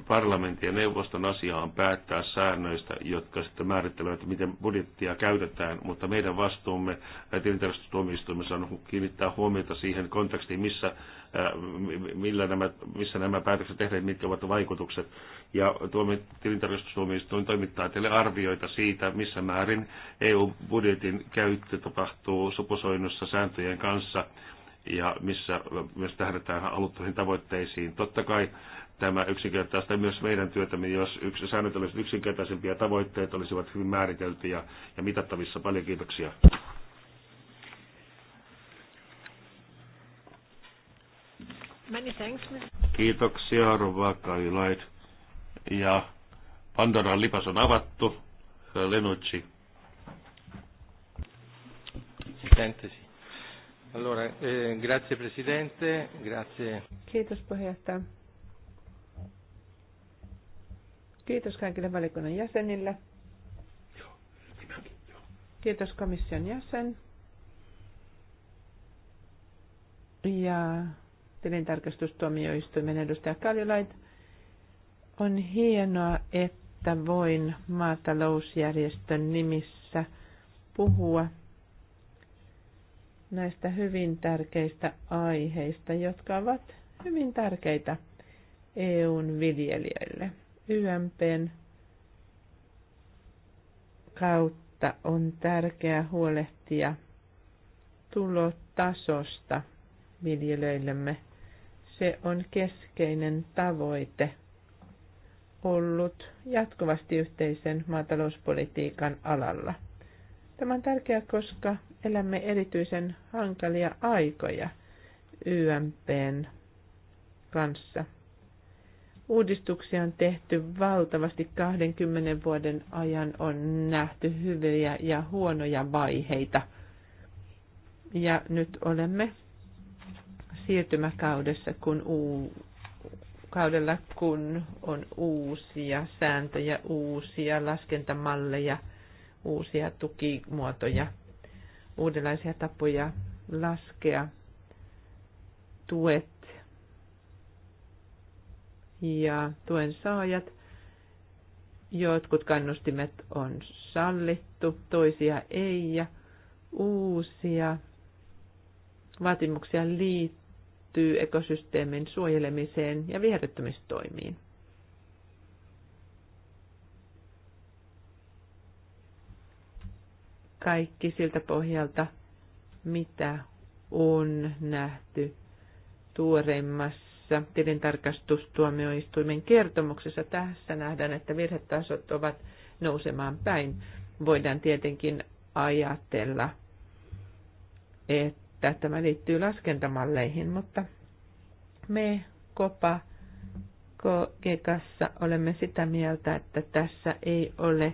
parlamentin ja neuvoston asia on päättää säännöistä, jotka sitten määrittelevät, miten budjettia käytetään, mutta meidän vastuumme tilintarkastustuomioistuimessa on kiinnittää huomiota siihen kontekstiin, missä millä nämä, missä nämä päätökset tehdään, mitkä ovat vaikutukset. Ja tilintarkastustuomioistuin toimittaa teille arvioita siitä, missä määrin EU-budjetin käyttö tapahtuu sopusoinnussa sääntöjen kanssa ja missä myös tähdetään haluttuihin tavoitteisiin. Totta kai tämä yksinkertaista myös meidän työtämme, jos yksi, säännöt olisivat yksinkertaisempia tavoitteet olisivat hyvin määriteltyjä ja mitattavissa. Paljon kiitoksia. Many thanks. Kiitoksia, Rova Kailait. Ja Pandoran lipas on avattu. Lenucci. Sentesi. Allora, eh, grazie Presidente, grazie. Kiitos puheenjohtaja. Kiitos kaikille valikunnan jäsenille. Kiitos komission jäsen. Ja tilintarkastustuomioistuimen edustaja Kaljulait. On hienoa, että voin maatalousjärjestön nimissä puhua näistä hyvin tärkeistä aiheista, jotka ovat hyvin tärkeitä EUn viljelijöille. YMPn kautta on tärkeää huolehtia tulotasosta viljelijöillemme – se on keskeinen tavoite ollut jatkuvasti yhteisen maatalouspolitiikan alalla. Tämä on tärkeää, koska elämme erityisen hankalia aikoja YMPn kanssa. Uudistuksia on tehty valtavasti 20 vuoden ajan, on nähty hyviä ja huonoja vaiheita. Ja nyt olemme siirtymäkaudessa, kun uu, kaudella, kun on uusia sääntöjä, uusia laskentamalleja, uusia tukimuotoja, uudenlaisia tapoja laskea tuet ja tuen saajat. Jotkut kannustimet on sallittu, toisia ei ja uusia vaatimuksia liittyy liittyy ekosysteemin suojelemiseen ja viherryttämistoimiin. Kaikki siltä pohjalta, mitä on nähty tuoreimmassa tilintarkastustuomioistuimen kertomuksessa. Tässä nähdään, että virhetasot ovat nousemaan päin. Voidaan tietenkin ajatella, että että tämä liittyy laskentamalleihin, mutta me kopa kokekassa olemme sitä mieltä, että tässä ei ole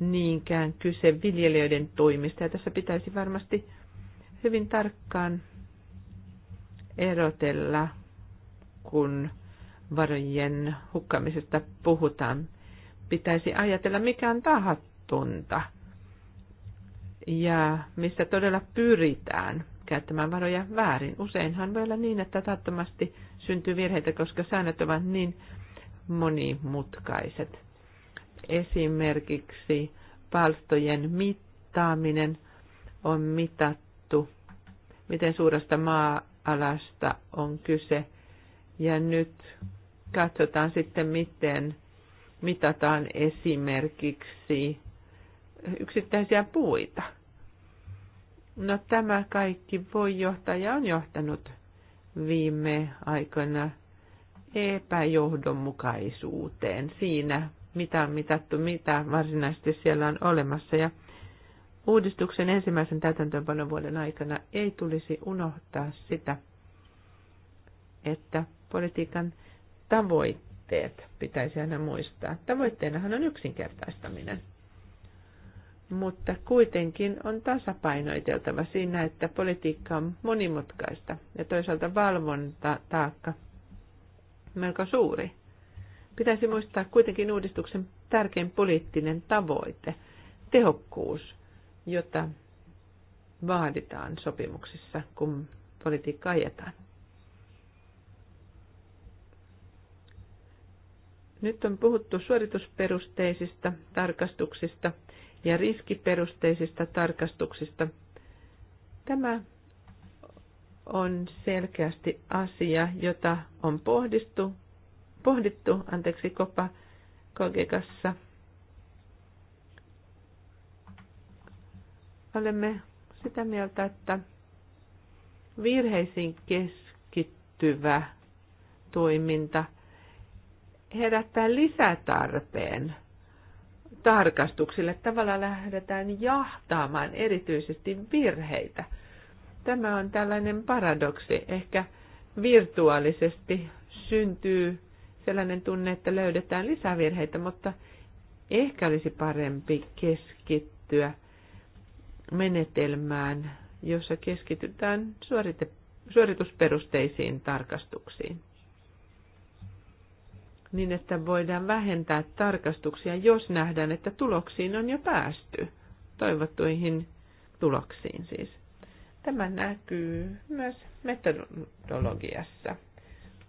niinkään kyse viljelijöiden toimista. Ja tässä pitäisi varmasti hyvin tarkkaan erotella, kun varojen hukkamisesta puhutaan. Pitäisi ajatella, mikä on tahattunta ja missä todella pyritään käyttämään varoja väärin. Useinhan voi olla niin, että tahattomasti syntyy virheitä, koska säännöt ovat niin monimutkaiset. Esimerkiksi palstojen mittaaminen on mitattu, miten suuresta maa-alasta on kyse. Ja nyt katsotaan sitten, miten mitataan esimerkiksi yksittäisiä puita. No tämä kaikki voi johtaa ja on johtanut viime aikoina epäjohdonmukaisuuteen siinä, mitä on mitattu, mitä varsinaisesti siellä on olemassa. Ja uudistuksen ensimmäisen täytäntöönpanon vuoden aikana ei tulisi unohtaa sitä, että politiikan tavoitteet pitäisi aina muistaa. Tavoitteenahan on yksinkertaistaminen mutta kuitenkin on tasapainoiteltava siinä, että politiikka on monimutkaista ja toisaalta valvontataakka melko suuri. Pitäisi muistaa kuitenkin uudistuksen tärkein poliittinen tavoite, tehokkuus, jota vaaditaan sopimuksissa, kun politiikka ajetaan. Nyt on puhuttu suoritusperusteisista tarkastuksista ja riskiperusteisista tarkastuksista. Tämä on selkeästi asia, jota on pohdistu, pohdittu anteeksi, kopa kogekassa. Olemme sitä mieltä, että virheisiin keskittyvä toiminta herättää lisätarpeen tarkastuksille. Tavallaan lähdetään jahtaamaan erityisesti virheitä. Tämä on tällainen paradoksi. Ehkä virtuaalisesti syntyy sellainen tunne, että löydetään lisävirheitä, mutta ehkä olisi parempi keskittyä menetelmään, jossa keskitytään suorite, suoritusperusteisiin tarkastuksiin niin, että voidaan vähentää tarkastuksia, jos nähdään, että tuloksiin on jo päästy, toivottuihin tuloksiin siis. Tämä näkyy myös metodologiassa,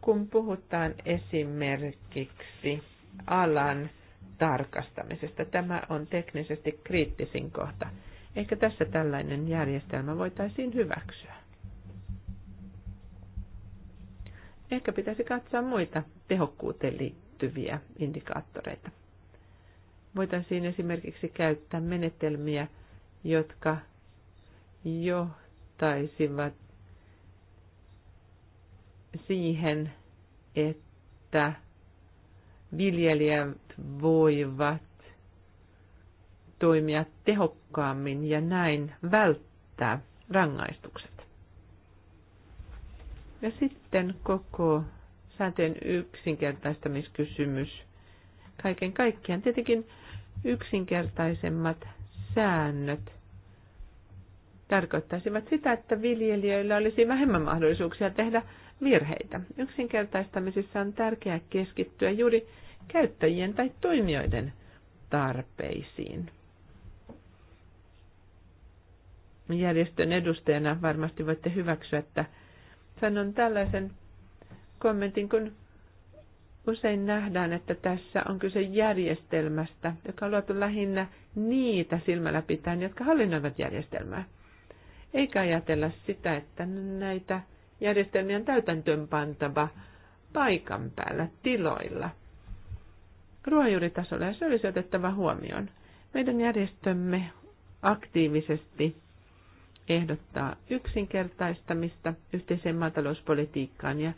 kun puhutaan esimerkiksi alan tarkastamisesta. Tämä on teknisesti kriittisin kohta. Ehkä tässä tällainen järjestelmä voitaisiin hyväksyä. Ehkä pitäisi katsoa muita tehokkuuteen liittyviä indikaattoreita. Voitaisiin esimerkiksi käyttää menetelmiä, jotka johtaisivat siihen, että viljelijät voivat toimia tehokkaammin ja näin välttää rangaistukset. Ja sitten koko sääntöjen yksinkertaistamiskysymys. Kaiken kaikkiaan tietenkin yksinkertaisemmat säännöt tarkoittaisivat sitä, että viljelijöillä olisi vähemmän mahdollisuuksia tehdä virheitä. Yksinkertaistamisessa on tärkeää keskittyä juuri käyttäjien tai toimijoiden tarpeisiin. Järjestön edustajana varmasti voitte hyväksyä, että sanon tällaisen kommentin, kun usein nähdään, että tässä on kyse järjestelmästä, joka on luotu lähinnä niitä silmällä pitäen, jotka hallinnoivat järjestelmää. Eikä ajatella sitä, että näitä järjestelmiä on täytäntöönpantava paikan päällä, tiloilla, ruohonjuuritasolla, ja se olisi otettava huomioon. Meidän järjestömme aktiivisesti ehdottaa yksinkertaistamista yhteiseen maatalouspolitiikkaan ja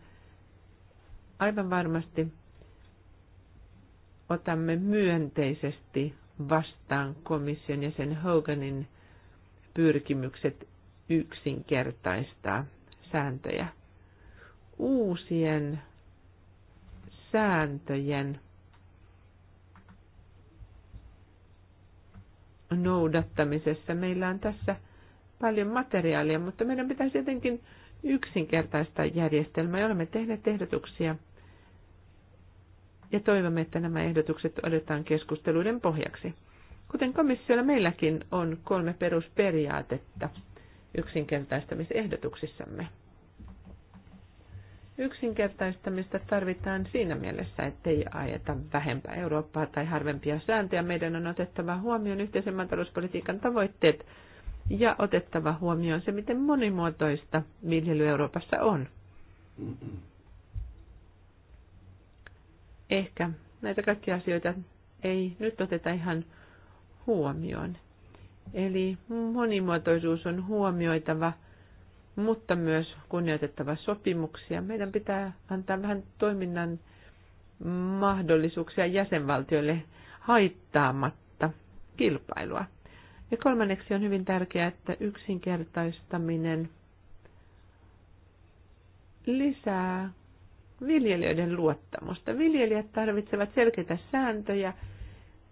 aivan varmasti otamme myönteisesti vastaan komission ja sen Hoganin pyrkimykset yksinkertaistaa sääntöjä. Uusien sääntöjen noudattamisessa meillä on tässä paljon materiaalia, mutta meidän pitäisi jotenkin yksinkertaista järjestelmää ja olemme tehneet ehdotuksia. Ja toivomme, että nämä ehdotukset otetaan keskusteluiden pohjaksi. Kuten komissiolla meilläkin on kolme perusperiaatetta yksinkertaistamisehdotuksissamme. Yksinkertaistamista tarvitaan siinä mielessä, ettei ajeta vähempää Eurooppaa tai harvempia sääntöjä. Meidän on otettava huomioon yhteisen maatalouspolitiikan tavoitteet ja otettava huomioon se, miten monimuotoista viljely Euroopassa on. Ehkä näitä kaikkia asioita ei nyt oteta ihan huomioon. Eli monimuotoisuus on huomioitava, mutta myös kunnioitettava sopimuksia. Meidän pitää antaa vähän toiminnan mahdollisuuksia jäsenvaltioille haittaamatta kilpailua. Ja kolmanneksi on hyvin tärkeää, että yksinkertaistaminen lisää viljelijöiden luottamusta. Viljelijät tarvitsevat selkeitä sääntöjä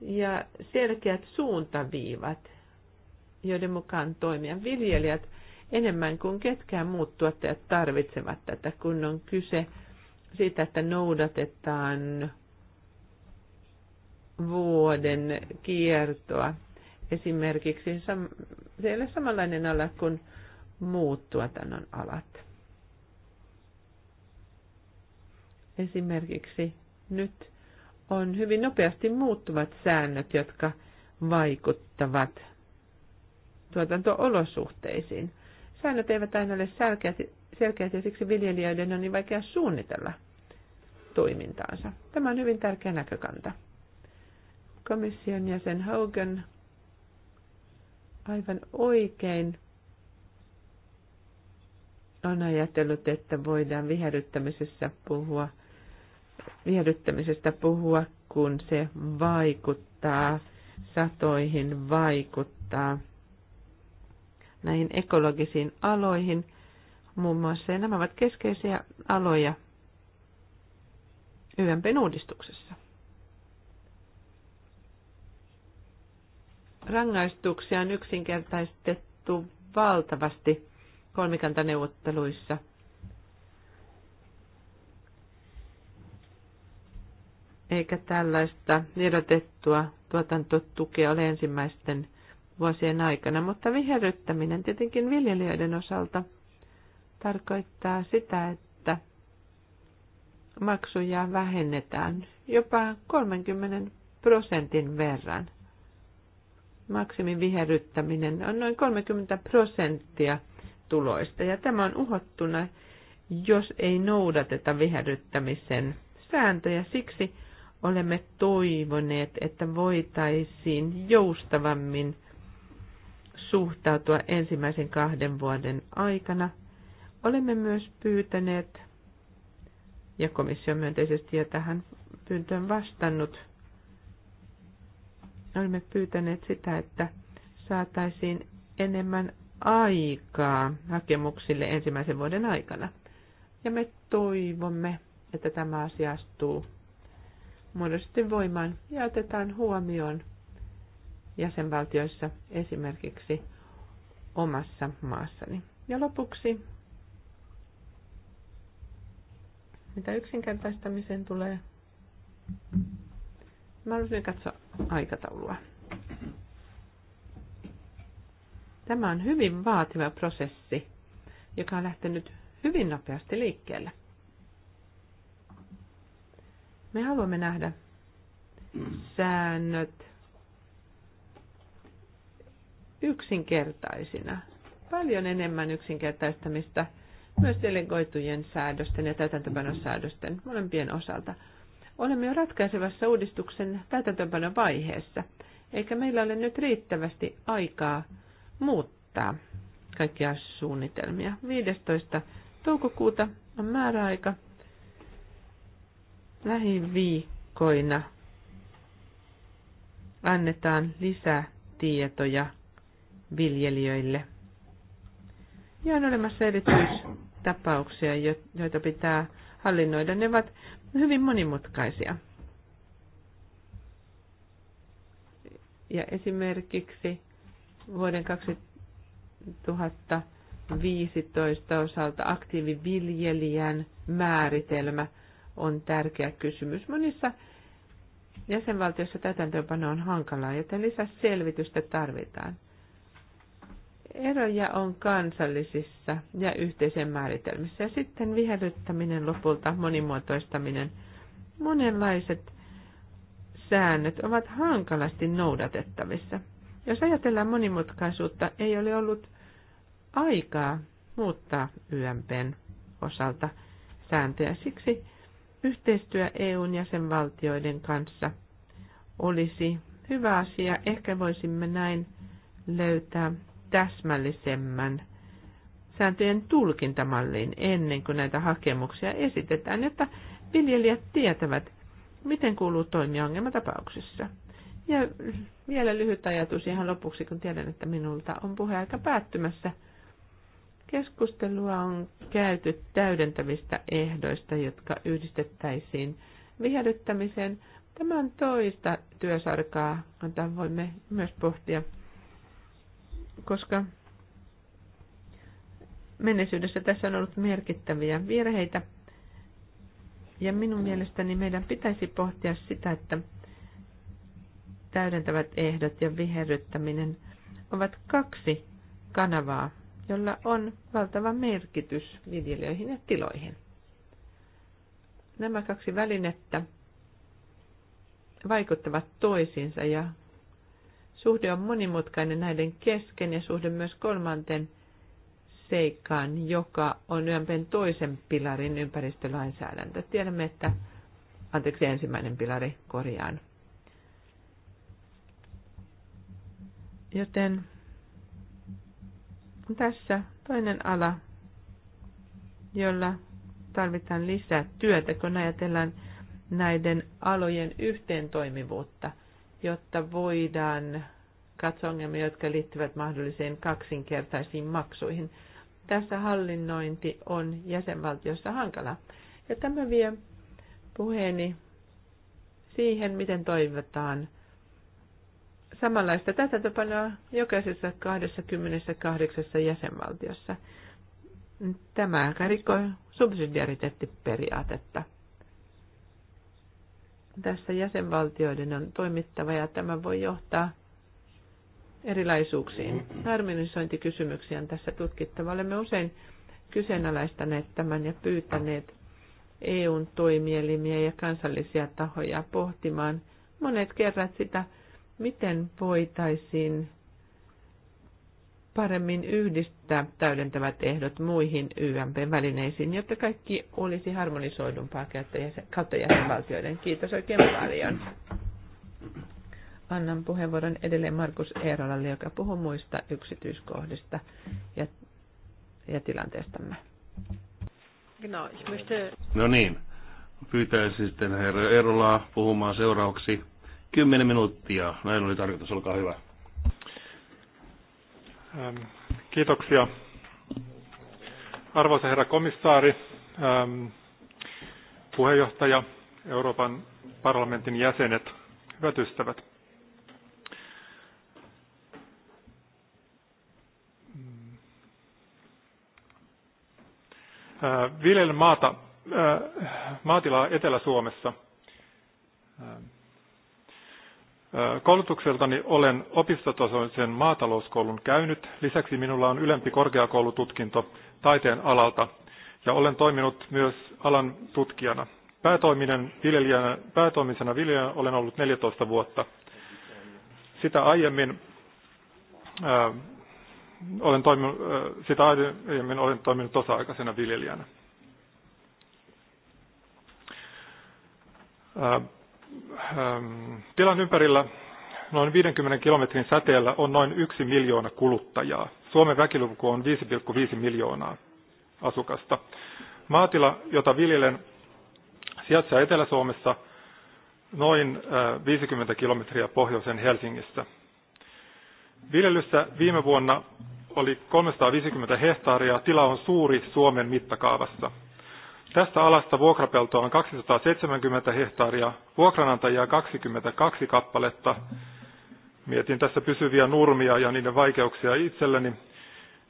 ja selkeät suuntaviivat, joiden mukaan toimia. Viljelijät enemmän kuin ketkään muut tuottajat tarvitsevat tätä, kun on kyse siitä, että noudatetaan vuoden kiertoa esimerkiksi siellä samanlainen ala kuin muut tuotannon alat. Esimerkiksi nyt on hyvin nopeasti muuttuvat säännöt, jotka vaikuttavat tuotantoolosuhteisiin. Säännöt eivät aina ole selkeät ja siksi viljelijöiden on niin vaikea suunnitella toimintaansa. Tämä on hyvin tärkeä näkökanta. Komission jäsen Hogan aivan oikein on ajatellut, että voidaan viherryttämisessä puhua, viherryttämisestä puhua, kun se vaikuttaa satoihin, vaikuttaa näihin ekologisiin aloihin muun muassa. Ja nämä ovat keskeisiä aloja YMPn uudistuksessa. Rangaistuksia on yksinkertaistettu valtavasti kolmikantaneuvotteluissa. Eikä tällaista irrotettua tuotantotukea ole ensimmäisten vuosien aikana, mutta viherryttäminen tietenkin viljelijöiden osalta tarkoittaa sitä, että maksuja vähennetään jopa 30 prosentin verran maksimin viherryttäminen on noin 30 prosenttia tuloista ja tämä on uhottuna, jos ei noudateta viherryttämisen sääntöjä. Siksi olemme toivoneet, että voitaisiin joustavammin suhtautua ensimmäisen kahden vuoden aikana. Olemme myös pyytäneet, ja komissio myönteisesti jo tähän pyyntöön vastannut, olemme pyytäneet sitä, että saataisiin enemmän aikaa hakemuksille ensimmäisen vuoden aikana. Ja me toivomme, että tämä asia astuu muodollisesti voimaan ja otetaan huomioon jäsenvaltioissa esimerkiksi omassa maassani. Ja lopuksi, mitä yksinkertaistamiseen tulee, Mä haluaisin katsoa aikataulua. Tämä on hyvin vaativa prosessi, joka on lähtenyt hyvin nopeasti liikkeelle. Me haluamme nähdä säännöt yksinkertaisina. Paljon enemmän yksinkertaistamista myös delegoitujen säädösten ja täytäntöpanosäädösten molempien osalta – Olemme jo ratkaisevassa uudistuksen täytäntöönpanon vaiheessa, eikä meillä ole nyt riittävästi aikaa muuttaa kaikkia suunnitelmia. 15. toukokuuta on määräaika lähiviikkoina annetaan lisätietoja viljelijöille. Ja on olemassa erityistapauksia, joita pitää hallinnoida. Ne ovat hyvin monimutkaisia. Ja esimerkiksi vuoden 2015 osalta aktiiviviljelijän määritelmä on tärkeä kysymys. Monissa jäsenvaltioissa täytäntöönpano on hankalaa, joten lisäselvitystä tarvitaan. Eroja on kansallisissa ja yhteisen määritelmissä. Ja sitten viherryttäminen lopulta, monimuotoistaminen. Monenlaiset säännöt ovat hankalasti noudatettavissa. Jos ajatellaan monimutkaisuutta, ei ole ollut aikaa muuttaa YMPn osalta sääntöjä. Siksi yhteistyö EUn jäsenvaltioiden kanssa olisi hyvä asia. Ehkä voisimme näin löytää täsmällisemmän sääntöjen tulkintamallin ennen kuin näitä hakemuksia esitetään, jotta viljelijät tietävät, miten kuuluu toimia ongelmatapauksissa. Ja vielä lyhyt ajatus ihan lopuksi, kun tiedän, että minulta on puheaika päättymässä. Keskustelua on käyty täydentävistä ehdoista, jotka yhdistettäisiin viherryttämiseen. Tämä on toista työsarkaa, jota voimme myös pohtia koska menneisyydessä tässä on ollut merkittäviä virheitä. Ja minun mielestäni meidän pitäisi pohtia sitä, että täydentävät ehdot ja viherryttäminen ovat kaksi kanavaa, jolla on valtava merkitys viljelijöihin ja tiloihin. Nämä kaksi välinettä vaikuttavat toisiinsa ja Suhde on monimutkainen näiden kesken ja suhde myös kolmanten seikkaan, joka on YMPn toisen pilarin ympäristölainsäädäntö. Tiedämme, että, anteeksi ensimmäinen pilari korjaan. Joten tässä toinen ala, jolla tarvitaan lisää työtä, kun ajatellaan näiden alojen yhteentoimivuutta, jotta voidaan katsoa ongelmia, jotka liittyvät mahdollisiin kaksinkertaisiin maksuihin. Tässä hallinnointi on jäsenvaltiossa hankala. Ja tämä vie puheeni siihen, miten toivotaan samanlaista tapaa jokaisessa 28 jäsenvaltiossa. Tämä rikkoi subsidiariteettiperiaatetta. Tässä jäsenvaltioiden on toimittava ja tämä voi johtaa erilaisuuksiin. Harmonisointikysymyksiä on tässä tutkittava. Olemme usein kyseenalaistaneet tämän ja pyytäneet EUn toimielimiä ja kansallisia tahoja pohtimaan monet kerrat sitä, miten voitaisiin paremmin yhdistää täydentävät ehdot muihin YMP-välineisiin, jotta kaikki olisi harmonisoidumpaa kautta jäsenvaltioiden. Kiitos oikein paljon annan puheenvuoron edelleen Markus Eerolalle, joka puhuu muista yksityiskohdista ja, ja tilanteestamme. No, no niin, pyytäisin sitten herra Eerolaa puhumaan seuraavaksi 10 minuuttia. Näin oli tarkoitus, olkaa hyvä. Ähm, kiitoksia. Arvoisa herra komissaari, ähm, puheenjohtaja, Euroopan parlamentin jäsenet, hyvät ystävät. Äh, viljelen maata, äh, maatilaa Etelä-Suomessa. Äh, koulutukseltani olen opistotasoisen maatalouskoulun käynyt. Lisäksi minulla on ylempi korkeakoulututkinto taiteen alalta ja olen toiminut myös alan tutkijana. Päätoiminen viljelijänä, päätoimisena viljelijänä olen ollut 14 vuotta. Sitä aiemmin olen toiminut, äh, sitä aiemmin olen toiminut osa-aikaisena viljelijänä. Äh, ähm, tilan ympärillä noin 50 kilometrin säteellä on noin 1 miljoona kuluttajaa. Suomen väkiluku on 5,5 miljoonaa asukasta. Maatila, jota viljelen, sijaitsee Etelä-Suomessa noin 50 äh, kilometriä pohjoisen Helsingistä. Viljelyssä viime vuonna oli 350 hehtaaria, tila on suuri Suomen mittakaavassa. Tästä alasta vuokrapeltoa on 270 hehtaaria, vuokranantajia 22 kappaletta. Mietin tässä pysyviä nurmia ja niiden vaikeuksia itselleni.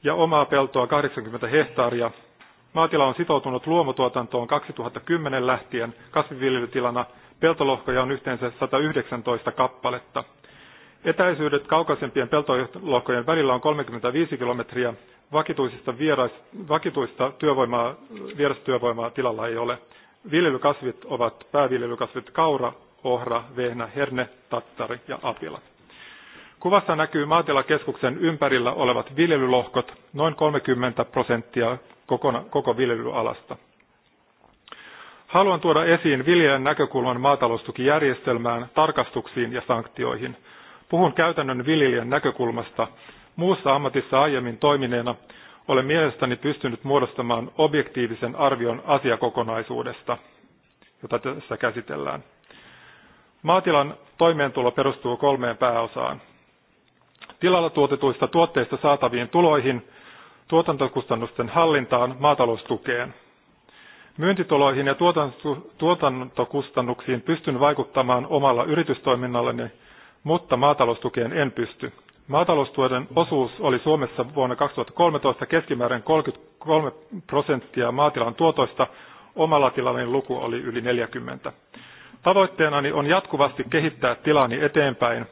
Ja omaa peltoa 80 hehtaaria. Maatila on sitoutunut luomutuotantoon 2010 lähtien kasvinviljelytilana. Peltolohkoja on yhteensä 119 kappaletta. Etäisyydet kaukaisempien peltolohkojen välillä on 35 kilometriä. Vakituisista, vieras, vakituista työvoimaa, vierastyövoimaa tilalla ei ole. Viljelykasvit ovat pääviljelykasvit kaura, ohra, vehnä, herne, tattari ja apila. Kuvassa näkyy maatilakeskuksen ympärillä olevat viljelylohkot, noin 30 prosenttia kokona, koko viljelyalasta. Haluan tuoda esiin viljelijän näkökulman maataloustukijärjestelmään, tarkastuksiin ja sanktioihin – Puhun käytännön viljelijän näkökulmasta. Muussa ammatissa aiemmin toimineena olen mielestäni pystynyt muodostamaan objektiivisen arvion asiakokonaisuudesta, jota tässä käsitellään. Maatilan toimeentulo perustuu kolmeen pääosaan. Tilalla tuotetuista tuotteista saataviin tuloihin, tuotantokustannusten hallintaan, maataloustukeen. Myyntituloihin ja tuotantokustannuksiin pystyn vaikuttamaan omalla yritystoiminnallani mutta maataloustukeen en pysty. Maataloustuoden osuus oli Suomessa vuonna 2013 keskimäärin 33 prosenttia maatilan tuotoista, omalla tilallinen luku oli yli 40. Tavoitteenani on jatkuvasti kehittää tilani eteenpäin.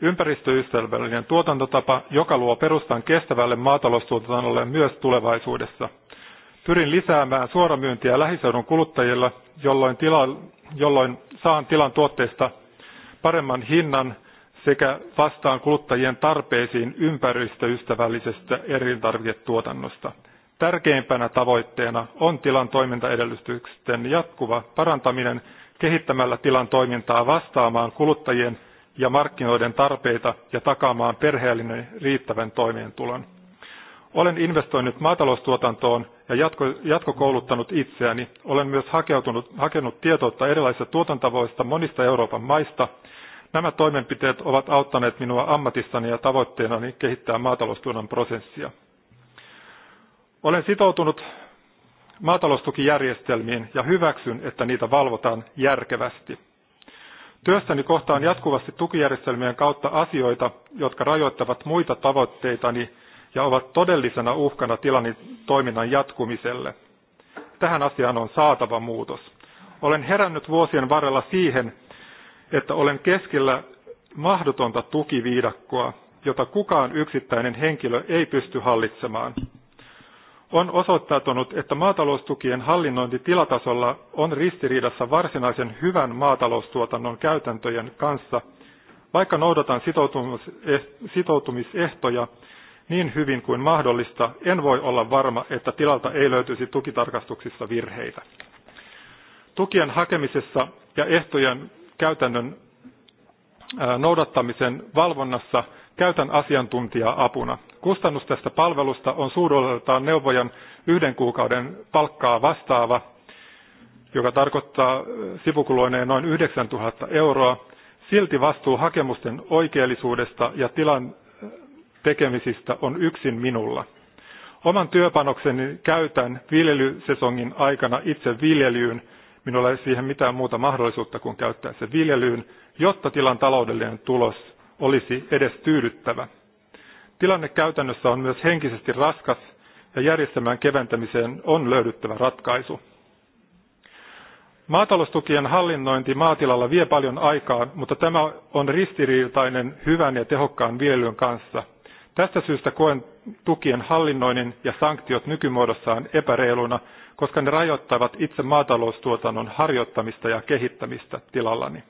Ympäristöystävällinen tuotantotapa, joka luo perustan kestävälle maataloustuotannolle myös tulevaisuudessa. Pyrin lisäämään suoramyyntiä lähiseudun kuluttajilla, jolloin, tila, jolloin saan tilan tuotteista paremman hinnan sekä vastaan kuluttajien tarpeisiin ympäristöystävällisestä elintarviketuotannosta. Tärkeimpänä tavoitteena on tilan toimintaedellytysten jatkuva parantaminen kehittämällä tilan toimintaa vastaamaan kuluttajien ja markkinoiden tarpeita ja takaamaan perheellinen riittävän toimeentulon. Olen investoinut maataloustuotantoon ja jatko, jatkokouluttanut itseäni. Olen myös hakeutunut, hakenut tietoutta erilaisista tuotantavoista monista Euroopan maista – Nämä toimenpiteet ovat auttaneet minua ammatissani ja tavoitteenani kehittää maataloustuotannon prosessia. Olen sitoutunut maataloustukijärjestelmiin ja hyväksyn, että niitä valvotaan järkevästi. Työssäni kohtaan jatkuvasti tukijärjestelmien kautta asioita, jotka rajoittavat muita tavoitteitani ja ovat todellisena uhkana tilani toiminnan jatkumiselle. Tähän asiaan on saatava muutos. Olen herännyt vuosien varrella siihen, että olen keskellä mahdotonta tukiviidakkoa, jota kukaan yksittäinen henkilö ei pysty hallitsemaan. On osoittautunut, että maataloustukien hallinnointi tilatasolla on ristiriidassa varsinaisen hyvän maataloustuotannon käytäntöjen kanssa, vaikka noudatan eh, sitoutumisehtoja niin hyvin kuin mahdollista, en voi olla varma, että tilalta ei löytyisi tukitarkastuksissa virheitä. Tukien hakemisessa ja ehtojen käytännön noudattamisen valvonnassa käytän asiantuntijaa apuna. Kustannus tästä palvelusta on suuruudeltaan neuvojan yhden kuukauden palkkaa vastaava, joka tarkoittaa sivukuluineen noin 9000 euroa. Silti vastuu hakemusten oikeellisuudesta ja tilan tekemisistä on yksin minulla. Oman työpanokseni käytän viljelysesongin aikana itse viljelyyn Minulla ei siihen mitään muuta mahdollisuutta kuin käyttää se viljelyyn, jotta tilan taloudellinen tulos olisi edes tyydyttävä. Tilanne käytännössä on myös henkisesti raskas ja järjestelmän keventämiseen on löydyttävä ratkaisu. Maataloustukien hallinnointi maatilalla vie paljon aikaa, mutta tämä on ristiriitainen hyvän ja tehokkaan viljelyn kanssa. Tästä syystä koen tukien hallinnoinnin ja sanktiot nykymuodossaan epäreiluna koska ne rajoittavat itse maataloustuotannon harjoittamista ja kehittämistä tilallani.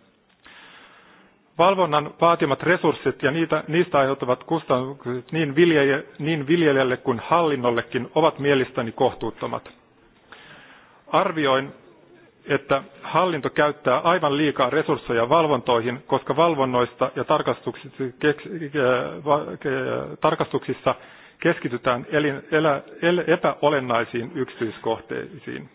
Valvonnan vaatimat resurssit ja niitä, niistä aiheutuvat kustannukset niin, viljelijä, niin viljelijälle kuin hallinnollekin ovat mielestäni kohtuuttomat. Arvioin, että hallinto käyttää aivan liikaa resursseja valvontoihin, koska valvonnoista ja tarkastuksissa keskitytään elin, elä, el, epäolennaisiin yksityiskohteisiin.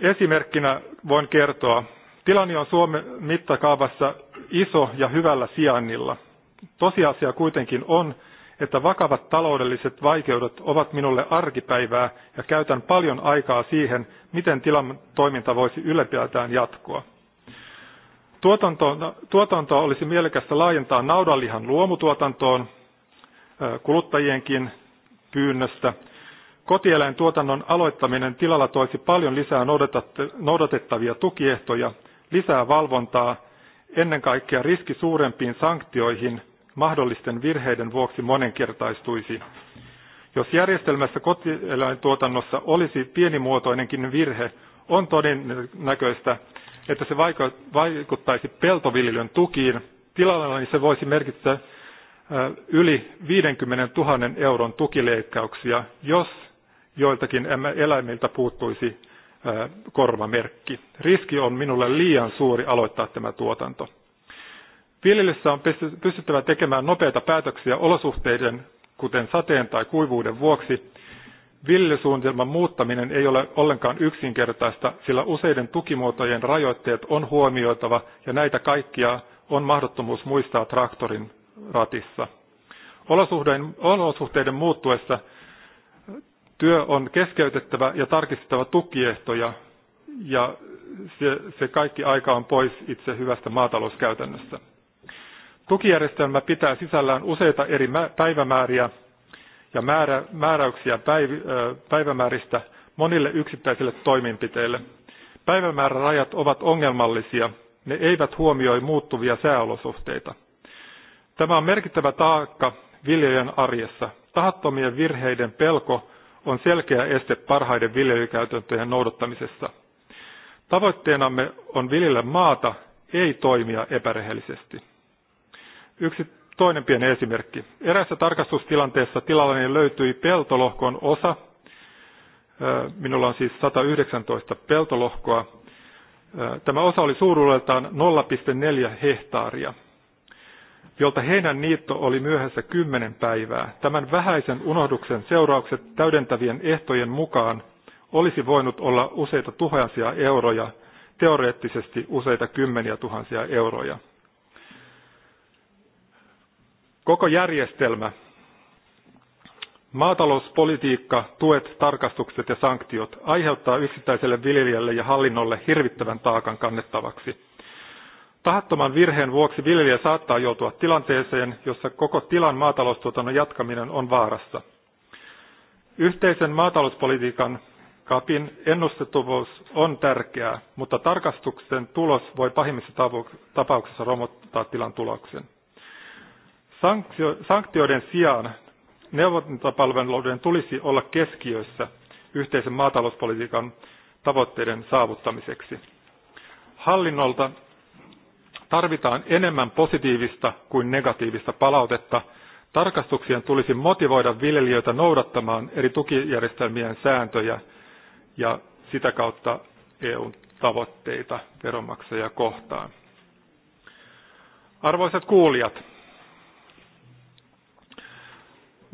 Esimerkkinä voin kertoa, tilanne on Suomen mittakaavassa iso ja hyvällä sijainnilla. Tosiasia kuitenkin on, että vakavat taloudelliset vaikeudet ovat minulle arkipäivää ja käytän paljon aikaa siihen, miten tilan toiminta voisi ylipäätään jatkoa. Tuotantoa tuotanto olisi mielekästä laajentaa naudanlihan luomutuotantoon kuluttajienkin pyynnöstä. Kotieläintuotannon aloittaminen tilalla toisi paljon lisää noudatettavia tukiehtoja, lisää valvontaa, ennen kaikkea riski suurempiin sanktioihin mahdollisten virheiden vuoksi monenkertaistuisi. Jos järjestelmässä kotieläintuotannossa olisi pienimuotoinenkin virhe, on todennäköistä, että se vaikuttaisi peltoviljelyn tukiin. Tilalla niin se voisi merkitä äh, yli 50 000 euron tukileikkauksia, jos joiltakin eläimiltä puuttuisi äh, korvamerkki. Riski on minulle liian suuri aloittaa tämä tuotanto. Viljelyssä on pystyttävä tekemään nopeita päätöksiä olosuhteiden, kuten sateen tai kuivuuden vuoksi, Viljelysuunnitelman muuttaminen ei ole ollenkaan yksinkertaista, sillä useiden tukimuotojen rajoitteet on huomioitava ja näitä kaikkia on mahdottomuus muistaa traktorin ratissa. Olosuhteiden, olosuhteiden muuttuessa työ on keskeytettävä ja tarkistettava tukiehtoja ja se, se kaikki aika on pois itse hyvästä maatalouskäytännössä. Tukijärjestelmä pitää sisällään useita eri päivämääriä ja määrä, määräyksiä päiv, päivämääristä monille yksittäisille toimenpiteille. Päivämäärärajat ovat ongelmallisia, ne eivät huomioi muuttuvia sääolosuhteita. Tämä on merkittävä taakka viljelijän arjessa. Tahattomien virheiden pelko on selkeä este parhaiden viljelykäytäntöjen noudattamisessa. Tavoitteenamme on viljellä maata, ei toimia epärehellisesti. Yksi Toinen pieni esimerkki. Erässä tarkastustilanteessa tilallani löytyi peltolohkon osa. Minulla on siis 119 peltolohkoa. Tämä osa oli suuruudeltaan 0,4 hehtaaria, jolta heinän niitto oli myöhässä 10 päivää. Tämän vähäisen unohduksen seuraukset täydentävien ehtojen mukaan olisi voinut olla useita tuhansia euroja, teoreettisesti useita kymmeniä tuhansia euroja. Koko järjestelmä, maatalouspolitiikka, tuet, tarkastukset ja sanktiot aiheuttaa yksittäiselle viljelijälle ja hallinnolle hirvittävän taakan kannettavaksi. Tahattoman virheen vuoksi viljelijä saattaa joutua tilanteeseen, jossa koko tilan maataloustuotannon jatkaminen on vaarassa. Yhteisen maatalouspolitiikan kapin ennustettavuus on tärkeää, mutta tarkastuksen tulos voi pahimmissa tapauksissa romuttaa tilan tuloksen. Sanktio, sanktioiden sijaan neuvontapalveluiden tulisi olla keskiössä yhteisen maatalouspolitiikan tavoitteiden saavuttamiseksi. Hallinnolta tarvitaan enemmän positiivista kuin negatiivista palautetta. Tarkastuksien tulisi motivoida viljelijöitä noudattamaan eri tukijärjestelmien sääntöjä ja sitä kautta eu tavoitteita veronmaksajia kohtaan. Arvoisat kuulijat,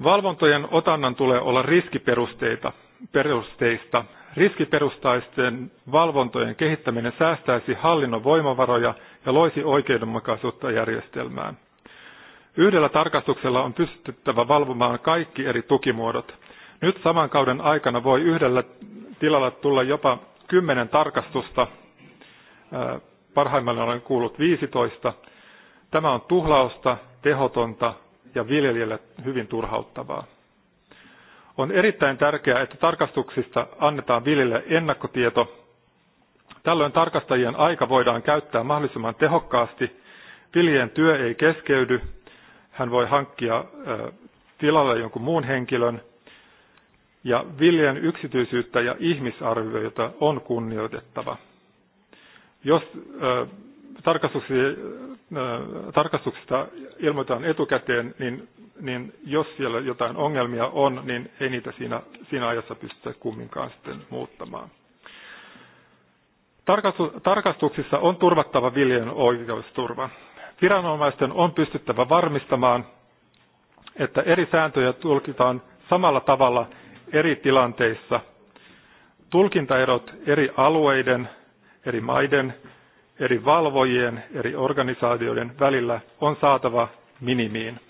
Valvontojen otannan tulee olla riskiperusteita, perusteista. Riskiperustaisten valvontojen kehittäminen säästäisi hallinnon voimavaroja ja loisi oikeudenmukaisuutta järjestelmään. Yhdellä tarkastuksella on pystyttävä valvomaan kaikki eri tukimuodot. Nyt saman kauden aikana voi yhdellä tilalla tulla jopa kymmenen tarkastusta, parhaimmillaan olen kuullut 15. Tämä on tuhlausta, tehotonta ja viljelijälle hyvin turhauttavaa. On erittäin tärkeää, että tarkastuksista annetaan viljelijälle ennakkotieto. Tällöin tarkastajien aika voidaan käyttää mahdollisimman tehokkaasti. Viljen työ ei keskeydy. Hän voi hankkia tilalle jonkun muun henkilön. Ja viljen yksityisyyttä ja ihmisarvioita on kunnioitettava. Jos tarkastuksista ilmoitetaan etukäteen, niin, niin jos siellä jotain ongelmia on, niin ei niitä siinä, siinä ajassa pystytä kumminkaan sitten muuttamaan. Tarkastuksissa on turvattava viljelijän oikeusturva. Viranomaisten on pystyttävä varmistamaan, että eri sääntöjä tulkitaan samalla tavalla eri tilanteissa. Tulkintaerot eri alueiden, eri maiden eri valvojien, eri organisaatioiden välillä on saatava minimiin.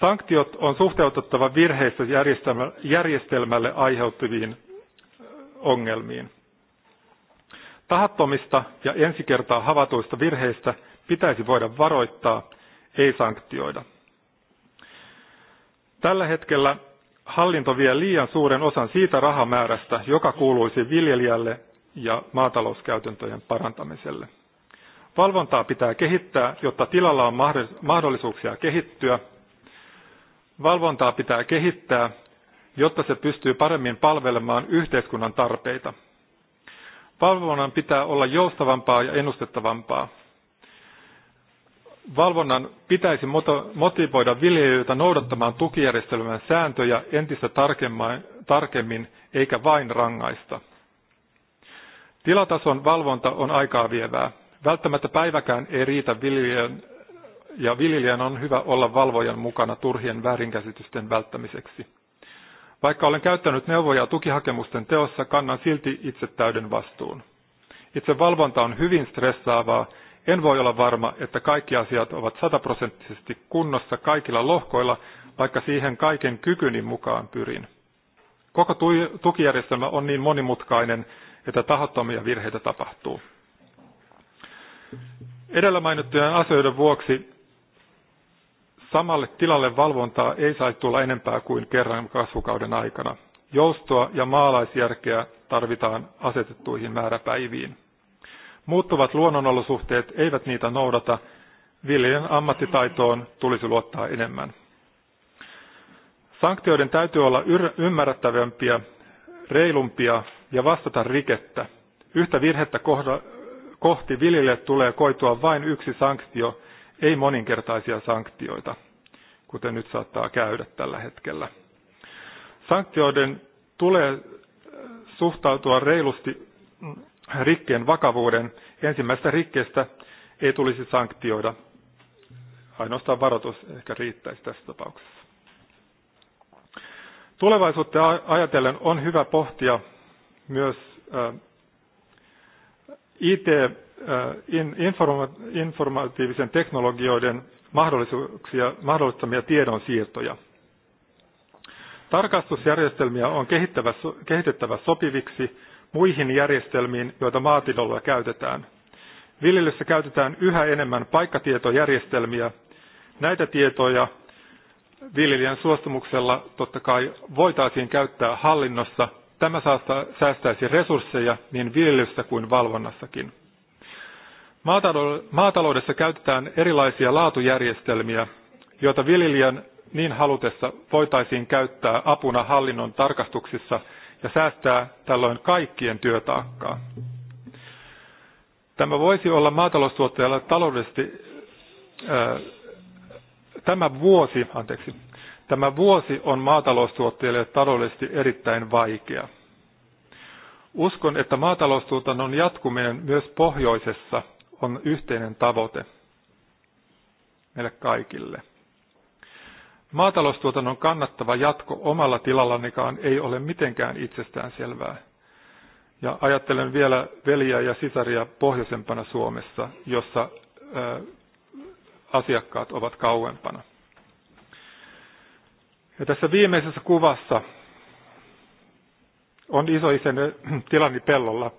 Sanktiot on suhteutettava virheistä järjestelmälle aiheutuviin ongelmiin. Tahattomista ja ensi kertaa havatuista virheistä pitäisi voida varoittaa, ei sanktioida. Tällä hetkellä hallinto vie liian suuren osan siitä rahamäärästä, joka kuuluisi viljelijälle ja maatalouskäytäntöjen parantamiselle. Valvontaa pitää kehittää, jotta tilalla on mahdollisuuksia kehittyä. Valvontaa pitää kehittää, jotta se pystyy paremmin palvelemaan yhteiskunnan tarpeita. Valvonnan pitää olla joustavampaa ja ennustettavampaa. Valvonnan pitäisi motivoida viljelijöitä noudattamaan tukijärjestelmän sääntöjä entistä tarkemmin, eikä vain rangaista. Tilatason valvonta on aikaa vievää. Välttämättä päiväkään ei riitä viljelijän ja viljelijän on hyvä olla valvojan mukana turhien väärinkäsitysten välttämiseksi. Vaikka olen käyttänyt neuvoja tukihakemusten teossa, kannan silti itse täyden vastuun. Itse valvonta on hyvin stressaavaa. En voi olla varma, että kaikki asiat ovat sataprosenttisesti kunnossa kaikilla lohkoilla, vaikka siihen kaiken kykyni mukaan pyrin. Koko tukijärjestelmä on niin monimutkainen, että tahottomia virheitä tapahtuu. Edellä mainittujen asioiden vuoksi samalle tilalle valvontaa ei saisi tulla enempää kuin kerran kasvukauden aikana. Joustoa ja maalaisjärkeä tarvitaan asetettuihin määräpäiviin. Muuttuvat luonnonolosuhteet eivät niitä noudata. Viljelijän ammattitaitoon tulisi luottaa enemmän. Sanktioiden täytyy olla ymmärrettävämpiä, reilumpia ja vastata rikettä. Yhtä virhettä kohda, kohti viljelijät tulee koitua vain yksi sanktio, ei moninkertaisia sanktioita, kuten nyt saattaa käydä tällä hetkellä. Sanktioiden tulee äh, suhtautua reilusti mm, rikkeen vakavuuden. Ensimmäistä rikkeestä ei tulisi sanktioida. Ainoastaan varoitus ehkä riittäisi tässä tapauksessa. Tulevaisuutta ajatellen on hyvä pohtia, myös äh, IT, äh, informatiivisen teknologioiden mahdollisuuksia, mahdollistamia tiedonsiirtoja. Tarkastusjärjestelmiä on kehitettävä sopiviksi muihin järjestelmiin, joita maatiloilla käytetään. Viljelyssä käytetään yhä enemmän paikkatietojärjestelmiä. Näitä tietoja viljelijän suostumuksella totta kai voitaisiin käyttää hallinnossa – Tämä säästäisi resursseja niin viljelyssä kuin valvonnassakin. Maataloudessa käytetään erilaisia laatujärjestelmiä, joita viljelijän niin halutessa voitaisiin käyttää apuna hallinnon tarkastuksissa ja säästää tällöin kaikkien työtaakkaa. Tämä voisi olla maataloustuottajalle taloudellisesti ää, tämä vuosi, anteeksi, Tämä vuosi on maataloustuottajille taloudellisesti erittäin vaikea. Uskon, että maataloustuotannon jatkuminen myös pohjoisessa on yhteinen tavoite meille kaikille. Maataloustuotannon kannattava jatko omalla tilallanikaan ei ole mitenkään itsestään selvää. Ja ajattelen vielä veliä ja sisaria pohjoisempana Suomessa, jossa ö, asiakkaat ovat kauempana. Ja tässä viimeisessä kuvassa on isoisen tilani pellolla.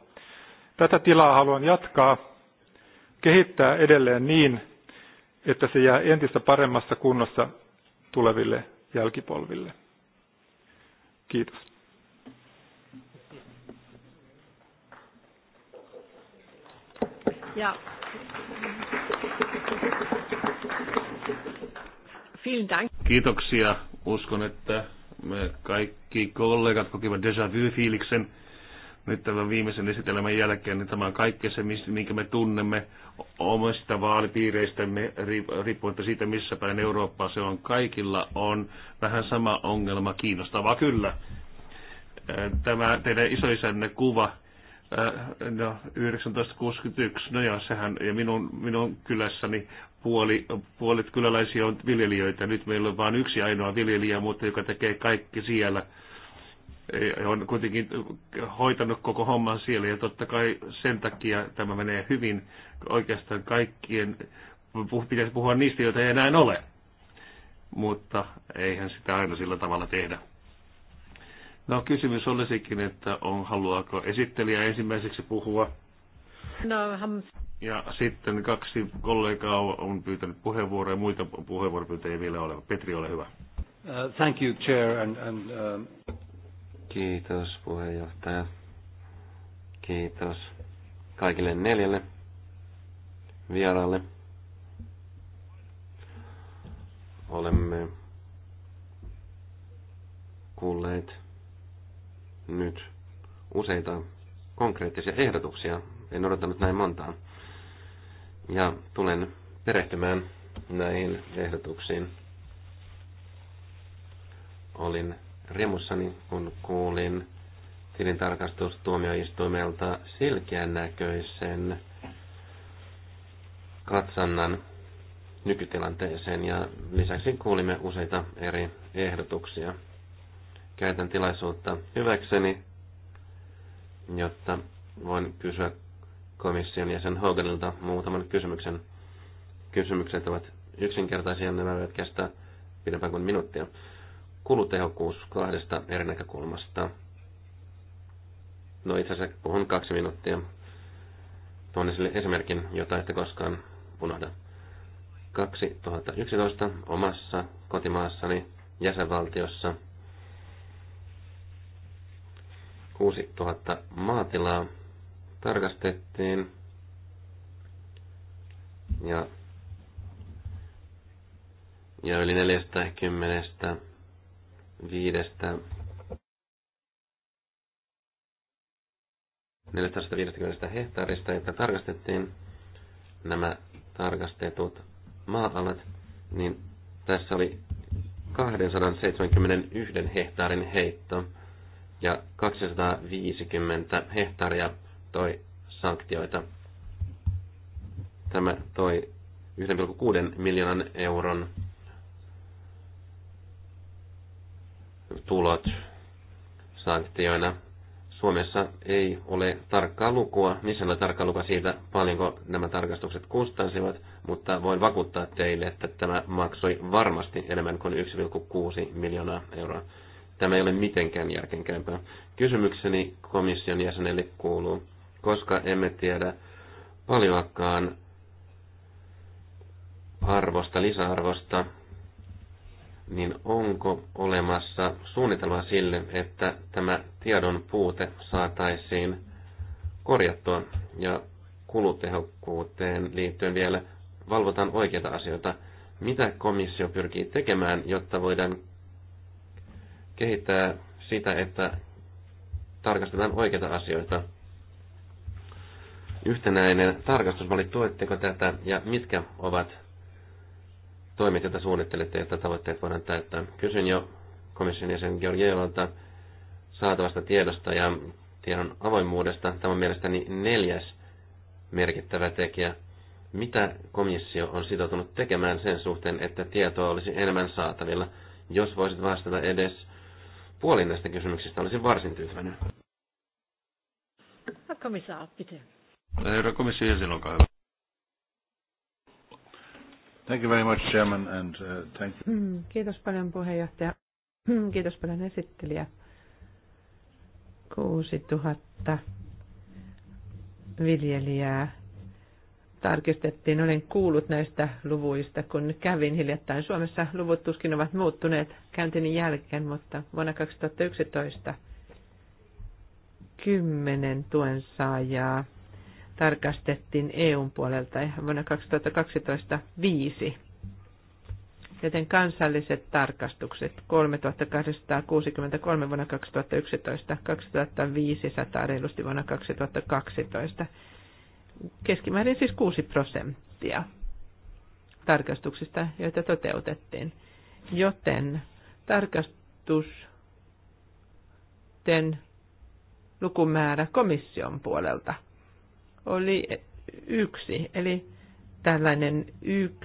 Tätä tilaa haluan jatkaa, kehittää edelleen niin, että se jää entistä paremmassa kunnossa tuleville jälkipolville. Kiitos. Ja. Vielen Dank. Kiitoksia Uskon, että me kaikki kollegat kokivat déjà vu-fiiliksen nyt tämän viimeisen esitelmän jälkeen, niin tämä on kaikki se, minkä me tunnemme omista vaalipiireistämme, riippuen siitä, missä päin Eurooppaa se on. Kaikilla on vähän sama ongelma, kiinnostavaa kyllä. Tämä teidän isoisänne kuva 1961, äh, no, no joo, sehän, ja minun, minun kylässäni puoli, puolet kyläläisiä on viljelijöitä. Nyt meillä on vain yksi ainoa viljelijä, mutta joka tekee kaikki siellä. Ja on kuitenkin hoitanut koko homman siellä ja totta kai sen takia tämä menee hyvin oikeastaan kaikkien. Pitäisi puhua niistä, joita ei enää ole. Mutta eihän sitä aina sillä tavalla tehdä. No kysymys olisikin, että on, haluaako esittelijä ensimmäiseksi puhua? No, ja sitten kaksi kollegaa on pyytänyt puheenvuoroa ja muita puheenvuoropyyntöjä ei vielä ole. Petri, ole hyvä. Uh, thank you, Chair. And, and, uh... Kiitos puheenjohtaja. Kiitos kaikille neljälle vieraalle. Olemme kuulleet nyt useita konkreettisia ehdotuksia. En odottanut näin montaa. Ja tulen perehtymään näihin ehdotuksiin. Olin remussani, kun kuulin tilintarkastustuomioistuimelta näköisen katsannan nykytilanteeseen ja lisäksi kuulimme useita eri ehdotuksia käytän tilaisuutta hyväkseni, jotta voin kysyä komission jäsen Hoganilta muutaman kysymyksen. Kysymykset ovat yksinkertaisia, nämä eivät kestä pidempään kuin minuuttia. Kulutehokkuus kahdesta eri näkökulmasta. No itse asiassa puhun kaksi minuuttia. Tuon esille esimerkin, jota ette koskaan unohda. 2011 omassa kotimaassani jäsenvaltiossa – 6000 maatilaa tarkastettiin ja, ja yli 40 viidestä 450 hehtaarista, että tarkastettiin nämä tarkastetut maa-alat, niin tässä oli 271 hehtaarin heitto ja 250 hehtaaria toi sanktioita. Tämä toi 1,6 miljoonan euron tulot sanktioina. Suomessa ei ole tarkkaa lukua, missä on tarkkaa lukua siitä, paljonko nämä tarkastukset kustansivat, mutta voin vakuuttaa teille, että tämä maksoi varmasti enemmän kuin 1,6 miljoonaa euroa. Tämä ei ole mitenkään järkenkäypää. Kysymykseni komission jäsenelle kuuluu, koska emme tiedä paljoakaan arvosta, lisäarvosta, niin onko olemassa suunnitelma sille, että tämä tiedon puute saataisiin korjattua ja kulutehokkuuteen liittyen vielä valvotaan oikeita asioita. Mitä komissio pyrkii tekemään, jotta voidaan kehittää sitä, että tarkastetaan oikeita asioita. Yhtenäinen tarkastusmalli, tuetteko tätä ja mitkä ovat toimet, joita suunnittelette, että tavoitteet voidaan täyttää? Kysyn jo komission jäsen Georgievalta saatavasta tiedosta ja tiedon avoimuudesta. Tämä on mielestäni neljäs merkittävä tekijä. Mitä komissio on sitoutunut tekemään sen suhteen, että tietoa olisi enemmän saatavilla? Jos voisit vastata edes puoliin näistä kysymyksistä. Olisin varsin tyytyväinen. Komissaa, pitää. Herra komissio, jäsen, olkaa hyvä. Thank you very much, Chairman, and uh, thank you. Mm, kiitos paljon puheenjohtaja. Hmm, kiitos paljon esittelijä. 6000 viljelijää tarkistettiin. Olen kuullut näistä luvuista, kun kävin hiljattain Suomessa. Luvut tuskin ovat muuttuneet käyntini jälkeen, mutta vuonna 2011 kymmenen tuen saajaa tarkastettiin EUn puolelta ja vuonna 2012 viisi. Joten kansalliset tarkastukset 3863 vuonna 2011, 2500 reilusti vuonna 2012 keskimäärin siis 6 prosenttia tarkastuksista, joita toteutettiin. Joten tarkastusten lukumäärä komission puolelta oli yksi, eli tällainen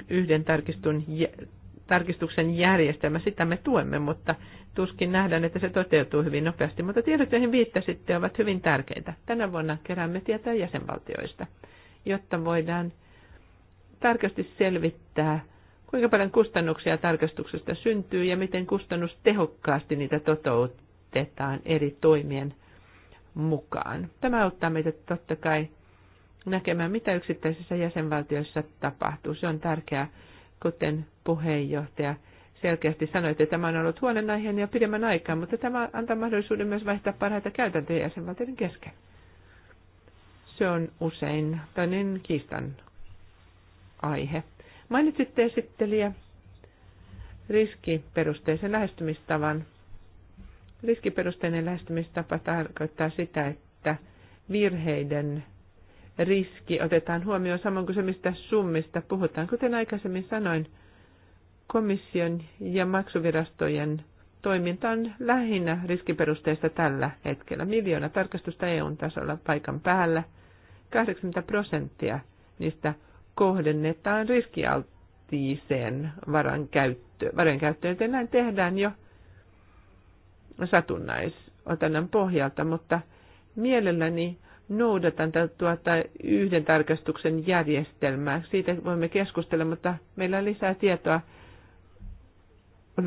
yhden tarkistun tarkistuksen järjestelmä, sitä me tuemme, mutta tuskin nähdään, että se toteutuu hyvin nopeasti. Mutta tiedot, joihin viittasitte, ovat hyvin tärkeitä. Tänä vuonna keräämme tietoa jäsenvaltioista, jotta voidaan tarkasti selvittää, kuinka paljon kustannuksia tarkastuksesta syntyy ja miten kustannustehokkaasti niitä toteutetaan eri toimien mukaan. Tämä auttaa meitä totta kai näkemään, mitä yksittäisissä jäsenvaltioissa tapahtuu. Se on tärkeää kuten puheenjohtaja selkeästi sanoitte, tämä on ollut huolenaiheen ja pidemmän aikaa, mutta tämä antaa mahdollisuuden myös vaihtaa parhaita käytäntöjä jäsenvaltioiden kesken. Se on usein toinen kiistan aihe. Mainitsitte esittelijä riskiperusteisen lähestymistavan. Riskiperusteinen lähestymistapa tarkoittaa sitä, että virheiden riski otetaan huomioon samoin kuin se, mistä summista puhutaan. Kuten aikaisemmin sanoin, komission ja maksuvirastojen toiminta on lähinnä riskiperusteista tällä hetkellä. Miljoona tarkastusta EUn tasolla paikan päällä. 80 prosenttia niistä kohdennetaan riskialtiiseen varan käyttöön, varan käyttöön. Joten näin tehdään jo satunnaisotannan pohjalta, mutta mielelläni noudatan tuota yhden tarkastuksen järjestelmää. Siitä voimme keskustella, mutta meillä on lisää tietoa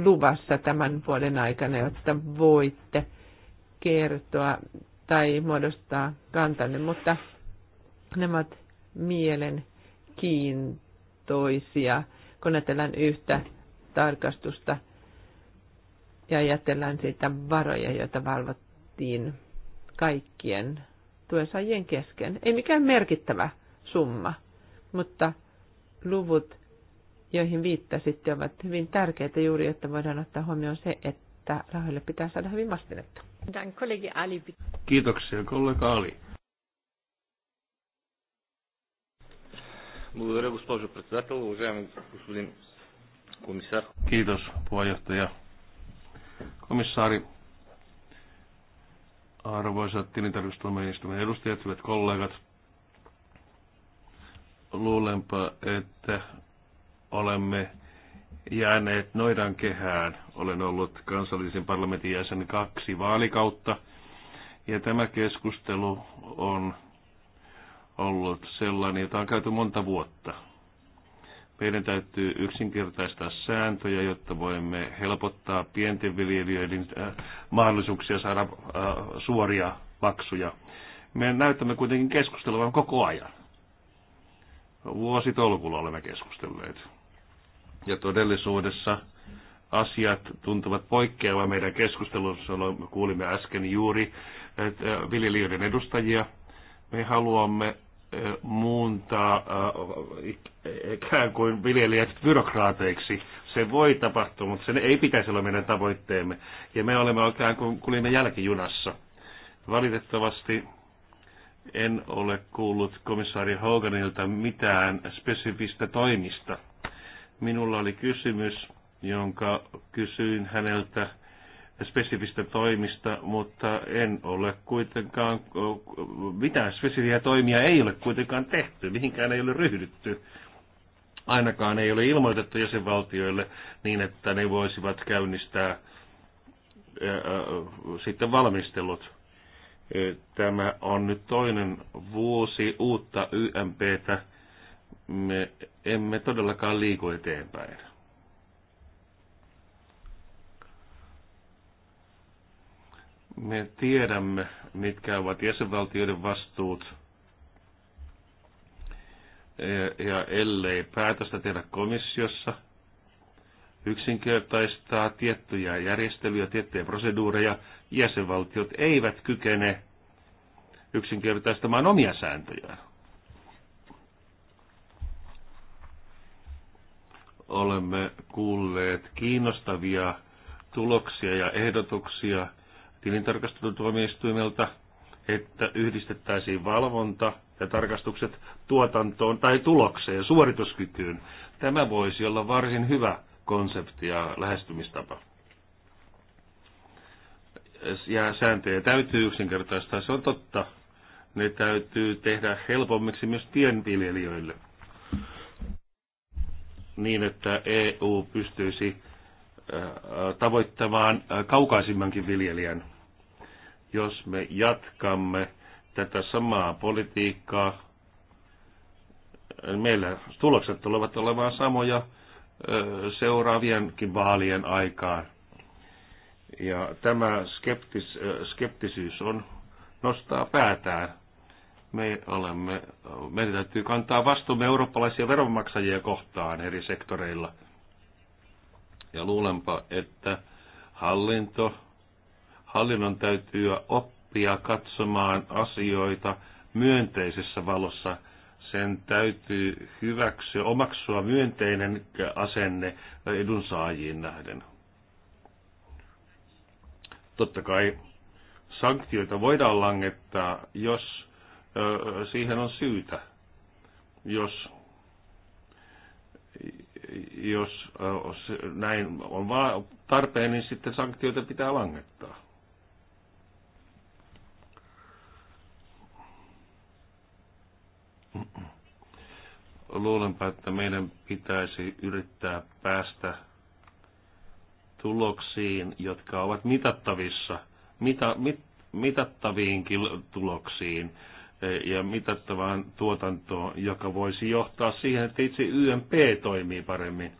luvassa tämän vuoden aikana, jotta voitte kertoa tai muodostaa kantanne, mutta nämä ovat mielenkiintoisia, kun ajatellaan yhtä tarkastusta ja ajatellaan siitä varoja, joita valvottiin kaikkien tuensaajien kesken. Ei mikään merkittävä summa, mutta luvut, joihin viittasitte, ovat hyvin tärkeitä juuri, että voidaan ottaa huomioon se, että rahoille pitää saada hyvin vastinetta. Kiitoksia, kollega Ali. Kiitos, puheenjohtaja. Komissaari, Arvoisat tilintarkastustuomioistuimen edustajat, hyvät kollegat, luulenpa, että olemme jääneet noidan kehään. Olen ollut kansallisen parlamentin jäsen kaksi vaalikautta ja tämä keskustelu on ollut sellainen, jota on käyty monta vuotta. Meidän täytyy yksinkertaistaa sääntöjä, jotta voimme helpottaa pienten viljelijöiden äh, mahdollisuuksia saada äh, suoria maksuja. Me näytämme kuitenkin keskustelevan koko ajan. Vuositolkulla olemme keskustelleet. Ja todellisuudessa asiat tuntuvat poikkeavan meidän keskustelussa. No, kuulimme äsken juuri äh, viljelijöiden edustajia. Me haluamme muuntaa äh, ikään kuin viljelijät byrokraateiksi. Se voi tapahtua, mutta se ei pitäisi olla meidän tavoitteemme. Ja me olemme ikään kuin kuljemme jälkijunassa. Valitettavasti en ole kuullut komissaari Hoganilta mitään spesifistä toimista. Minulla oli kysymys, jonka kysyin häneltä spesifistä toimista, mutta en ole kuitenkaan, mitään spesifiä toimia ei ole kuitenkaan tehty, mihinkään ei ole ryhdytty. Ainakaan ei ole ilmoitettu jäsenvaltioille niin, että ne voisivat käynnistää sitten valmistelut. E, tämä on nyt toinen vuosi uutta YMPtä. Me emme todellakaan liiku eteenpäin. Me tiedämme, mitkä ovat jäsenvaltioiden vastuut. Ja ellei päätöstä tehdä komissiossa, yksinkertaistaa tiettyjä järjestelyjä, tiettyjä proseduureja, jäsenvaltiot eivät kykene yksinkertaistamaan omia sääntöjään. Olemme kuulleet kiinnostavia tuloksia ja ehdotuksia – tilintarkastelutuomioistuimelta, että yhdistettäisiin valvonta ja tarkastukset tuotantoon tai tulokseen, suorituskykyyn. Tämä voisi olla varsin hyvä konsepti ja lähestymistapa. Ja sääntöjä täytyy yksinkertaistaa, se on totta. Ne täytyy tehdä helpommiksi myös pienviljelijöille. Niin, että EU pystyisi äh, tavoittamaan kaukaisimmankin viljelijän jos me jatkamme tätä samaa politiikkaa. Meillä tulokset tulevat olemaan samoja seuraavienkin vaalien aikaan. Ja tämä skeptis, skeptisyys on, nostaa päätään. Me olemme, meidän täytyy kantaa vastuumme eurooppalaisia veronmaksajia kohtaan eri sektoreilla. Ja luulenpa, että hallinto Hallinnon täytyy oppia katsomaan asioita myönteisessä valossa. Sen täytyy hyväksyä, omaksua myönteinen asenne edunsaajiin nähden. Totta kai sanktioita voidaan langettaa, jos siihen on syytä. Jos, jos näin on vaan tarpeen, niin sitten sanktioita pitää langettaa. Luulenpa, että meidän pitäisi yrittää päästä tuloksiin, jotka ovat mitattavissa, mita, mit, mitattaviinkin tuloksiin e, ja mitattavaan tuotantoon, joka voisi johtaa siihen, että itse YMP toimii paremmin.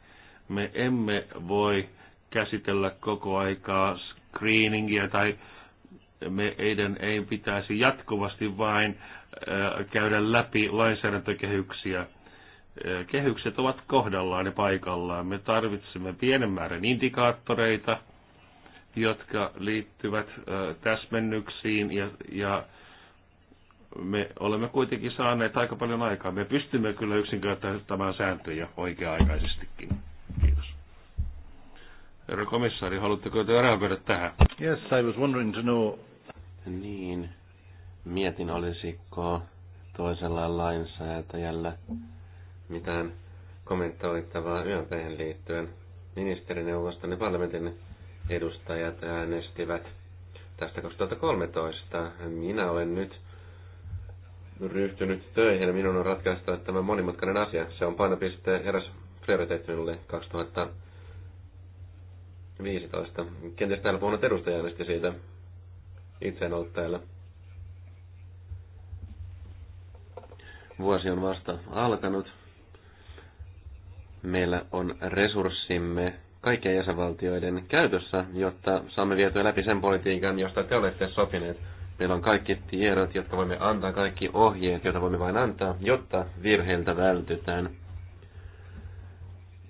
Me emme voi käsitellä koko aikaa screeningiä tai meidän ei pitäisi jatkuvasti vain Äh, käydä läpi lainsäädäntökehyksiä. Äh, kehykset ovat kohdallaan ja paikallaan. Me tarvitsemme pienen määrän indikaattoreita, jotka liittyvät äh, täsmennyksiin ja, ja me olemme kuitenkin saaneet aika paljon aikaa. Me pystymme kyllä yksinkertaistamaan sääntöjä oikea-aikaisestikin. Kiitos. Herra komissaari, haluatteko te reagoida tähän? Yes, I was wondering to know. Niin, Mietin, olisiko toisella lainsäätäjällä mitään kommentoitavaa YMPhen liittyen. Ministerineuvoston ja parlamentin edustajat äänestivät tästä 2013. Minä olen nyt ryhtynyt töihin. ja Minun on ratkaistava tämä monimutkainen asia. Se on painopiste eräs prioriteetti minulle 2015. Kenties täällä puhunut edustaja äänesti siitä. Itse en ollut täällä. Vuosi on vasta alkanut. Meillä on resurssimme kaikkien jäsenvaltioiden käytössä, jotta saamme vietyä läpi sen politiikan, josta te olette sopineet. Meillä on kaikki tiedot, jotka voimme antaa, kaikki ohjeet, joita voimme vain antaa, jotta virheiltä vältytään.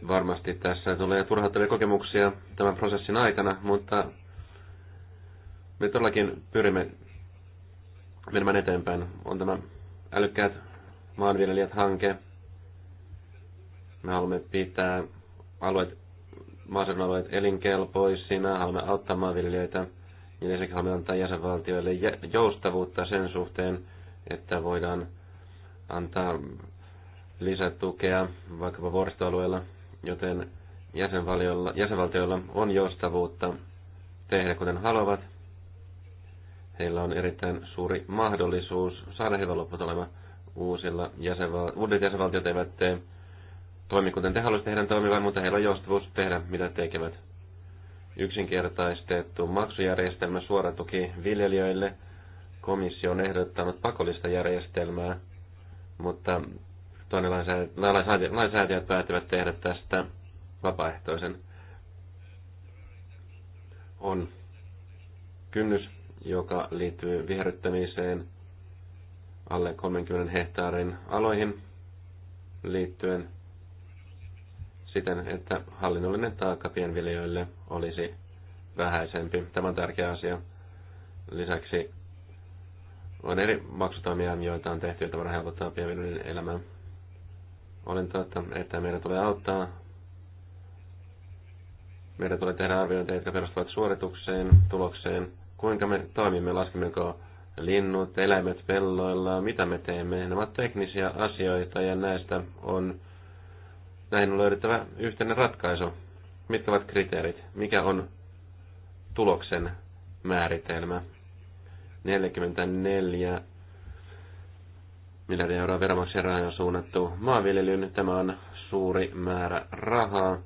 Varmasti tässä tulee turhauttavia kokemuksia tämän prosessin aikana, mutta me todellakin pyrimme menemään eteenpäin. On tämä älykkäät maanviljelijät-hanke. Me haluamme pitää alueet, maaseudun alueet elinkelpoisina, haluamme auttaa maanviljelijöitä ja niin lisäksi haluamme antaa jäsenvaltioille joustavuutta sen suhteen, että voidaan antaa lisätukea vaikkapa vuoristoalueella, joten jäsenvaltioilla, jäsenvaltioilla on joustavuutta tehdä kuten haluavat. Heillä on erittäin suuri mahdollisuus saada hyvä lopputulema uusilla jäsenval- uudet jäsenvaltiot eivät tee toimi kuten te haluaisitte heidän toimivan, mutta heillä on joustavuus tehdä mitä tekevät. Yksinkertaistettu maksujärjestelmä tuki viljelijöille. Komissio on ehdottanut pakollista järjestelmää, mutta toinen lainsäätäjät päättivät tehdä tästä vapaaehtoisen. On kynnys, joka liittyy viherryttämiseen – alle 30 hehtaarin aloihin liittyen siten, että hallinnollinen taakka pienviljelijöille olisi vähäisempi. Tämä on tärkeä asia. Lisäksi on eri maksutoimia, joita on tehty, joita voidaan helpottaa pienviljelijöiden elämää. Olen totta, että meidän tulee auttaa. Meidän tulee tehdä arviointeja, jotka perustuvat suoritukseen, tulokseen, kuinka me toimimme, laskemmeko linnut, eläimet pelloilla, mitä me teemme. Nämä ovat teknisiä asioita ja näistä on, näihin on löydettävä yhteinen ratkaisu. Mitkä ovat kriteerit? Mikä on tuloksen määritelmä? 44 miljardia euroa veromaksien rahaa on suunnattu maanviljelyyn. Tämä on suuri määrä rahaa.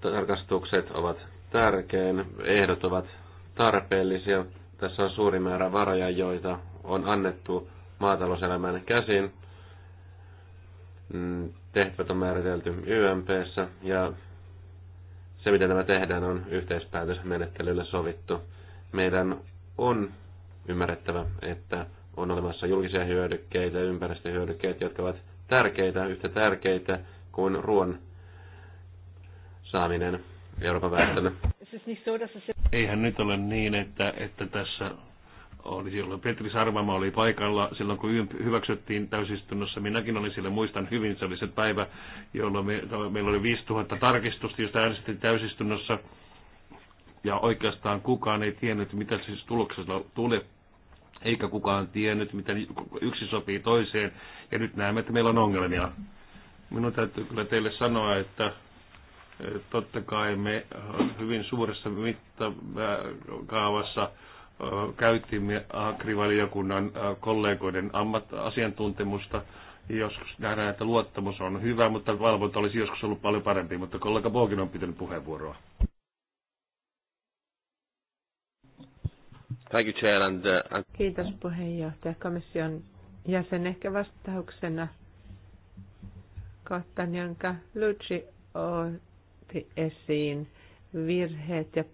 Tarkastukset ovat tärkein, ehdot ovat tarpeellisia. Tässä on suuri määrä varoja, joita on annettu maatalouselämän käsin. Mm, tehtävät on määritelty YMPssä ja se, miten tämä tehdään, on yhteispäätösmenettelyllä sovittu. Meidän on ymmärrettävä, että on olemassa julkisia hyödykkeitä, ympäristöhyödykkeitä, jotka ovat tärkeitä, yhtä tärkeitä kuin ruoan saaminen Euroopan väestölle. Eihän nyt ole niin, että, että tässä oli silloin Petri Sarvama oli paikalla silloin, kun hyväksyttiin täysistunnossa. Minäkin olin siellä, muistan hyvin, se oli se päivä, jolloin me, meillä oli 5000 tarkistusta, josta äänestettiin täysistunnossa. Ja oikeastaan kukaan ei tiennyt, mitä siis tuloksella tuli, eikä kukaan tiennyt, miten yksi sopii toiseen. Ja nyt näemme, että meillä on ongelmia. Minun täytyy kyllä teille sanoa, että Totta kai me hyvin suuressa mittakaavassa käytimme agrivaliokunnan kollegoiden asiantuntemusta. Joskus nähdään, että luottamus on hyvä, mutta valvonta olisi joskus ollut paljon parempi, mutta kollega Bogin on pitänyt puheenvuoroa. Thank you, Chair, and, uh, Kiitos puheenjohtaja. Komission jäsen ehkä vastauksena kohtaan, jonka on nosti esiin virheet ja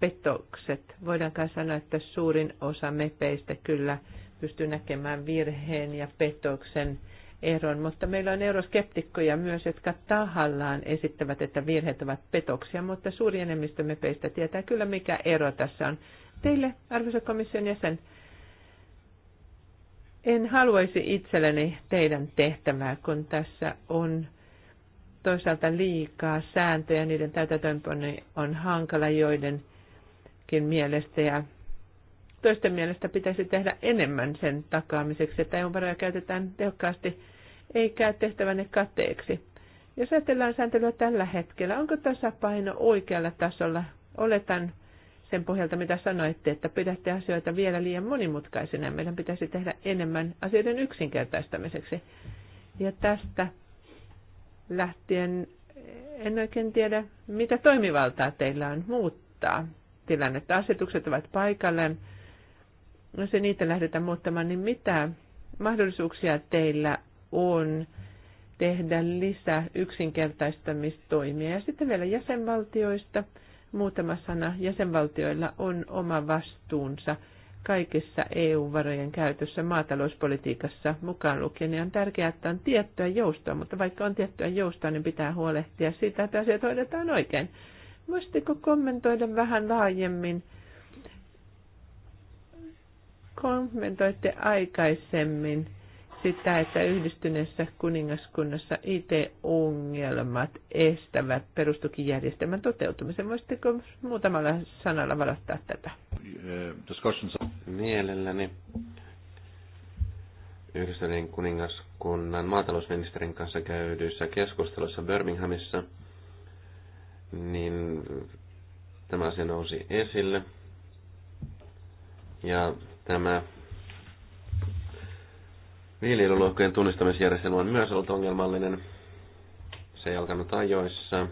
petokset. Voidaankaan sanoa, että suurin osa mepeistä kyllä pystyy näkemään virheen ja petoksen eron, mutta meillä on euroskeptikkoja myös, jotka tahallaan esittävät, että virheet ovat petoksia, mutta suuri enemmistö mepeistä tietää kyllä, mikä ero tässä on. Teille, arvoisa komission jäsen, en haluaisi itselleni teidän tehtävää, kun tässä on toisaalta liikaa sääntöjä, niiden täytäntöönpano on hankala joidenkin mielestä ja toisten mielestä pitäisi tehdä enemmän sen takaamiseksi, että EU-varoja käytetään tehokkaasti eikä tehtävänne kateeksi. Jos ajatellaan sääntelyä tällä hetkellä, onko tasapaino oikealla tasolla? Oletan sen pohjalta, mitä sanoitte, että pidätte asioita vielä liian monimutkaisina. Meidän pitäisi tehdä enemmän asioiden yksinkertaistamiseksi. Ja tästä lähtien en oikein tiedä, mitä toimivaltaa teillä on muuttaa tilannetta. Asetukset ovat paikalleen. Jos ei niitä lähdetä muuttamaan, niin mitä mahdollisuuksia teillä on tehdä lisää yksinkertaistamistoimia? Ja sitten vielä jäsenvaltioista muutama sana. Jäsenvaltioilla on oma vastuunsa – kaikessa EU-varojen käytössä maatalouspolitiikassa mukaan lukien. niin on tärkeää, että on tiettyä joustoa, mutta vaikka on tiettyä joustoa, niin pitää huolehtia siitä, että asiat hoidetaan oikein. Voisitteko kommentoida vähän laajemmin? Kommentoitte aikaisemmin sitä, että yhdistyneessä kuningaskunnassa IT-ongelmat estävät perustukijärjestelmän toteutumisen. Voisitteko muutamalla sanalla valottaa tätä? Mielelläni Yhdistyneen kuningaskunnan maatalousministerin kanssa käydyissä keskustelussa Birminghamissa, niin tämä asia nousi esille. Ja tämä Viljelylohkojen tunnistamisjärjestelmä on myös ollut ongelmallinen. Se ei alkanut ajoissa.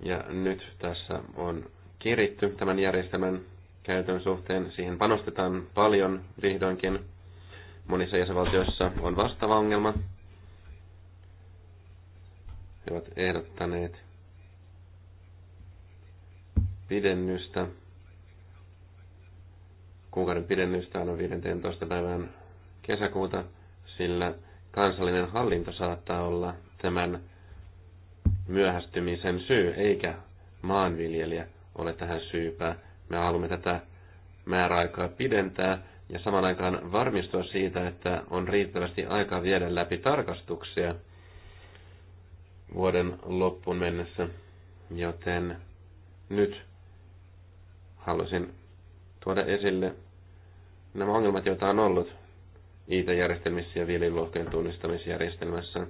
Ja nyt tässä on kiritty tämän järjestelmän käytön suhteen. Siihen panostetaan paljon vihdoinkin. Monissa jäsenvaltioissa on vastaava ongelma. He ovat ehdottaneet pidennystä kuukauden pidennystä aina 15. päivään kesäkuuta, sillä kansallinen hallinto saattaa olla tämän myöhästymisen syy, eikä maanviljelijä ole tähän syypää. Me haluamme tätä määräaikaa pidentää ja saman aikaan varmistua siitä, että on riittävästi aikaa viedä läpi tarkastuksia vuoden loppuun mennessä. Joten nyt halusin tuoda esille nämä ongelmat, joita on ollut IT-järjestelmissä ja viljelylohkojen tunnistamisjärjestelmässä.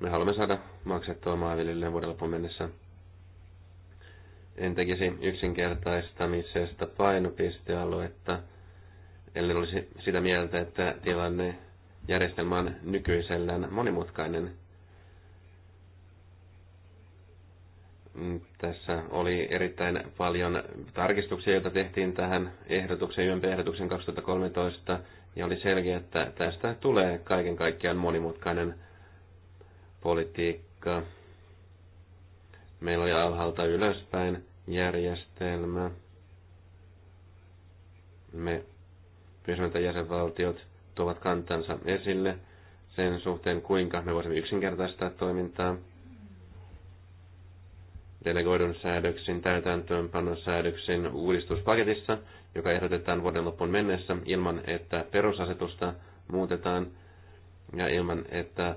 Me haluamme saada maksettua maanviljelijöiden vuoden lopun mennessä. En tekisi yksinkertaistamisesta painopistealuetta, ellei olisi sitä mieltä, että tilanne järjestelmä on nykyisellään monimutkainen – Mm, tässä oli erittäin paljon tarkistuksia, joita tehtiin tähän ehdotukseen, YMP-ehdotuksen 2013, ja oli selkeä, että tästä tulee kaiken kaikkiaan monimutkainen politiikka. Meillä oli alhaalta ylöspäin järjestelmä. Me pyysimme, että jäsenvaltiot tuovat kantansa esille sen suhteen, kuinka me voisimme yksinkertaistaa toimintaa – delegoidun säädöksin, täytäntöönpanosäädöksin uudistuspaketissa, joka ehdotetaan vuoden loppuun mennessä ilman, että perusasetusta muutetaan ja ilman, että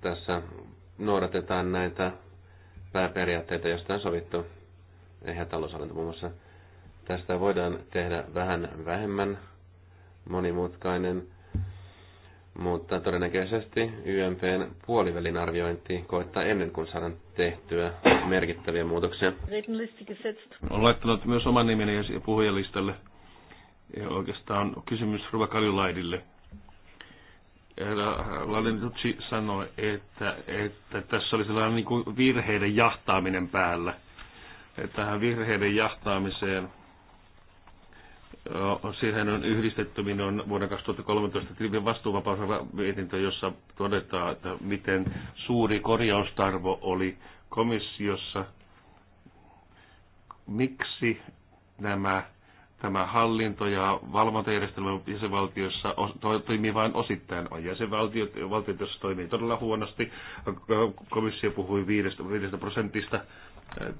tässä noudatetaan näitä pääperiaatteita, joista on sovittu eihän taloushallinto muun muassa. Tästä voidaan tehdä vähän vähemmän monimutkainen mutta todennäköisesti YMPn puolivälin arviointi koittaa ennen kuin saadaan tehtyä merkittäviä muutoksia. Olen laittanut myös oman nimeni puhujalistalle. Ja oikeastaan kysymys Ruva Kaljulaidille. Lalenutsi sanoi, että, että tässä oli sellainen niin kuin virheiden jahtaaminen päällä. Tähän virheiden jahtaamiseen siihen on yhdistetty minun vuoden 2013 Krimin vastuuvapausmietintö, jossa todetaan, että miten suuri korjaustarvo oli komissiossa, miksi nämä, tämä hallinto- ja valvontajärjestelmä jäsenvaltiossa toimii vain osittain. On jäsenvaltiot, valtiot, joissa toimii todella huonosti. Komissio puhui 5 prosentista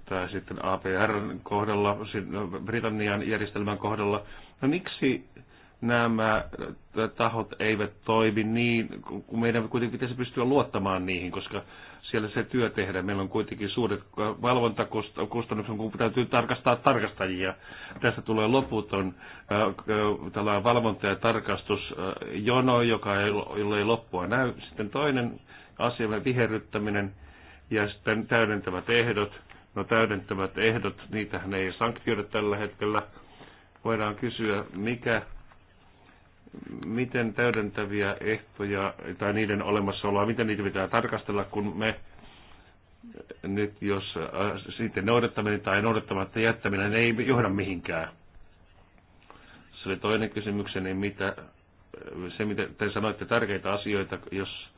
tai sitten APRn kohdalla, no, Britannian järjestelmän kohdalla. No miksi nämä tahot eivät toimi niin, kun meidän kuitenkin pitäisi pystyä luottamaan niihin, koska siellä se työ tehdään. Meillä on kuitenkin suuret valvontakustannukset, kun täytyy tarkastaa tarkastajia. Tästä tulee loputon tällainen valvonta- ja tarkastusjono, joka ei, jolla ei loppua näy. Sitten toinen asia, viherryttäminen ja sitten täydentävät ehdot No täydentävät ehdot, niitähän ei sanktioida tällä hetkellä. Voidaan kysyä, mikä, miten täydentäviä ehtoja tai niiden olemassaoloa, miten niitä pitää tarkastella, kun me nyt jos äh, sitten noudattaminen tai noudattamatta jättäminen ei johda mihinkään. Se oli toinen kysymykseni, mitä, se mitä te sanoitte tärkeitä asioita, jos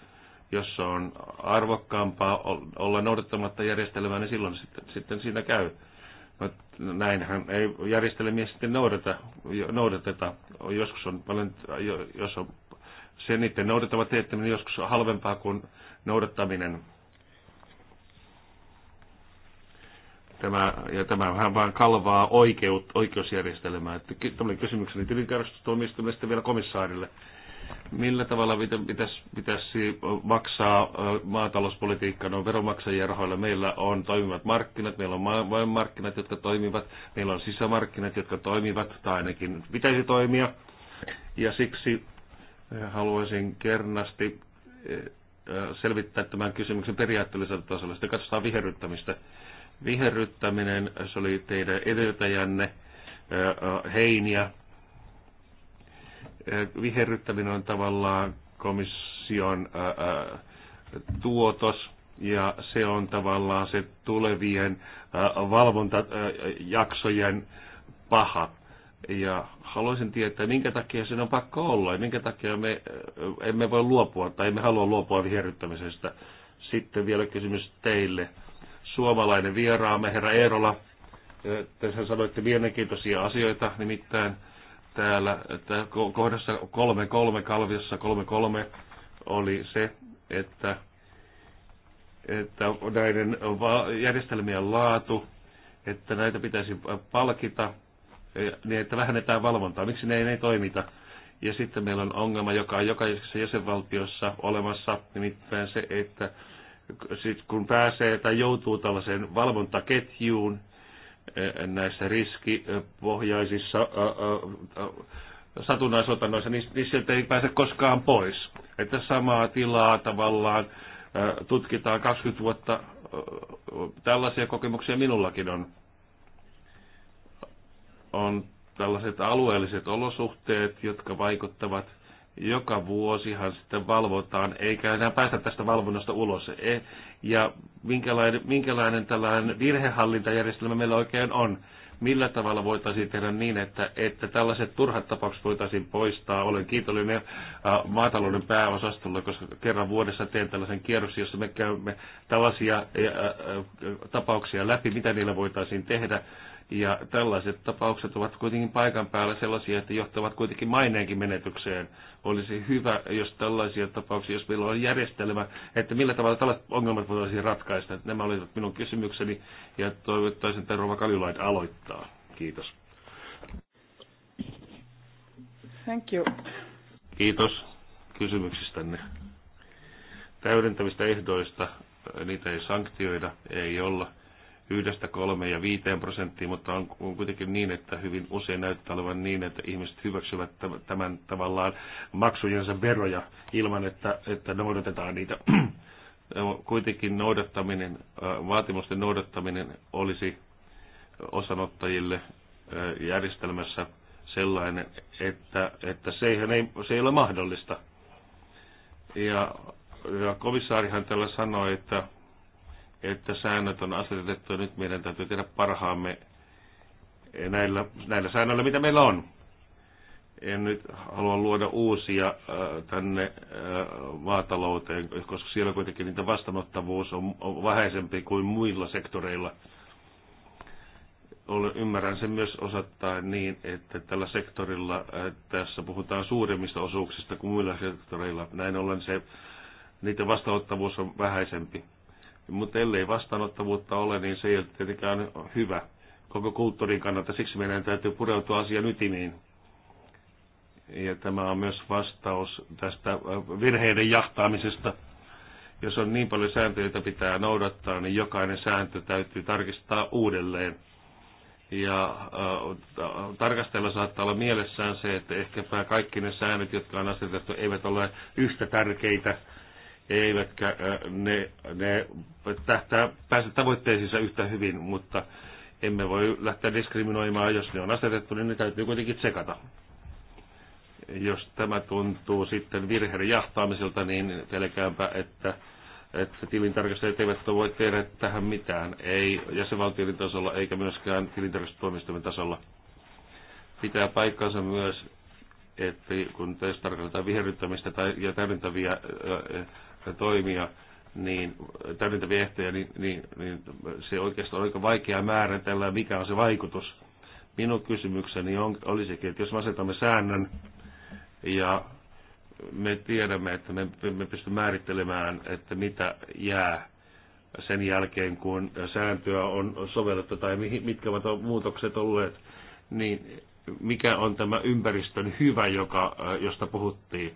jos on arvokkaampaa olla noudattamatta järjestelmää, niin silloin sitten, sitten siinä käy. No, näinhän ei järjestelmiä sitten noudata, noudateta. Joskus on paljon, jos on se niiden noudattava teettäminen niin joskus on halvempaa kuin noudattaminen. Tämä, ja tämähän vaan kalvaa oikeut, oikeusjärjestelmää. Että tämmöinen kysymykseni tilintarkastustuomioistuimesta vielä komissaarille millä tavalla pitäisi, pitäisi maksaa maatalouspolitiikkaa no veronmaksajien rahoilla. Meillä on toimivat markkinat, meillä on vain markkinat, jotka toimivat, meillä on sisämarkkinat, jotka toimivat, tai ainakin pitäisi toimia. Ja siksi haluaisin kernasti selvittää tämän kysymyksen periaatteellisella tasolla. Sitten katsotaan viherryttämistä. Viherryttäminen, se oli teidän edeltäjänne heiniä, Eh, viherryttäminen on tavallaan komission tuotos ja se on tavallaan se tulevien valvontajaksojen paha. Ja haluaisin tietää, minkä takia sen on pakko olla ja minkä takia me emme voi luopua tai emme halua luopua viherryttämisestä. Sitten vielä kysymys teille. Suomalainen vieraamme, herra Eerola, te sanoitte mielenkiintoisia asioita, nimittäin täällä että kohdassa 3.3, kalviossa 3.3 oli se, että, että näiden järjestelmien laatu, että näitä pitäisi palkita, niin että vähennetään valvontaa. Miksi ne ei, ne ei toimita? Ja sitten meillä on ongelma, joka on jokaisessa jäsenvaltiossa olemassa, nimittäin se, että sit kun pääsee tai joutuu tällaiseen valvontaketjuun, näissä riskipohjaisissa satunnaisotannoissa, niin, niin sieltä ei pääse koskaan pois. Että samaa tilaa tavallaan tutkitaan 20 vuotta. Tällaisia kokemuksia minullakin on. On tällaiset alueelliset olosuhteet, jotka vaikuttavat joka vuosihan sitten valvotaan, eikä enää päästä tästä valvonnasta ulos. E, ja minkälainen, minkälainen tällainen virhehallintajärjestelmä meillä oikein on. Millä tavalla voitaisiin tehdä niin, että, että tällaiset turhat tapaukset voitaisiin poistaa? Olen kiitollinen äh, maatalouden pääosastolle, koska kerran vuodessa teen tällaisen kierroksen, jossa me käymme tällaisia äh, äh, tapauksia läpi, mitä niillä voitaisiin tehdä ja tällaiset tapaukset ovat kuitenkin paikan päällä sellaisia, että johtavat kuitenkin maineenkin menetykseen. Olisi hyvä, jos tällaisia tapauksia, jos meillä on järjestelmä, että millä tavalla tällaiset ongelmat voitaisiin ratkaista. Nämä olivat minun kysymykseni ja toivottaisin, että Rova Kaljulaid aloittaa. Kiitos. Thank you. Kiitos kysymyksistänne. Täydentävistä ehdoista, niitä ei sanktioida, ei olla yhdestä kolmeen ja viiteen prosenttiin, mutta on, on kuitenkin niin, että hyvin usein näyttää olevan niin, että ihmiset hyväksyvät tämän tavallaan maksujensa veroja ilman, että, että noudatetaan niitä. kuitenkin noudattaminen, vaatimusten noudattaminen olisi osanottajille järjestelmässä sellainen, että, että se, ei, se ei ole mahdollista. Ja, ja komissaarihan tällä sanoi, että että säännöt on asetettu. Nyt meidän täytyy tehdä parhaamme näillä, näillä säännöillä, mitä meillä on. En nyt halua luoda uusia äh, tänne äh, maatalouteen, koska siellä kuitenkin niitä vastaanottavuus on vähäisempi kuin muilla sektoreilla ymmärrän sen myös osattaa niin, että tällä sektorilla äh, tässä puhutaan suuremmista osuuksista kuin muilla sektoreilla. Näin ollen se, niiden vastaanottavuus on vähäisempi mutta ellei vastaanottavuutta ole, niin se ei ole tietenkään hyvä koko kulttuurin kannalta. Siksi meidän täytyy pureutua asian ytimiin. Ja tämä on myös vastaus tästä äh, virheiden jahtaamisesta. Jos on niin paljon sääntöjä, joita pitää noudattaa, niin jokainen sääntö täytyy tarkistaa uudelleen. Ja äh, tarkastella saattaa olla mielessään se, että ehkäpä kaikki ne säännöt, jotka on asetettu, eivät ole yhtä tärkeitä eivätkä ne, ne tähtää, pääse tavoitteisiinsa yhtä hyvin, mutta emme voi lähteä diskriminoimaan, jos ne on asetettu, niin ne täytyy kuitenkin tsekata. Jos tämä tuntuu sitten virheiden jahtaamiselta, niin pelkäänpä, että, että tilintarkastajat eivät voi tehdä tähän mitään, ei jäsenvaltioiden tasolla eikä myöskään tilintarkastustoimistojen tasolla. Pitää paikkansa myös, että kun tässä tarkoitetaan viherryttämistä tai, ja täydentäviä toimia, niin täydentäviä ehtoja, niin, niin, niin se oikeastaan on aika vaikea määritellä, mikä on se vaikutus. Minun kysymykseni on, olisikin, että jos me asetamme säännön ja me tiedämme, että me, me pystymme määrittelemään, että mitä jää sen jälkeen, kun sääntöä on sovellettu tai mitkä ovat muutokset olleet, niin mikä on tämä ympäristön hyvä, joka, josta puhuttiin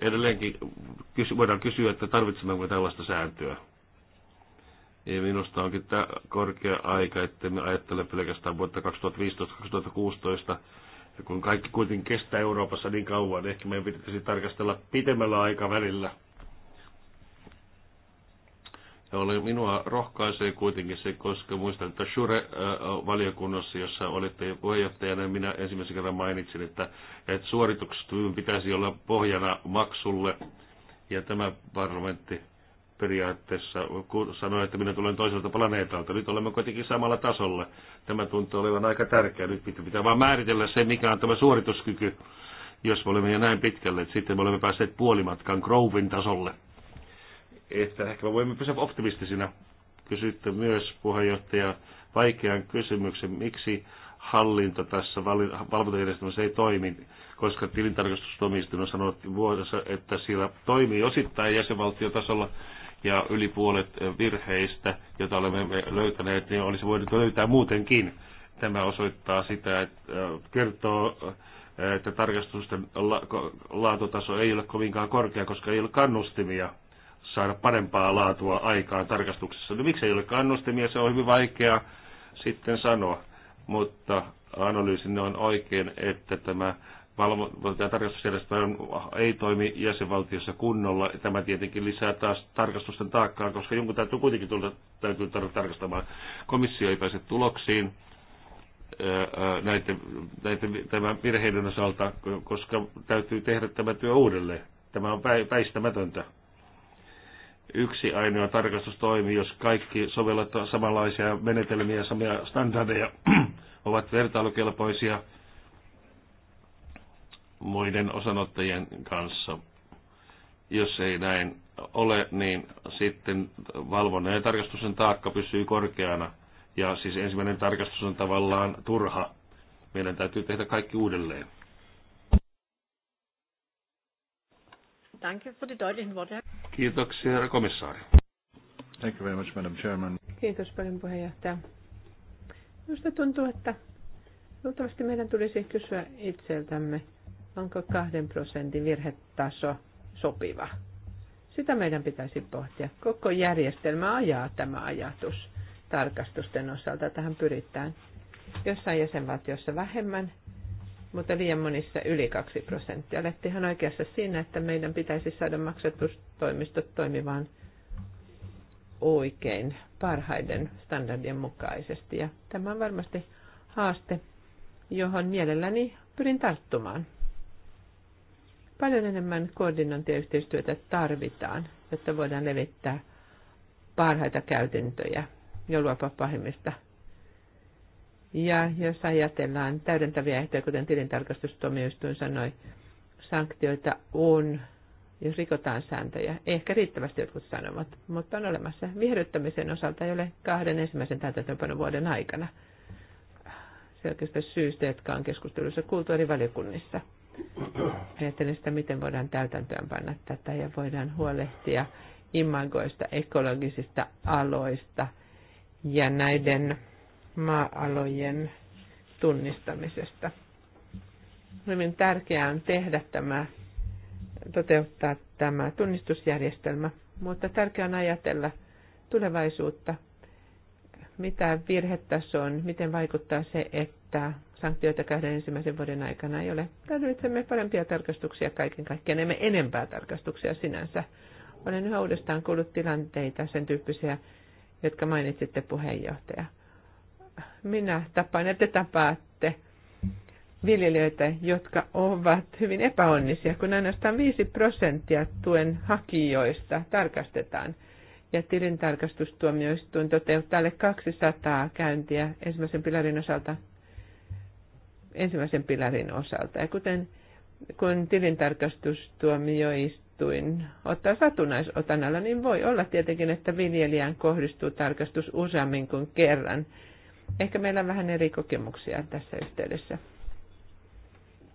edelleenkin voidaan kysyä, että tarvitsemmeko tällaista sääntöä. Ja minusta onkin tämä korkea aika, että me ajattele pelkästään vuotta 2015-2016, kun kaikki kuitenkin kestää Euroopassa niin kauan, niin ehkä meidän pitäisi tarkastella pitemmällä aikavälillä – oli, minua rohkaisee kuitenkin se, koska muistan, että Shure-valiokunnassa, äh, jossa olitte jo puheenjohtajana, minä ensimmäisen kerran mainitsin, että, että suorituksetyön pitäisi olla pohjana maksulle. Ja tämä parlamentti periaatteessa sanoi, että minä tulen toiselta planeetalta. Nyt olemme kuitenkin samalla tasolla. Tämä tuntuu olevan aika tärkeä. Nyt pitää, pitää vaan määritellä se, mikä on tämä suorituskyky, jos me olemme jo näin pitkälle. Että sitten me olemme päässeet puolimatkan Grovin tasolle että ehkä me voimme pysyä optimistisina. Kysytte myös puheenjohtaja vaikean kysymyksen, miksi hallinto tässä valvontajärjestelmässä ei toimi, koska tilintarkastustomistin on sanonut vuodessa, että siellä toimii osittain jäsenvaltiotasolla ja yli puolet virheistä, joita olemme löytäneet, niin olisi voinut löytää muutenkin. Tämä osoittaa sitä, että äh, kertoo, äh, että tarkastusten laatutaso ei ole kovinkaan korkea, koska ei ole kannustimia saada parempaa laatua aikaan tarkastuksessa. No miksei ole kannustimia, se on hyvin vaikea sitten sanoa, mutta analyysinne on oikein, että tämä valvontajan tarkastusjärjestelmä ei toimi jäsenvaltiossa kunnolla. Tämä tietenkin lisää taas tarkastusten taakkaa, koska jonkun täytyy kuitenkin tulla, täytyy tarkastamaan. Komissio ei pääse tuloksiin näiden, näiden, tämän virheiden osalta, koska täytyy tehdä tämä työ uudelleen. Tämä on päistämätöntä yksi ainoa tarkastus jos kaikki sovellat samanlaisia menetelmiä ja samia standardeja ovat vertailukelpoisia muiden osanottajien kanssa. Jos ei näin ole, niin sitten valvonnan ja tarkastuksen taakka pysyy korkeana. Ja siis ensimmäinen tarkastus on tavallaan turha. Meidän täytyy tehdä kaikki uudelleen. deutlichen Worte. Kiitoksia, herra komissaari. Thank you very much, Madam Chairman. Kiitos paljon puheenjohtaja. Minusta tuntuu, että luultavasti meidän tulisi kysyä itseltämme, onko kahden prosentin virhetaso sopiva. Sitä meidän pitäisi pohtia. Koko järjestelmä ajaa tämä ajatus tarkastusten osalta. Tähän pyritään jossain jäsenvaltiossa vähemmän, mutta liian monissa yli 2 prosenttia. Lähti ihan oikeassa siinä, että meidän pitäisi saada maksatustoimistot toimimaan oikein parhaiden standardien mukaisesti. Ja tämä on varmasti haaste, johon mielelläni pyrin tarttumaan. Paljon enemmän koordinointia ja yhteistyötä tarvitaan, jotta voidaan levittää parhaita käytäntöjä ja luopua pahimmista ja jos ajatellaan täydentäviä ehtoja, kuten tilintarkastustuomioistuin sanoi, sanktioita on, jos rikotaan sääntöjä. Ehkä riittävästi jotkut sanovat, mutta on olemassa. Viherryttämisen osalta ei ole kahden ensimmäisen täytäntöönpanon vuoden aikana selkeästä syystä, jotka on keskustelussa kuultu eri valiokunnissa. Ajattelen sitä, miten voidaan täytäntöönpanna tätä ja voidaan huolehtia imagoista, ekologisista aloista ja näiden maa-alojen tunnistamisesta. Hyvin tärkeää on tehdä tämä, toteuttaa tämä tunnistusjärjestelmä, mutta tärkeää on ajatella tulevaisuutta, mitä virhetaso on, miten vaikuttaa se, että sanktioita kahden ensimmäisen vuoden aikana ei ole. Tarvitsemme parempia tarkastuksia kaiken kaikkiaan, emme enempää tarkastuksia sinänsä. Olen yhä uudestaan kuullut tilanteita, sen tyyppisiä, jotka mainitsitte puheenjohtaja minä tapaan ja te tapaatte viljelijöitä, jotka ovat hyvin epäonnisia, kun ainoastaan 5 prosenttia tuen hakijoista tarkastetaan. Ja tilintarkastustuomioistuin toteuttaa alle 200 käyntiä ensimmäisen pilarin osalta. Ensimmäisen pilarin osalta. Ja kuten kun tilintarkastustuomioistuin ottaa satunnaisotanalla, niin voi olla tietenkin, että viljelijään kohdistuu tarkastus useammin kuin kerran – Ehkä meillä on vähän eri kokemuksia tässä yhteydessä.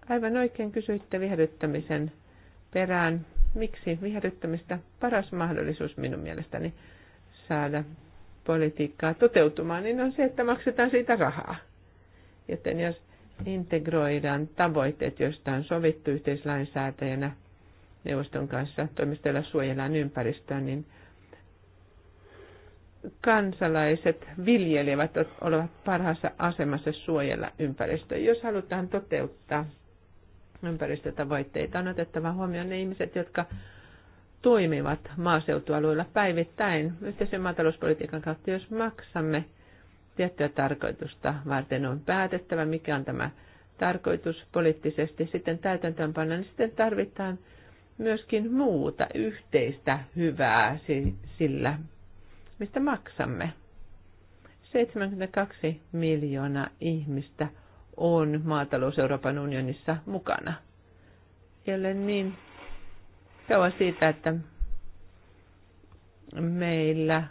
Aivan oikein kysyitte viherryttämisen perään. Miksi viherryttämistä paras mahdollisuus minun mielestäni saada politiikkaa toteutumaan, niin on se, että maksetaan siitä rahaa. Joten jos integroidaan tavoitteet, joista on sovittu yhteislainsäätäjänä neuvoston kanssa, toimistella suojellaan ympäristöä, niin – kansalaiset, viljelijät ovat parhaassa asemassa suojella ympäristöä. Jos halutaan toteuttaa ympäristötavoitteita, on otettava huomioon ne ihmiset, jotka toimivat maaseutualueilla päivittäin yhteisen maatalouspolitiikan kautta, jos maksamme tiettyä tarkoitusta varten on päätettävä, mikä on tämä tarkoitus poliittisesti sitten täytäntöönpanna, niin sitten tarvitaan myöskin muuta yhteistä hyvää sillä mistä maksamme. 72 miljoonaa ihmistä on maatalous Euroopan unionissa mukana. Jälleen niin kauan siitä, että meillä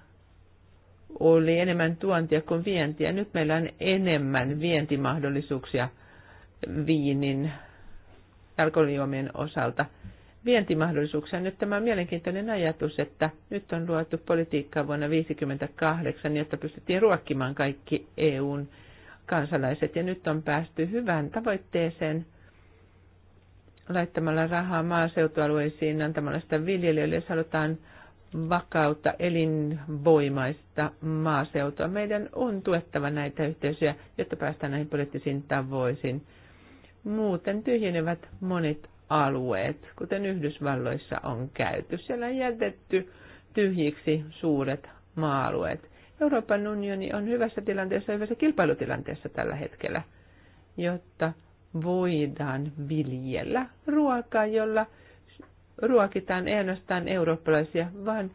oli enemmän tuontia kuin vientiä. Nyt meillä on enemmän vientimahdollisuuksia viinin, alkoholijuomien osalta – vientimahdollisuuksia. Nyt tämä on mielenkiintoinen ajatus, että nyt on luotu politiikkaa vuonna 1958, jotta pystyttiin ruokkimaan kaikki EUn kansalaiset. Ja nyt on päästy hyvään tavoitteeseen laittamalla rahaa maaseutualueisiin, antamalla sitä viljelijöille, jos halutaan vakautta, elinvoimaista maaseutua. Meidän on tuettava näitä yhteisöjä, jotta päästään näihin poliittisiin tavoisiin. Muuten tyhjenevät monet alueet, kuten Yhdysvalloissa on käyty. Siellä on jätetty tyhjiksi suuret maa-alueet. Euroopan unioni on hyvässä tilanteessa, hyvässä kilpailutilanteessa tällä hetkellä, jotta voidaan viljellä ruokaa, jolla ruokitaan ei ainoastaan eurooppalaisia, vaan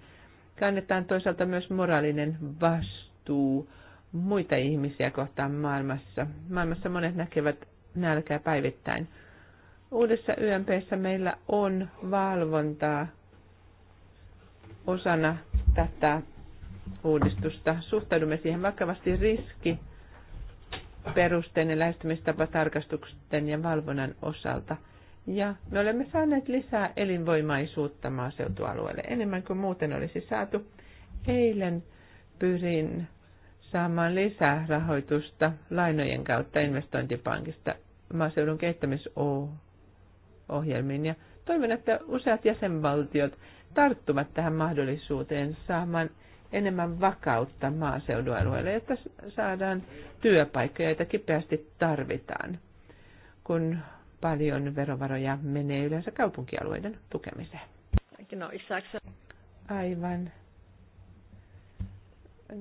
kannetaan toisaalta myös moraalinen vastuu muita ihmisiä kohtaan maailmassa. Maailmassa monet näkevät nälkää päivittäin. Uudessa YMPssä meillä on valvontaa osana tätä uudistusta. Suhtaudumme siihen vakavasti riski perusteinen lähestymistapa tarkastusten ja valvonnan osalta. Ja me olemme saaneet lisää elinvoimaisuutta maaseutualueelle, enemmän kuin muuten olisi saatu. Eilen pyrin saamaan lisää rahoitusta lainojen kautta investointipankista maaseudun kehittämisohjelmaan ohjelmiin. Ja toivon, että useat jäsenvaltiot tarttuvat tähän mahdollisuuteen saamaan enemmän vakautta maaseudualueelle, että saadaan työpaikkoja, joita kipeästi tarvitaan, kun paljon verovaroja menee yleensä kaupunkialueiden tukemiseen. Aivan.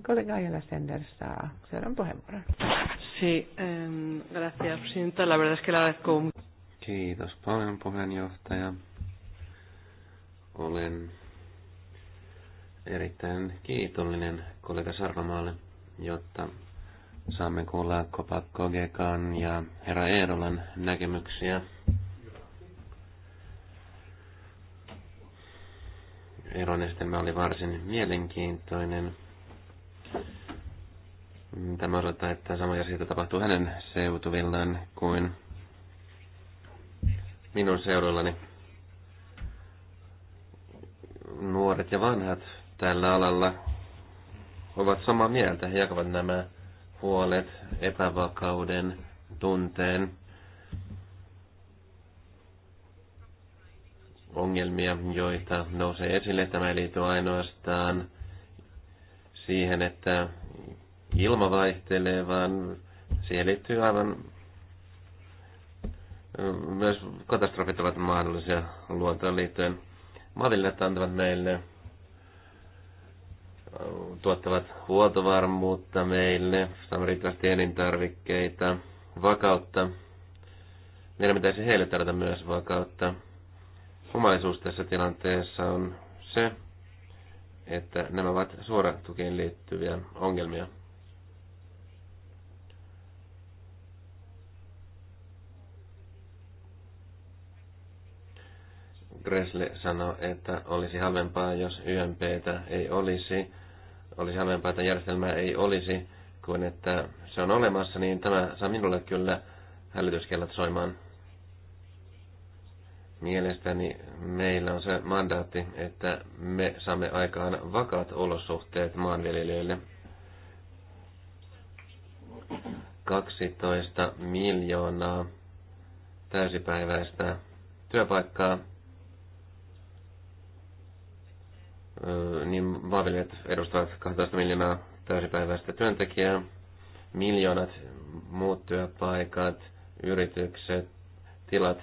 Kollega Ayala Sender saa seuraavan puheenvuoron. Sí, eh, gracias, presidenta. La verdad es que la agradezco. Kiitos paljon puheenjohtaja. Olen erittäin kiitollinen kollega Sarvamaalle, jotta saamme kuulla Kopakko Gekan ja herra Eerolan näkemyksiä. Eeron esitelmä oli varsin mielenkiintoinen. Tämä osoittaa, että sama asia tapahtuu hänen seutuvillaan kuin minun seudullani nuoret ja vanhat tällä alalla ovat samaa mieltä. He jakavat nämä huolet, epävakauden, tunteen, ongelmia, joita nousee esille. Tämä ei liity ainoastaan siihen, että ilma vaihtelee, vaan siihen liittyy aivan myös katastrofit ovat mahdollisia luontoon liittyen. Maanviljelijät antavat meille, tuottavat huoltovarmuutta meille, saamme riittävästi elintarvikkeita, vakautta. Meidän pitäisi heille tarjota myös vakautta. Omaisuus tässä tilanteessa on se, että nämä ovat suoratukeen liittyviä ongelmia. Gressle sanoi, että olisi halvempaa, jos YMPtä ei olisi, olisi halvempaa, että järjestelmää ei olisi, kuin että se on olemassa, niin tämä saa minulle kyllä hälytyskellot soimaan. Mielestäni meillä on se mandaatti, että me saamme aikaan vakaat olosuhteet maanviljelijöille. 12 miljoonaa täysipäiväistä työpaikkaa niin maanviljelijät edustavat 12 miljoonaa täysipäiväistä työntekijää, miljoonat muut työpaikat, yritykset, tilat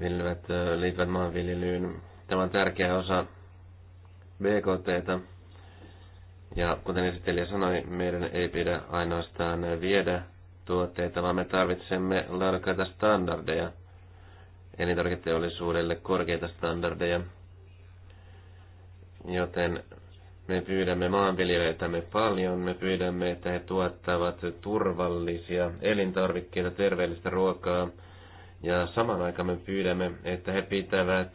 viljelevät, liittyvät maanviljelyyn. Tämä on tärkeä osa BKTtä. Ja kuten esittelijä sanoi, meidän ei pidä ainoastaan viedä tuotteita, vaan me tarvitsemme laadukkaita standardeja elintarviketeollisuudelle korkeita standardeja Joten me pyydämme maanviljelijöitämme paljon, me pyydämme, että he tuottavat turvallisia elintarvikkeita, terveellistä ruokaa. Ja saman aikaan me pyydämme, että he pitävät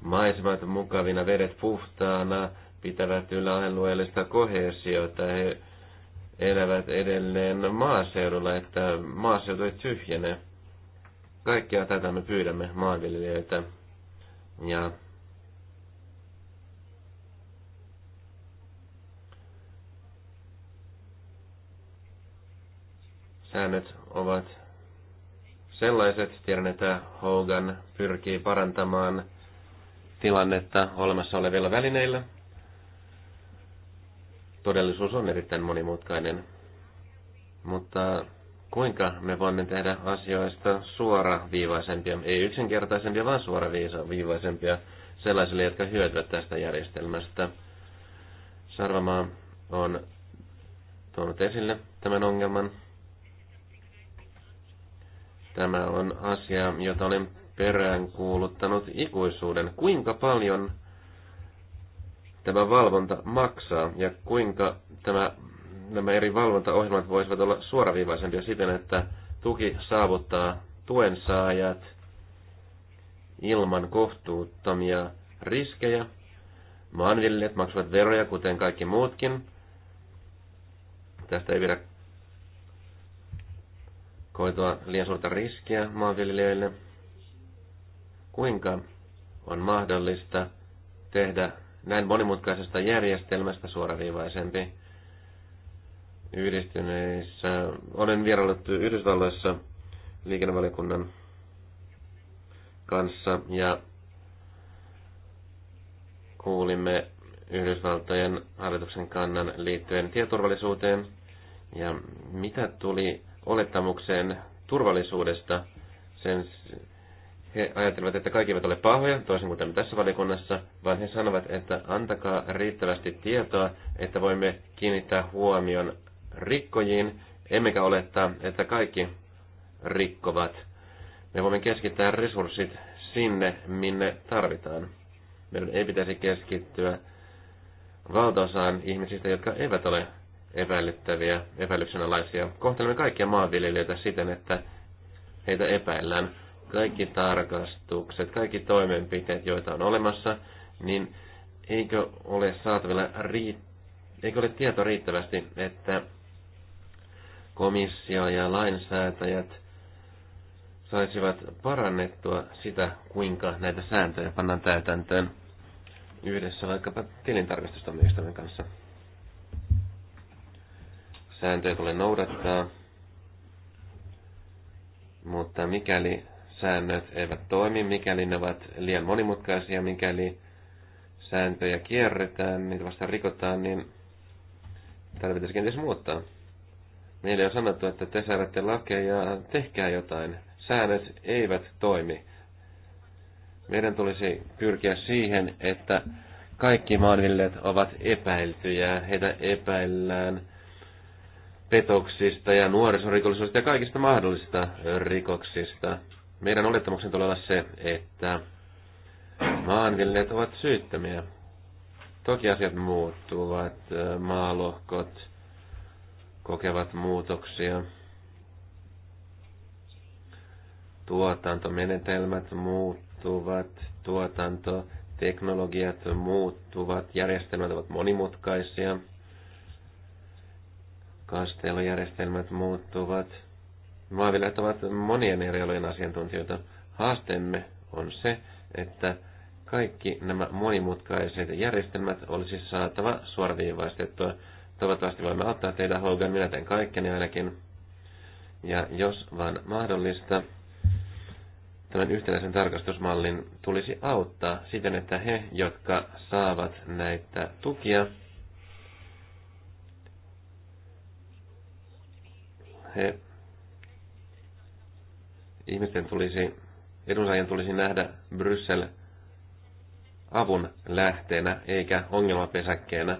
maisemat mukavina, vedet puhtaana, pitävät yllä alueellista kohesiota, he elävät edelleen maaseudulla, että maaseutu ei tyhjene. Kaikkea tätä me pyydämme maanviljelijöitä. Ja säännöt ovat sellaiset. Tiedän, että Hogan pyrkii parantamaan tilannetta olemassa olevilla välineillä. Todellisuus on erittäin monimutkainen. Mutta kuinka me voimme tehdä asioista suoraviivaisempia, ei yksinkertaisempia, vaan suoraviivaisempia sellaisille, jotka hyötyvät tästä järjestelmästä. Sarvamaa on tuonut esille tämän ongelman Tämä on asia, jota olen peräänkuuluttanut ikuisuuden. Kuinka paljon tämä valvonta maksaa ja kuinka tämä, nämä eri valvontaohjelmat voisivat olla suoraviivaisempia siten, että tuki saavuttaa tuen saajat ilman kohtuuttomia riskejä. Maanviljelijät maksavat veroja, kuten kaikki muutkin. Tästä ei pidä koitua liian suurta riskiä maanviljelijöille? Kuinka on mahdollista tehdä näin monimutkaisesta järjestelmästä suoraviivaisempi? Yhdistyneissä, olen vieraillut Yhdysvalloissa liikennevaliokunnan kanssa ja kuulimme Yhdysvaltojen hallituksen kannan liittyen tieturvallisuuteen ja mitä tuli olettamukseen turvallisuudesta. Sen, he ajattelevat, että kaikki eivät ole pahoja, toisin kuin tässä valikunnassa, vaan he sanovat, että antakaa riittävästi tietoa, että voimme kiinnittää huomion rikkojiin, emmekä olettaa, että kaikki rikkovat. Me voimme keskittää resurssit sinne, minne tarvitaan. Meidän ei pitäisi keskittyä valtaosaan ihmisistä, jotka eivät ole epäilyttäviä, epäilyksenalaisia. Kohtelemme kaikkia maanviljelijöitä siten, että heitä epäillään. Kaikki tarkastukset, kaikki toimenpiteet, joita on olemassa, niin eikö ole saatavilla riittävästi? eikö ole tieto riittävästi, että komissio ja lainsäätäjät saisivat parannettua sitä, kuinka näitä sääntöjä pannaan täytäntöön yhdessä vaikkapa tilintarkastustamme kanssa sääntöjä tulee noudattaa, mutta mikäli säännöt eivät toimi, mikäli ne ovat liian monimutkaisia, mikäli sääntöjä kierretään, niitä vasta rikotaan, niin täällä pitäisi kenties muuttaa. Meille on sanottu, että te säädätte lakeja, tehkää jotain. Säännöt eivät toimi. Meidän tulisi pyrkiä siihen, että kaikki maanviljelijät ovat epäiltyjä, heitä epäillään – petoksista ja nuorisorikollisuudesta ja kaikista mahdollisista rikoksista. Meidän olettamuksen tulee olla se, että maanviljelijät ovat syyttämiä. Toki asiat muuttuvat, maalohkot kokevat muutoksia, tuotantomenetelmät muuttuvat, tuotantoteknologiat muuttuvat, järjestelmät ovat monimutkaisia – kastelujärjestelmät muuttuvat. Maanviljelijät ovat monien eri alojen asiantuntijoita. Haasteemme on se, että kaikki nämä monimutkaiset järjestelmät olisi saatava suoraviivaistettua. Toivottavasti voimme auttaa teitä, Hogan, minä teen kaikkeni ainakin. Ja jos vaan mahdollista, tämän yhtenäisen tarkastusmallin tulisi auttaa siten, että he, jotka saavat näitä tukia, he, ihmisten tulisi, edunsaajien tulisi nähdä Bryssel avun lähteenä eikä ongelmapesäkkeenä.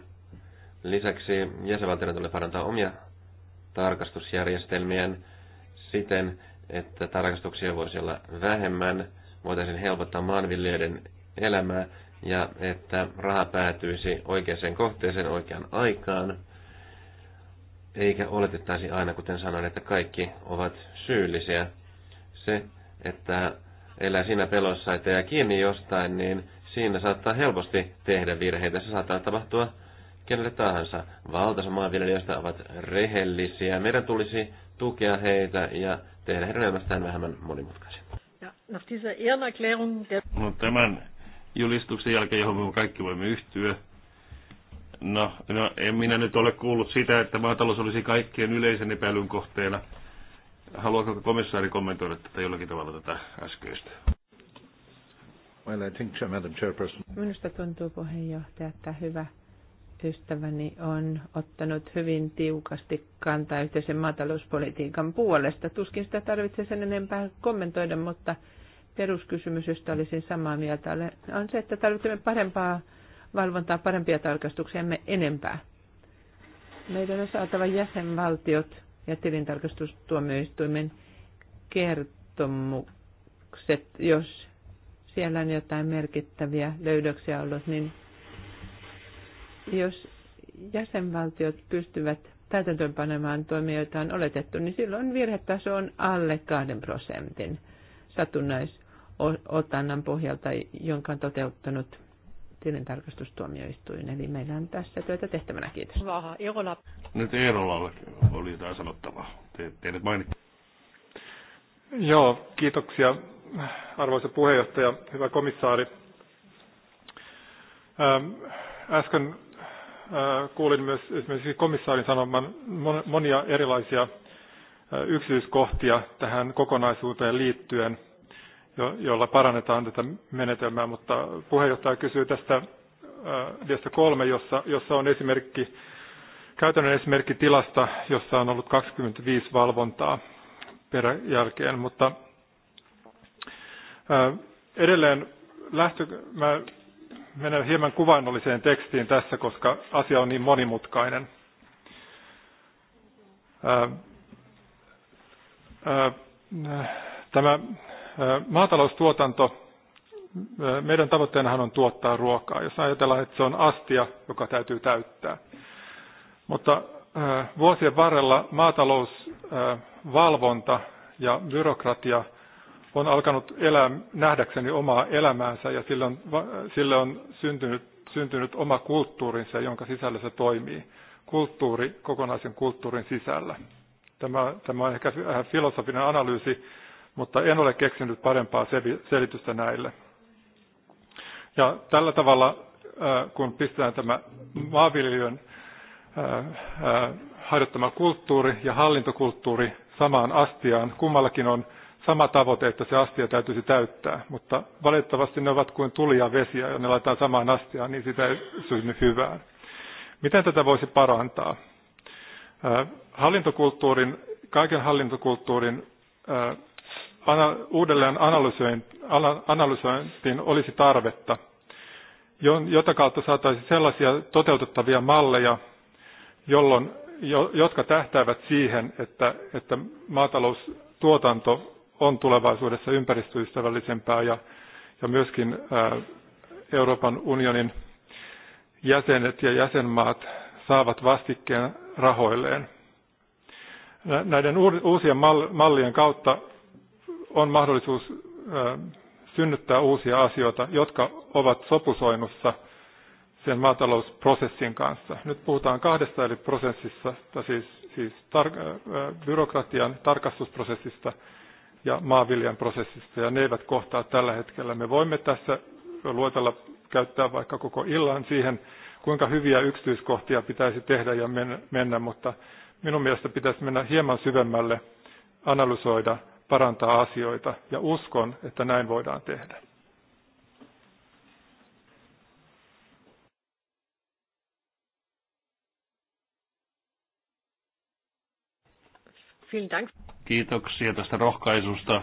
Lisäksi jäsenvaltioiden tulee parantaa omia tarkastusjärjestelmiään siten, että tarkastuksia voisi olla vähemmän, voitaisiin helpottaa maanviljelijöiden elämää ja että raha päätyisi oikeaan kohteeseen oikeaan aikaan eikä oletettaisi aina, kuten sanoin, että kaikki ovat syyllisiä. Se, että elää siinä pelossa, että jää kiinni jostain, niin siinä saattaa helposti tehdä virheitä. Se saattaa tapahtua kenelle tahansa. Valtaosa maanviljelijöistä ovat rehellisiä. Meidän tulisi tukea heitä ja tehdä heidän elämästään vähemmän monimutkaisia. No, no, tämän julistuksen jälkeen, johon me kaikki voimme yhtyä, No, no, en minä nyt ole kuullut sitä, että maatalous olisi kaikkien yleisen epäilyn kohteena. Haluatko komissaari kommentoida tätä jollakin tavalla tätä äskeistä? Well, I think, uh, Madam Chairperson. Minusta tuntuu puheenjohtaja, että hyvä ystäväni on ottanut hyvin tiukasti kantaa yhteisen maatalouspolitiikan puolesta. Tuskin sitä tarvitsee sen enempää kommentoida, mutta peruskysymys, josta olisin samaa mieltä, on se, että tarvitsemme parempaa valvontaa parempia tarkastuksia, emme enempää. Meidän on saatava jäsenvaltiot ja tilintarkastustuomioistuimen kertomukset, jos siellä on jotain merkittäviä löydöksiä ollut, niin jos jäsenvaltiot pystyvät täytäntöönpanemaan toimia, joita on oletettu, niin silloin virhetaso on alle 2 prosentin satunnaisotannan pohjalta, jonka on toteuttanut tilintarkastustuomioistuin. Eli meillä on tässä työtä tehtävänä. Kiitos. Nyt Eerolalle oli jotain sanottavaa. Te, teidät mainit. Joo, kiitoksia arvoisa puheenjohtaja, hyvä komissaari. Ähm, äsken äh, kuulin myös esimerkiksi komissaarin sanoman monia erilaisia äh, yksityiskohtia tähän kokonaisuuteen liittyen. No, jolla parannetaan tätä menetelmää, mutta puheenjohtaja kysyy tästä äh, diasta kolme, jossa, jossa on esimerkki, käytännön esimerkki tilasta, jossa on ollut 25 valvontaa peräjälkeen, mutta äh, edelleen lähtö, mä menen hieman kuvainnolliseen tekstiin tässä, koska asia on niin monimutkainen. Äh, tämä Maataloustuotanto, meidän tavoitteenahan on tuottaa ruokaa, jos ajatellaan, että se on astia, joka täytyy täyttää. Mutta vuosien varrella maatalousvalvonta ja byrokratia on alkanut elää nähdäkseni omaa elämäänsä ja sille on, sille on syntynyt, syntynyt oma kulttuurinsa, jonka sisällä se toimii. Kulttuuri kokonaisen kulttuurin sisällä. Tämä, tämä on ehkä vähän filosofinen analyysi mutta en ole keksinyt parempaa selitystä näille. Ja tällä tavalla, äh, kun pistetään tämä maanviljelijön äh, äh, harjoittama kulttuuri ja hallintokulttuuri samaan astiaan, kummallakin on sama tavoite, että se astia täytyisi täyttää, mutta valitettavasti ne ovat kuin tulia vesiä, ja ne laitetaan samaan astiaan, niin sitä ei synny hyvää. Miten tätä voisi parantaa? Hallintokulttuurin, kaiken hallintokulttuurin uudelleen analysointiin olisi tarvetta, jota kautta saataisiin sellaisia toteutettavia malleja, jolloin, jotka tähtäävät siihen, että, että maataloustuotanto on tulevaisuudessa ympäristöystävällisempää ja, ja myöskin Euroopan unionin jäsenet ja jäsenmaat saavat vastikkeen rahoilleen. Näiden uusien mallien kautta on mahdollisuus synnyttää uusia asioita, jotka ovat sopusoinnussa sen maatalousprosessin kanssa. Nyt puhutaan kahdesta eli prosessissa, siis, siis tar- byrokratian tarkastusprosessista ja maanviljan prosessista, ja ne eivät kohtaa tällä hetkellä. Me voimme tässä luetella käyttää vaikka koko illan siihen, kuinka hyviä yksityiskohtia pitäisi tehdä ja mennä, mutta minun mielestä pitäisi mennä hieman syvemmälle analysoida – parantaa asioita ja uskon, että näin voidaan tehdä. Kiitoksia tästä rohkaisusta.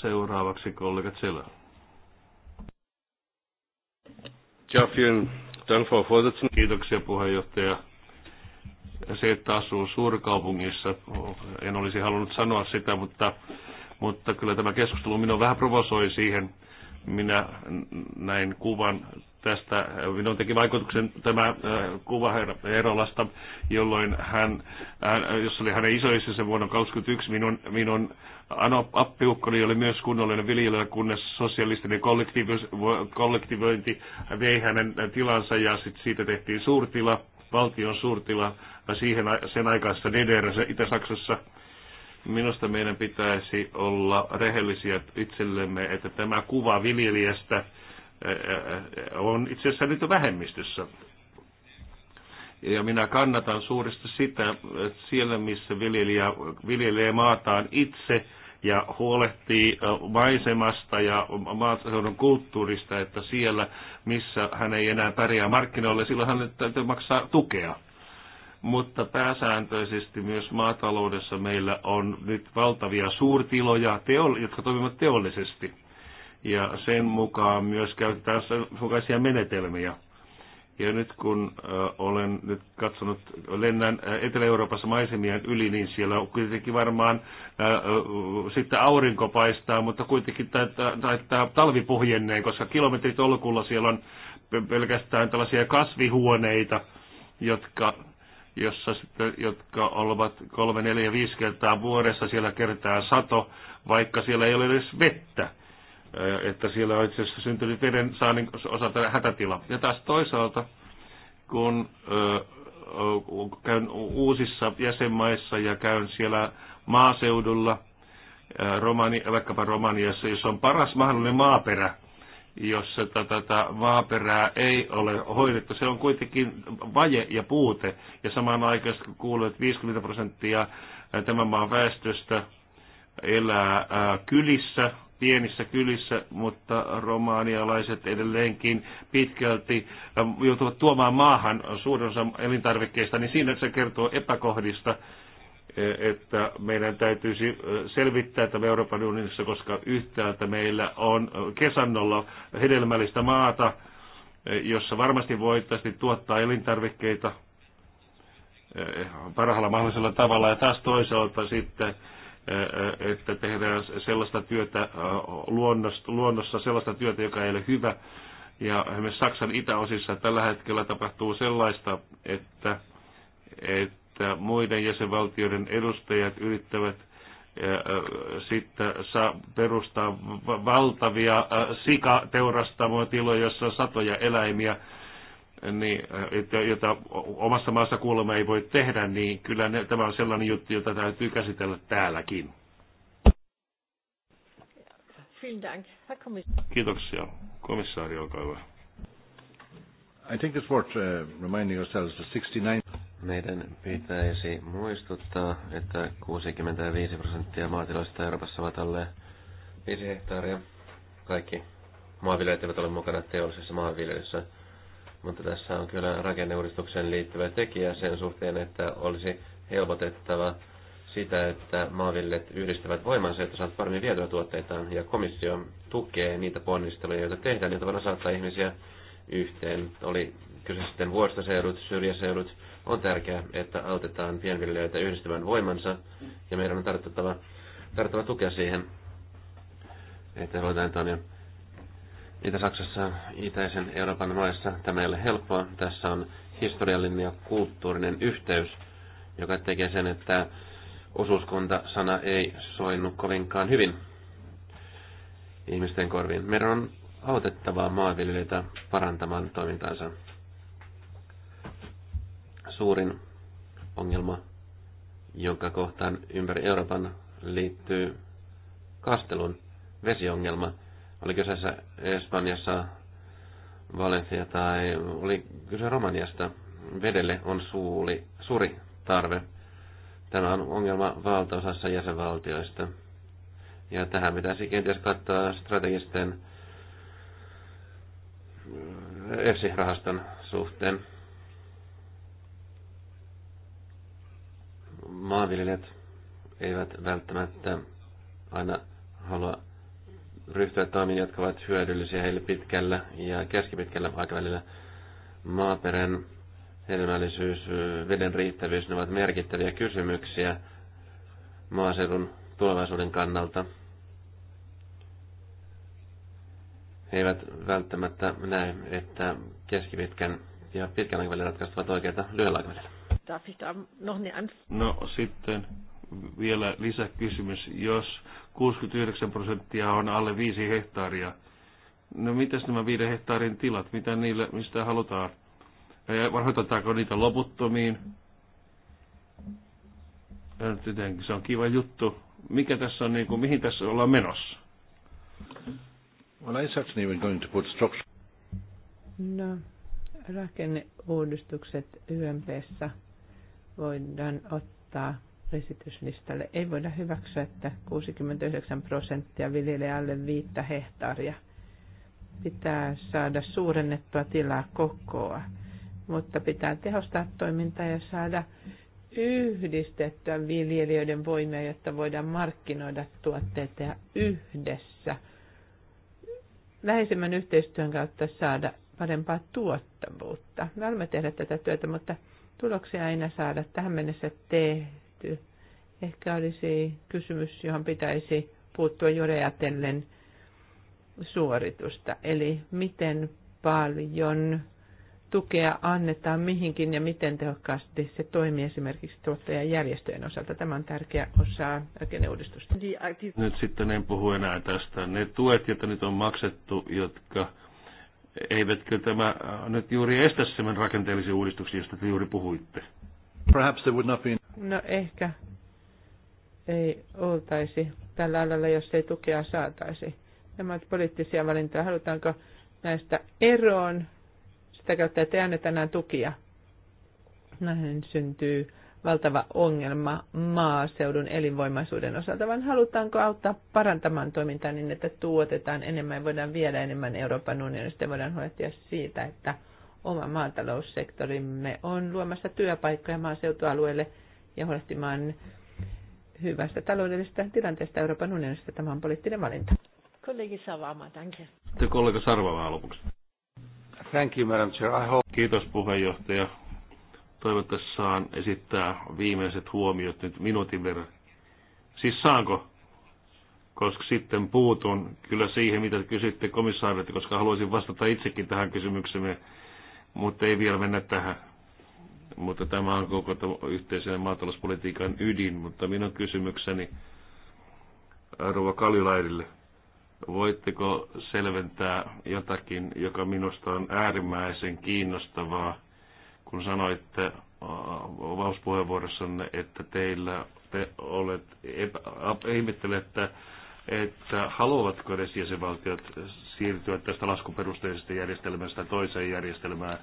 Seuraavaksi kollega Zilla. Kiitoksia puheenjohtaja se, että asuu suurkaupungissa, en olisi halunnut sanoa sitä, mutta, mutta kyllä tämä keskustelu minua vähän provosoi siihen. Minä näin kuvan tästä, minun teki vaikutuksen tämä äh, kuva Herolasta, jolloin hän, hän jos oli hänen isoissänsä vuonna 1921, minun, minun appiukkoni oli myös kunnollinen viljelijä, kunnes sosialistinen kollektivointi vei hänen tilansa ja sit siitä tehtiin suurtila, valtion suurtila siihen, sen aikaisessa DDR Itä-Saksassa. Minusta meidän pitäisi olla rehellisiä itsellemme, että tämä kuva viljelijästä on itse asiassa nyt vähemmistössä. Ja minä kannatan suuresti sitä, että siellä missä viljelijä viljelee maataan itse ja huolehtii maisemasta ja maaseudun kulttuurista, että siellä missä hän ei enää pärjää markkinoille, silloin hän täytyy maksaa tukea mutta pääsääntöisesti myös maataloudessa meillä on nyt valtavia suurtiloja, jotka toimivat teollisesti. Ja sen mukaan myös käytetään mukaisia menetelmiä. Ja nyt kun olen nyt katsonut, lennän Etelä-Euroopassa maisemien yli, niin siellä on kuitenkin varmaan sitten aurinko paistaa, mutta kuitenkin taittaa talvi puhjenneen, koska kilometritolkulla siellä on pelkästään tällaisia kasvihuoneita, jotka jossa, jotka ovat kolme, neljä, viisi kertaa vuodessa, siellä kertaa sato, vaikka siellä ei ole edes vettä. Että siellä on itse asiassa syntynyt veden saannin osalta hätätila. Ja taas toisaalta, kun käyn uusissa jäsenmaissa ja käyn siellä maaseudulla, Romani, vaikkapa Romaniassa, jos on paras mahdollinen maaperä, jossa tätä vaaperää ei ole hoidettu. Se on kuitenkin vaje ja puute. Ja samaan aikaan kun kuuluu, että 50 prosenttia tämän maan väestöstä elää kylissä, pienissä kylissä, mutta romaanialaiset edelleenkin pitkälti joutuvat tuomaan maahan suurin osa elintarvikkeista, niin siinä se kertoo epäkohdista, että meidän täytyisi selvittää tämä Euroopan unionissa, koska yhtäältä meillä on kesannolla hedelmällistä maata, jossa varmasti voitaisiin tuottaa elintarvikkeita parhaalla mahdollisella tavalla, ja taas toisaalta sitten että tehdään sellaista työtä luonnossa, sellaista työtä, joka ei ole hyvä. Ja esimerkiksi Saksan itäosissa tällä hetkellä tapahtuu sellaista, että, että että muiden jäsenvaltioiden edustajat yrittävät äh, äh, sitten saa perustaa valtavia äh, sikateurastamotiloja, jossa on satoja eläimiä, niin, että, jota omassa maassa kuulemma ei voi tehdä, niin kyllä ne, tämä on sellainen juttu, jota täytyy käsitellä täälläkin. Kiitoksia. Komissaari, olkaa hyvä. I think it's worth uh, reminding ourselves that 69... Meidän pitäisi muistuttaa, että 65 prosenttia maatiloista Euroopassa ovat alle 5 hehtaaria. Kaikki maanviljelijät eivät ole mukana teollisessa maanviljelyssä. Mutta tässä on kyllä rakenneuudistukseen liittyvä tekijä sen suhteen, että olisi helpotettava sitä, että maanviljelijät yhdistävät voimansa, että saat paremmin vietyä tuotteitaan. Ja komissio tukee niitä ponnisteluja, joita tehdään, jotta voidaan saattaa ihmisiä yhteen. Oli kyse sitten vuoristoseudut, syrjäseudut, on tärkeää, että autetaan pienviljelijöitä yhdistämään voimansa ja meidän on tartuttava, tartuttava tukea siihen, että voidaan toimia Itä-Saksassa, itäisen Euroopan maissa. Tämä ei ole helppoa. Tässä on historiallinen ja kulttuurinen yhteys, joka tekee sen, että osuuskunta-sana ei soinnu kovinkaan hyvin ihmisten korviin. Meidän on autettavaa maanviljelijöitä parantamaan toimintaansa suurin ongelma, jonka kohtaan ympäri Euroopan liittyy kastelun vesiongelma. Oli kyseessä Espanjassa, Valencia tai oli kyse Romaniasta. Vedelle on suuri, suuri tarve. Tämä on ongelma valtaosassa jäsenvaltioista. Ja tähän pitäisi kenties katsoa strategisten äh, EFSI-rahaston suhteen. maanviljelijät eivät välttämättä aina halua ryhtyä toimiin, jotka ovat hyödyllisiä heille pitkällä ja keskipitkällä aikavälillä. Maaperän hedelmällisyys, veden riittävyys, ne ovat merkittäviä kysymyksiä maaseudun tulevaisuuden kannalta. He eivät välttämättä näe, että keskipitkän ja pitkän aikavälin ratkaisut ovat oikeita lyhyellä aikavälillä. Darf ich da noch eine Anf No sitten vielä lisäkysymys. Jos 69 prosenttia on alle 5 hehtaaria, no mitäs nämä 5 hehtaarin tilat, mitä niille, mistä halutaan? Eh, Varhoitetaanko niitä loputtomiin? Eh, tietenkin se on kiva juttu. Mikä tässä on, niin kuin, mihin tässä ollaan menossa? Well, I certainly going to put structure. No, rakenneuudistukset YMPssä – voidaan ottaa esityslistalle. Ei voida hyväksyä, että 69 prosenttia viljelee alle viittä hehtaaria. Pitää saada suurennettua tilaa kokoa, mutta pitää tehostaa toimintaa ja saada yhdistettyä viljelijöiden voimia, jotta voidaan markkinoida tuotteita ja yhdessä läheisemmän yhteistyön kautta saada parempaa tuottavuutta. Me olemme tehdä tätä työtä, mutta tuloksia aina saada. Tähän mennessä tehty. Ehkä olisi kysymys, johon pitäisi puuttua juuri ajatellen suoritusta. Eli miten paljon tukea annetaan mihinkin ja miten tehokkaasti se toimii esimerkiksi tuottajajärjestöjen osalta. Tämä on tärkeä osa rakenneuudistusta. Nyt sitten en puhu enää tästä. Ne tuet, joita nyt on maksettu, jotka eivätkö tämä äh, nyt juuri estä semmoinen rakenteellisia uudistuksia, joista te juuri puhuitte? Perhaps there would not be... No ehkä ei oltaisi tällä alalla, jos ei tukea saataisi. Nämä ovat poliittisia valintoja. Halutaanko näistä eroon sitä kautta, että ei anneta enää tukia? Näin syntyy valtava ongelma maaseudun elinvoimaisuuden osalta, vaan halutaanko auttaa parantamaan toimintaa niin, että tuotetaan enemmän ja voidaan viedä enemmän Euroopan unionista ja voidaan huolehtia siitä, että oma maataloussektorimme on luomassa työpaikkoja maaseutualueelle ja huolehtimaan hyvästä taloudellisesta tilanteesta Euroopan unionista. Tämä on poliittinen valinta. Kollegi Savama, danke. Kollega Sarvamaa lopuksi. Thank you, Madam Chair. I hope... Kiitos puheenjohtaja Toivottavasti saan esittää viimeiset huomiot nyt minuutin verran. Siis saanko? Koska sitten puutun kyllä siihen, mitä kysytte komissaarilta, koska haluaisin vastata itsekin tähän kysymykseen, mutta ei vielä mennä tähän. Mutta tämä on koko yhteisen maatalouspolitiikan ydin, mutta minun kysymykseni Rova Kalilaidille voitteko selventää jotakin, joka minusta on äärimmäisen kiinnostavaa kun sanoitte äh, avauspuheenvuorossanne, että teillä te olet, ihmettelee, että, että haluavatko edes jäsenvaltiot siirtyä tästä laskuperusteisesta järjestelmästä toiseen järjestelmään,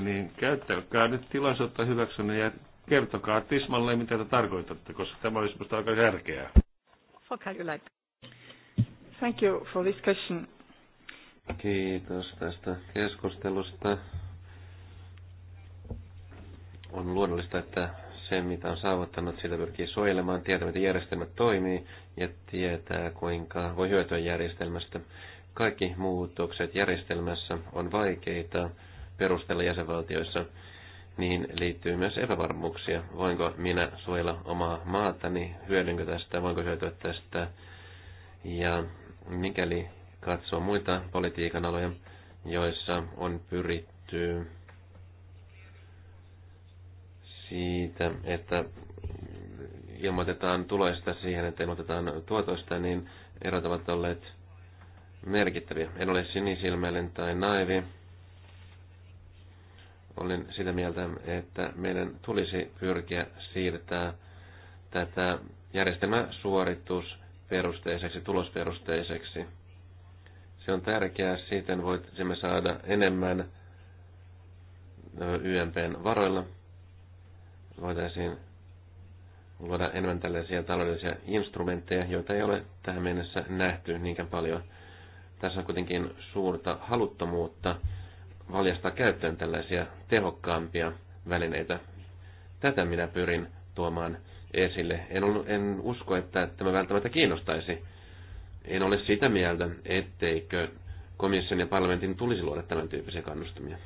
niin käyttäkää nyt tilaisuutta hyväksynne ja kertokaa tismalleen, mitä te tarkoitatte, koska tämä olisi minusta aika järkeää. Thank you for this question. Kiitos tästä keskustelusta on luonnollista, että se, mitä on saavuttanut, sitä pyrkii suojelemaan, tietää, miten järjestelmä toimii ja tietää, kuinka voi hyötyä järjestelmästä. Kaikki muutokset järjestelmässä on vaikeita perustella jäsenvaltioissa. Niihin liittyy myös epävarmuuksia. Voinko minä suojella omaa maatani, hyödynkö tästä, voinko hyötyä tästä. Ja mikäli katsoo muita politiikan aloja, joissa on pyritty siitä, että ilmoitetaan tuloista siihen, että ilmoitetaan tuotoista, niin erot ovat olleet merkittäviä. En ole sinisilmäinen tai naivi. Olin sitä mieltä, että meidän tulisi pyrkiä siirtää tätä järjestelmä suoritusperusteiseksi, tulosperusteiseksi. Se on tärkeää, siten voisimme saada enemmän YMPn varoilla voitaisiin luoda enemmän tällaisia taloudellisia instrumentteja, joita ei ole tähän mennessä nähty niinkään paljon. Tässä on kuitenkin suurta haluttomuutta valjastaa käyttöön tällaisia tehokkaampia välineitä. Tätä minä pyrin tuomaan esille. En, ollut, en usko, että tämä välttämättä kiinnostaisi. En ole sitä mieltä, etteikö komission ja parlamentin tulisi luoda tämän tyyppisiä kannustumia.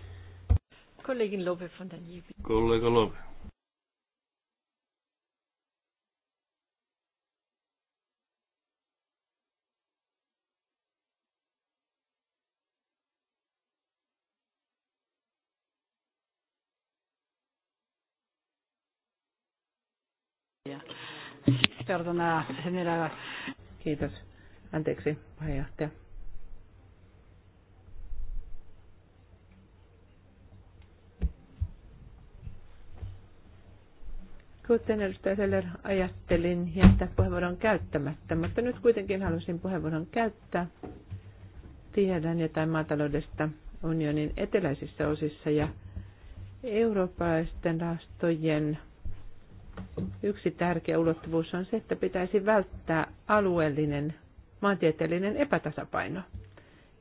Kollegin Lope Fontanier. Kollega Lope. perdona, señora. Kiitos. Anteeksi, puheenjohtaja. Kuten edustaja Seller, ajattelin jättää puheenvuoron käyttämättä, mutta nyt kuitenkin halusin puheenvuoron käyttää. Tiedän jotain maataloudesta unionin eteläisissä osissa ja eurooppalaisten rahastojen Yksi tärkeä ulottuvuus on se, että pitäisi välttää alueellinen maantieteellinen epätasapaino,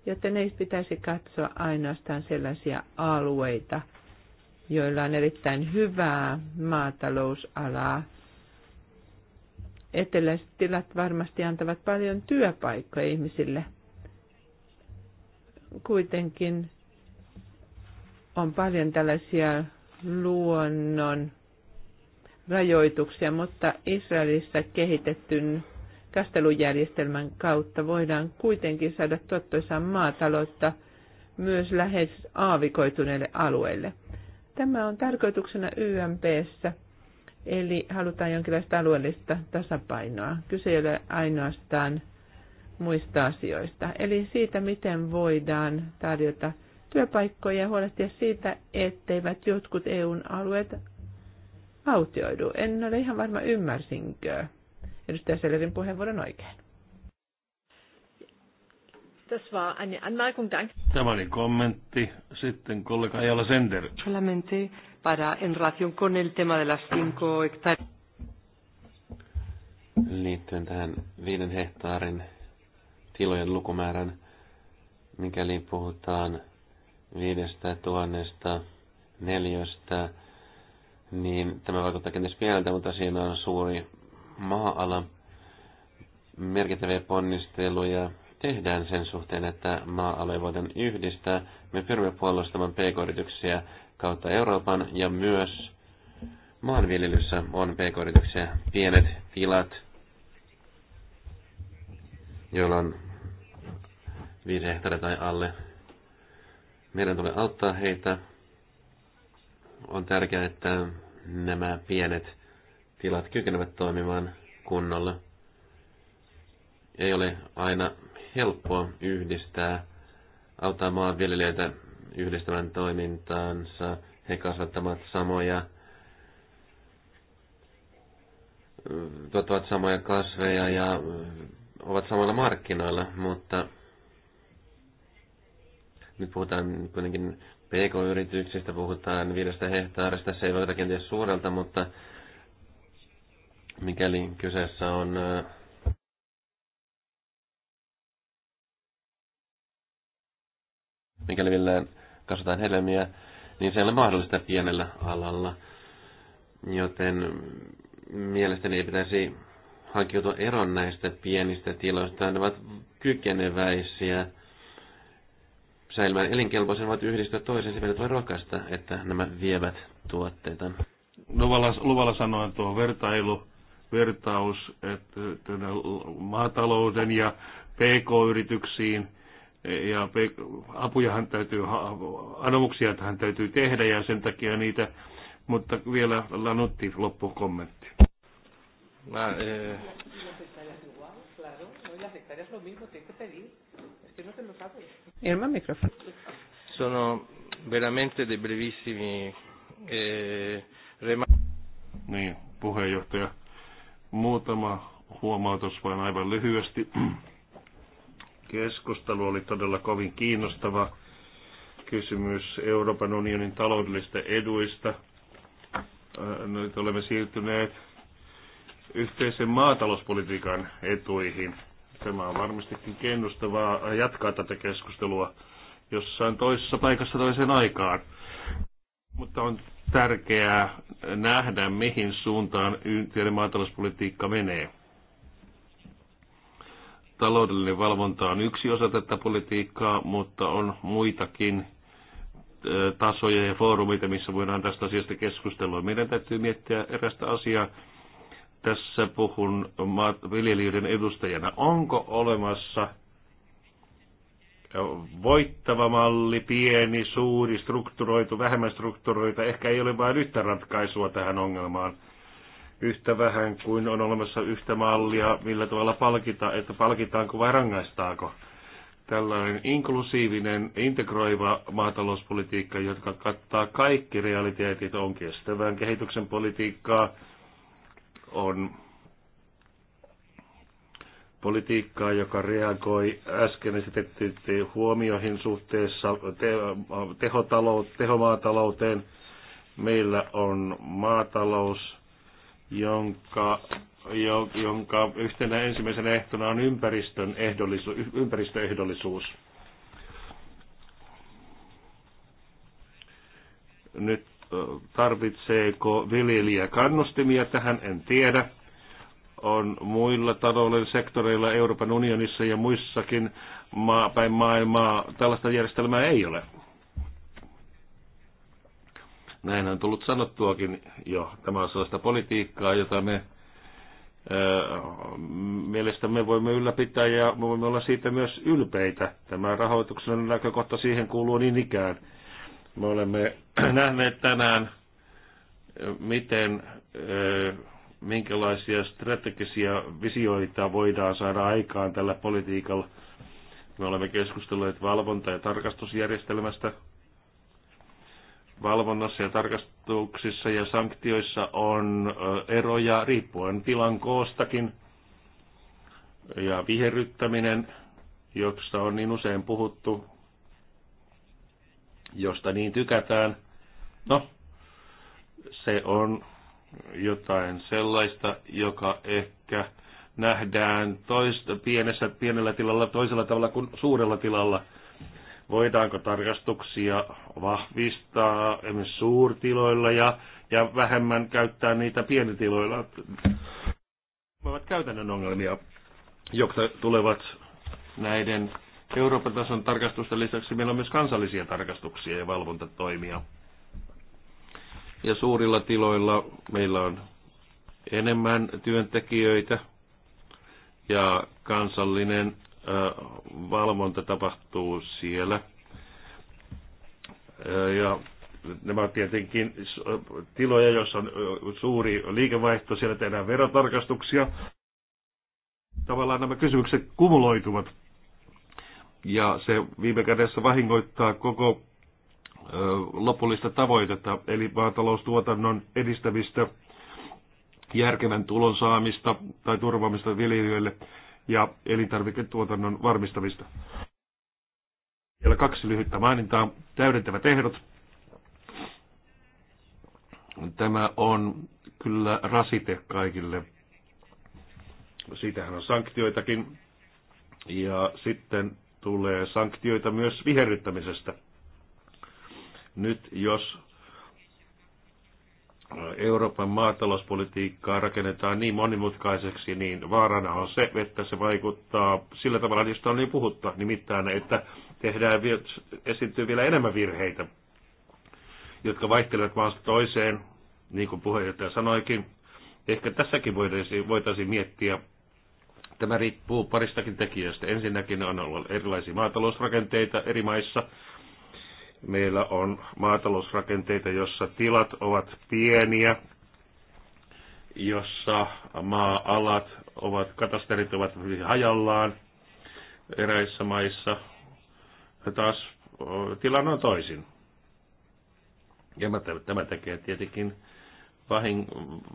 joten ei pitäisi katsoa ainoastaan sellaisia alueita, joilla on erittäin hyvää maatalousalaa. Eteläiset tilat varmasti antavat paljon työpaikkoja ihmisille. Kuitenkin on paljon tällaisia luonnon rajoituksia, mutta Israelissa kehitetyn kastelujärjestelmän kautta voidaan kuitenkin saada tuottoisaa maataloutta myös lähes aavikoituneelle alueelle. Tämä on tarkoituksena YMPssä, eli halutaan jonkinlaista alueellista tasapainoa. Kyse ei ole ainoastaan muista asioista, eli siitä, miten voidaan tarjota työpaikkoja ja huolehtia siitä, etteivät jotkut EUn alueet autioidu. En ole ihan varma, ymmärsinkö edustaja Sellerin puheenvuoron oikein. Das war eine Anmerkung, danke. Tämä oli kommentti. Sitten kollega Ajala Sender. Solamente para en relación con el tema de las cinco hectáreas. Liittyen tähän viiden hehtaarin tilojen lukumäärän, mikäli puhutaan viidestä tuhannesta neljöstä niin tämä vaikuttaa kenties pieneltä, mutta siinä on suuri maa-ala. Merkittäviä ponnisteluja tehdään sen suhteen, että maa aloja voidaan yhdistää. Me pyrimme puolustamaan pk-yrityksiä kautta Euroopan ja myös maanviljelyssä on pk-yrityksiä, pienet tilat, joilla on viisi hehtaaria tai alle. Meidän tulee auttaa heitä. On tärkeää, että nämä pienet tilat kykenevät toimimaan kunnolla. Ei ole aina helppoa yhdistää, auttaa maanviljelijöitä yhdistämään toimintaansa, he kasvattavat samoja tuottavat samoja kasveja ja ovat samalla markkinoilla, mutta nyt puhutaan kuitenkin PK-yrityksistä puhutaan viidestä hehtaarista. Se ei vaikuta kenties suurelta, mutta mikäli kyseessä on mikäli vielä kasvataan helmiä, niin se ei ole mahdollista pienellä alalla. Joten mielestäni ei pitäisi hankkiutua eron näistä pienistä tiloista. Ne ovat kykeneväisiä säilymään elinkelpoisen voivat yhdistää toisensa, meidät voi rohkaista, että nämä vievät tuotteita. Luvalla, luvalla sanoen tuo vertailu, vertaus, että maatalouden ja PK-yrityksiin, ja apujahan täytyy, tähän täytyy tehdä ja sen takia niitä, mutta vielä Lanutti loppukommentti. Mä, eh... No, E Ilman mikrofon. Sono veramente dei brevissimi eh, Niin, puheenjohtaja. Muutama huomautus vain aivan lyhyesti. Keskustelu oli todella kovin kiinnostava kysymys Euroopan unionin taloudellisista eduista. Äh, nyt olemme siirtyneet yhteisen maatalouspolitiikan etuihin. Tämä on varmastikin kiinnostavaa jatkaa tätä keskustelua jossain toisessa paikassa toiseen aikaan. Mutta on tärkeää nähdä, mihin suuntaan yhteinen maatalouspolitiikka menee. Taloudellinen valvonta on yksi osa tätä politiikkaa, mutta on muitakin eh, tasoja ja foorumeita, missä voidaan tästä asiasta keskustella. Meidän täytyy miettiä erästä asiaa, tässä puhun viljelijöiden edustajana. Onko olemassa voittava malli, pieni, suuri, strukturoitu, vähemmän strukturoitu. Ehkä ei ole vain yhtä ratkaisua tähän ongelmaan. Yhtä vähän kuin on olemassa yhtä mallia, millä tavalla palkita, että palkitaanko vai rangaistaako. Tällainen inklusiivinen, integroiva maatalouspolitiikka, joka kattaa kaikki realiteetit, on kestävän kehityksen politiikkaa, on politiikkaa, joka reagoi äsken esitettyihin huomioihin suhteessa te, tehotalou, tehomaatalouteen. Meillä on maatalous, jonka, jo, jonka yhtenä ensimmäisenä ehtona on ympäristön ehdollisu, ympäristöehdollisuus. Nyt tarvitseeko viljelijä kannustimia tähän, en tiedä. On muilla talouden sektoreilla Euroopan unionissa ja muissakin maa, päin maailmaa tällaista järjestelmää ei ole. Näin on tullut sanottuakin jo. Tämä on sellaista politiikkaa, jota me mielestämme voimme ylläpitää ja me voimme olla siitä myös ylpeitä. Tämä rahoituksen näkökohta siihen kuuluu niin ikään me olemme nähneet tänään, miten, minkälaisia strategisia visioita voidaan saada aikaan tällä politiikalla. Me olemme keskustelleet valvonta- ja tarkastusjärjestelmästä. Valvonnassa ja tarkastuksissa ja sanktioissa on eroja riippuen tilan koostakin. Ja viherryttäminen, josta on niin usein puhuttu, josta niin tykätään. No, se on jotain sellaista, joka ehkä nähdään toista, pienessä, pienellä tilalla toisella tavalla kuin suurella tilalla. Voidaanko tarkastuksia vahvistaa esimerkiksi suurtiloilla ja, ja vähemmän käyttää niitä pienitiloilla? Voivat käytännön ongelmia, jotka tulevat näiden Euroopan tason tarkastusten lisäksi meillä on myös kansallisia tarkastuksia ja valvontatoimia. Ja suurilla tiloilla meillä on enemmän työntekijöitä ja kansallinen valvonta tapahtuu siellä. Ja nämä ovat tietenkin tiloja, joissa on suuri liikevaihto, siellä tehdään verotarkastuksia. Tavallaan nämä kysymykset kumuloituvat ja se viime kädessä vahingoittaa koko lopullista tavoitetta, eli maataloustuotannon edistämistä, järkevän tulon saamista tai turvaamista viljelijöille ja elintarviketuotannon varmistamista. Vielä kaksi lyhyttä mainintaa. Täydentävät ehdot. Tämä on kyllä rasite kaikille. Siitähän on sanktioitakin. Ja sitten tulee sanktioita myös viherryttämisestä. Nyt jos Euroopan maatalouspolitiikkaa rakennetaan niin monimutkaiseksi, niin vaarana on se, että se vaikuttaa sillä tavalla, josta on niin puhutta, nimittäin, että tehdään, esiintyy vielä enemmän virheitä, jotka vaihtelevat maasta toiseen, niin kuin puheenjohtaja sanoikin. Ehkä tässäkin voitaisiin, voitaisiin miettiä Tämä riippuu paristakin tekijästä. Ensinnäkin on ollut erilaisia maatalousrakenteita eri maissa. Meillä on maatalousrakenteita, jossa tilat ovat pieniä, jossa maa-alat ovat, katasterit ovat hajallaan eräissä maissa. Ja taas tilanne on toisin. Ja tämä tekee tietenkin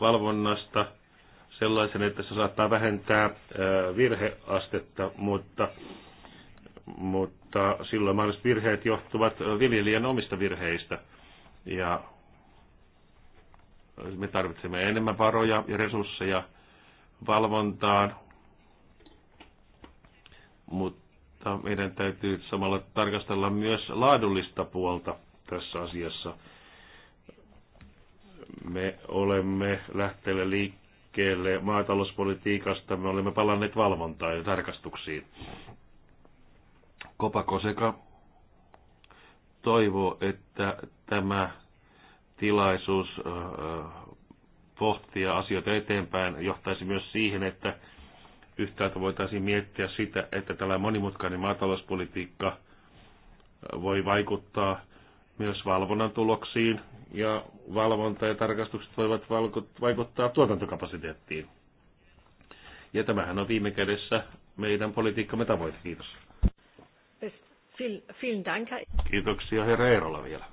valvonnasta – sellaisen, että se saattaa vähentää virheastetta, mutta, mutta silloin mahdolliset virheet johtuvat viljelijän omista virheistä. Ja me tarvitsemme enemmän varoja ja resursseja valvontaan, mutta meidän täytyy samalla tarkastella myös laadullista puolta tässä asiassa. Me olemme lähteellä liikkeelle liikkeelle maatalouspolitiikasta. Me olemme palanneet valvontaan ja tarkastuksiin. Kopakoseka toivoo, että tämä tilaisuus pohtia asioita eteenpäin johtaisi myös siihen, että yhtäältä voitaisiin miettiä sitä, että tällä monimutkainen maatalouspolitiikka voi vaikuttaa myös valvonnan tuloksiin ja valvonta ja tarkastukset voivat vaikuttaa tuotantokapasiteettiin. Ja tämähän on viime kädessä meidän politiikkamme tavoite. Kiitos. Kiitoksia herra Eerola vielä.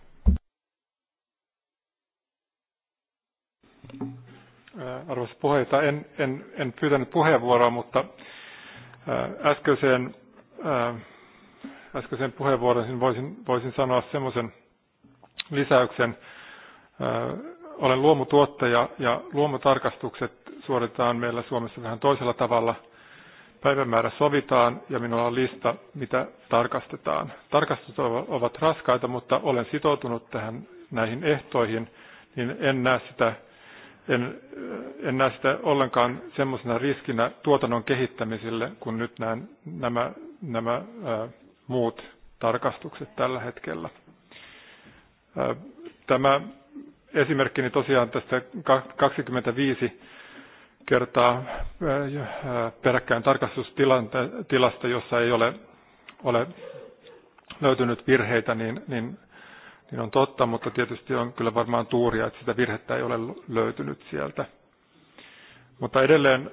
Äh, arvoisa puheenjohtaja, en, en, en pyytänyt puheenvuoroa, mutta äh, äskeiseen, äh, äskeiseen puheenvuoroon voisin, voisin sanoa semmoisen lisäyksen, olen luomutuottaja ja luomutarkastukset suoritetaan meillä Suomessa vähän toisella tavalla. Päivämäärä sovitaan ja minulla on lista, mitä tarkastetaan. Tarkastukset ovat raskaita, mutta olen sitoutunut tähän näihin ehtoihin, niin en näe sitä, en, en näe sitä ollenkaan semmoisena riskinä tuotannon kehittämiselle, kun nyt näen nämä, nämä muut tarkastukset tällä hetkellä. tämä esimerkkini tosiaan tästä 25 kertaa äh, äh, peräkkäin tarkastustilasta, jossa ei ole, ole löytynyt virheitä, niin, niin, niin on totta, mutta tietysti on kyllä varmaan tuuria, että sitä virhettä ei ole löytynyt sieltä. Mutta edelleen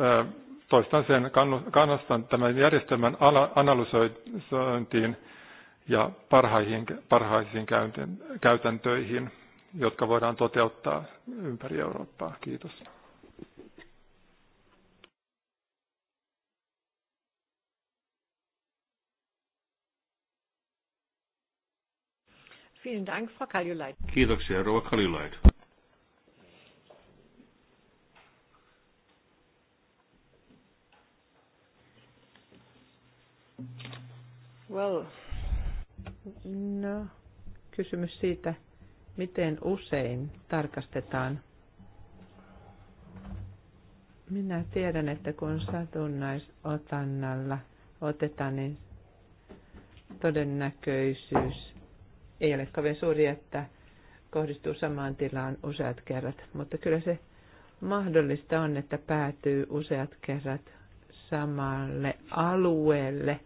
äh, toistan sen, kannustan tämän järjestelmän analysointiin ja parhaisiin, parhaisiin käytäntöihin, jotka voidaan toteuttaa ympäri Eurooppaa. Kiitos. Vielen Dank, Frau Kaljulait. Kiitoksia, Rouva Kaljulait. Well, No, kysymys siitä, miten usein tarkastetaan. Minä tiedän, että kun satunnaisotannalla otetaan, niin todennäköisyys ei ole kovin suuri, että kohdistuu samaan tilaan useat kerrat, mutta kyllä se mahdollista on, että päätyy useat kerrat samalle alueelle –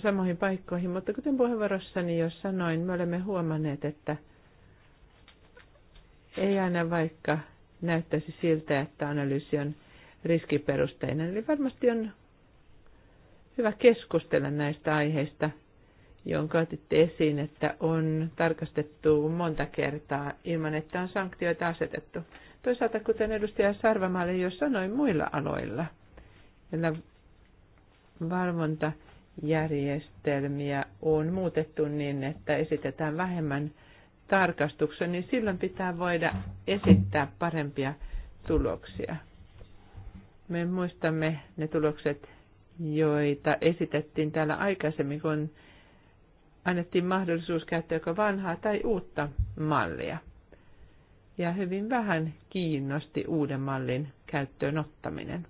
samoihin paikkoihin, mutta kuten puheenvuorossani jo sanoin, me olemme huomanneet, että ei aina vaikka näyttäisi siltä, että analyysi on riskiperusteinen. Eli varmasti on hyvä keskustella näistä aiheista, jonka otitte esiin, että on tarkastettu monta kertaa ilman, että on sanktioita asetettu. Toisaalta, kuten edustaja Sarvamaali jo sanoi, muilla aloilla, joilla valvonta järjestelmiä on muutettu niin, että esitetään vähemmän tarkastuksia, niin silloin pitää voida esittää parempia tuloksia. Me muistamme ne tulokset, joita esitettiin täällä aikaisemmin, kun annettiin mahdollisuus käyttää joko vanhaa tai uutta mallia. Ja hyvin vähän kiinnosti uuden mallin käyttöön ottaminen.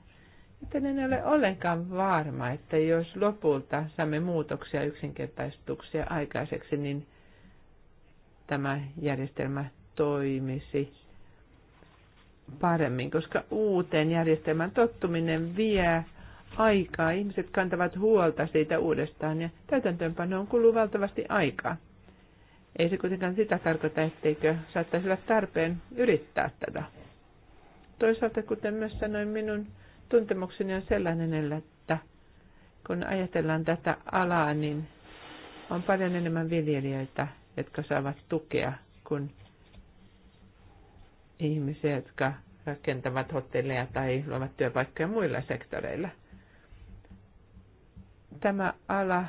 Mutta en ole ollenkaan varma, että jos lopulta saamme muutoksia ja yksinkertaistuksia aikaiseksi, niin tämä järjestelmä toimisi paremmin, koska uuteen järjestelmän tottuminen vie aikaa. Ihmiset kantavat huolta siitä uudestaan ja täytäntöönpanoon kuluu valtavasti aikaa. Ei se kuitenkaan sitä tarkoita, etteikö saattaisi olla tarpeen yrittää tätä. Toisaalta, kuten myös sanoin, minun tuntemukseni on sellainen, että kun ajatellaan tätä alaa, niin on paljon enemmän viljelijöitä, jotka saavat tukea kuin ihmisiä, jotka rakentavat hotelleja tai luovat työpaikkoja muilla sektoreilla. Tämä ala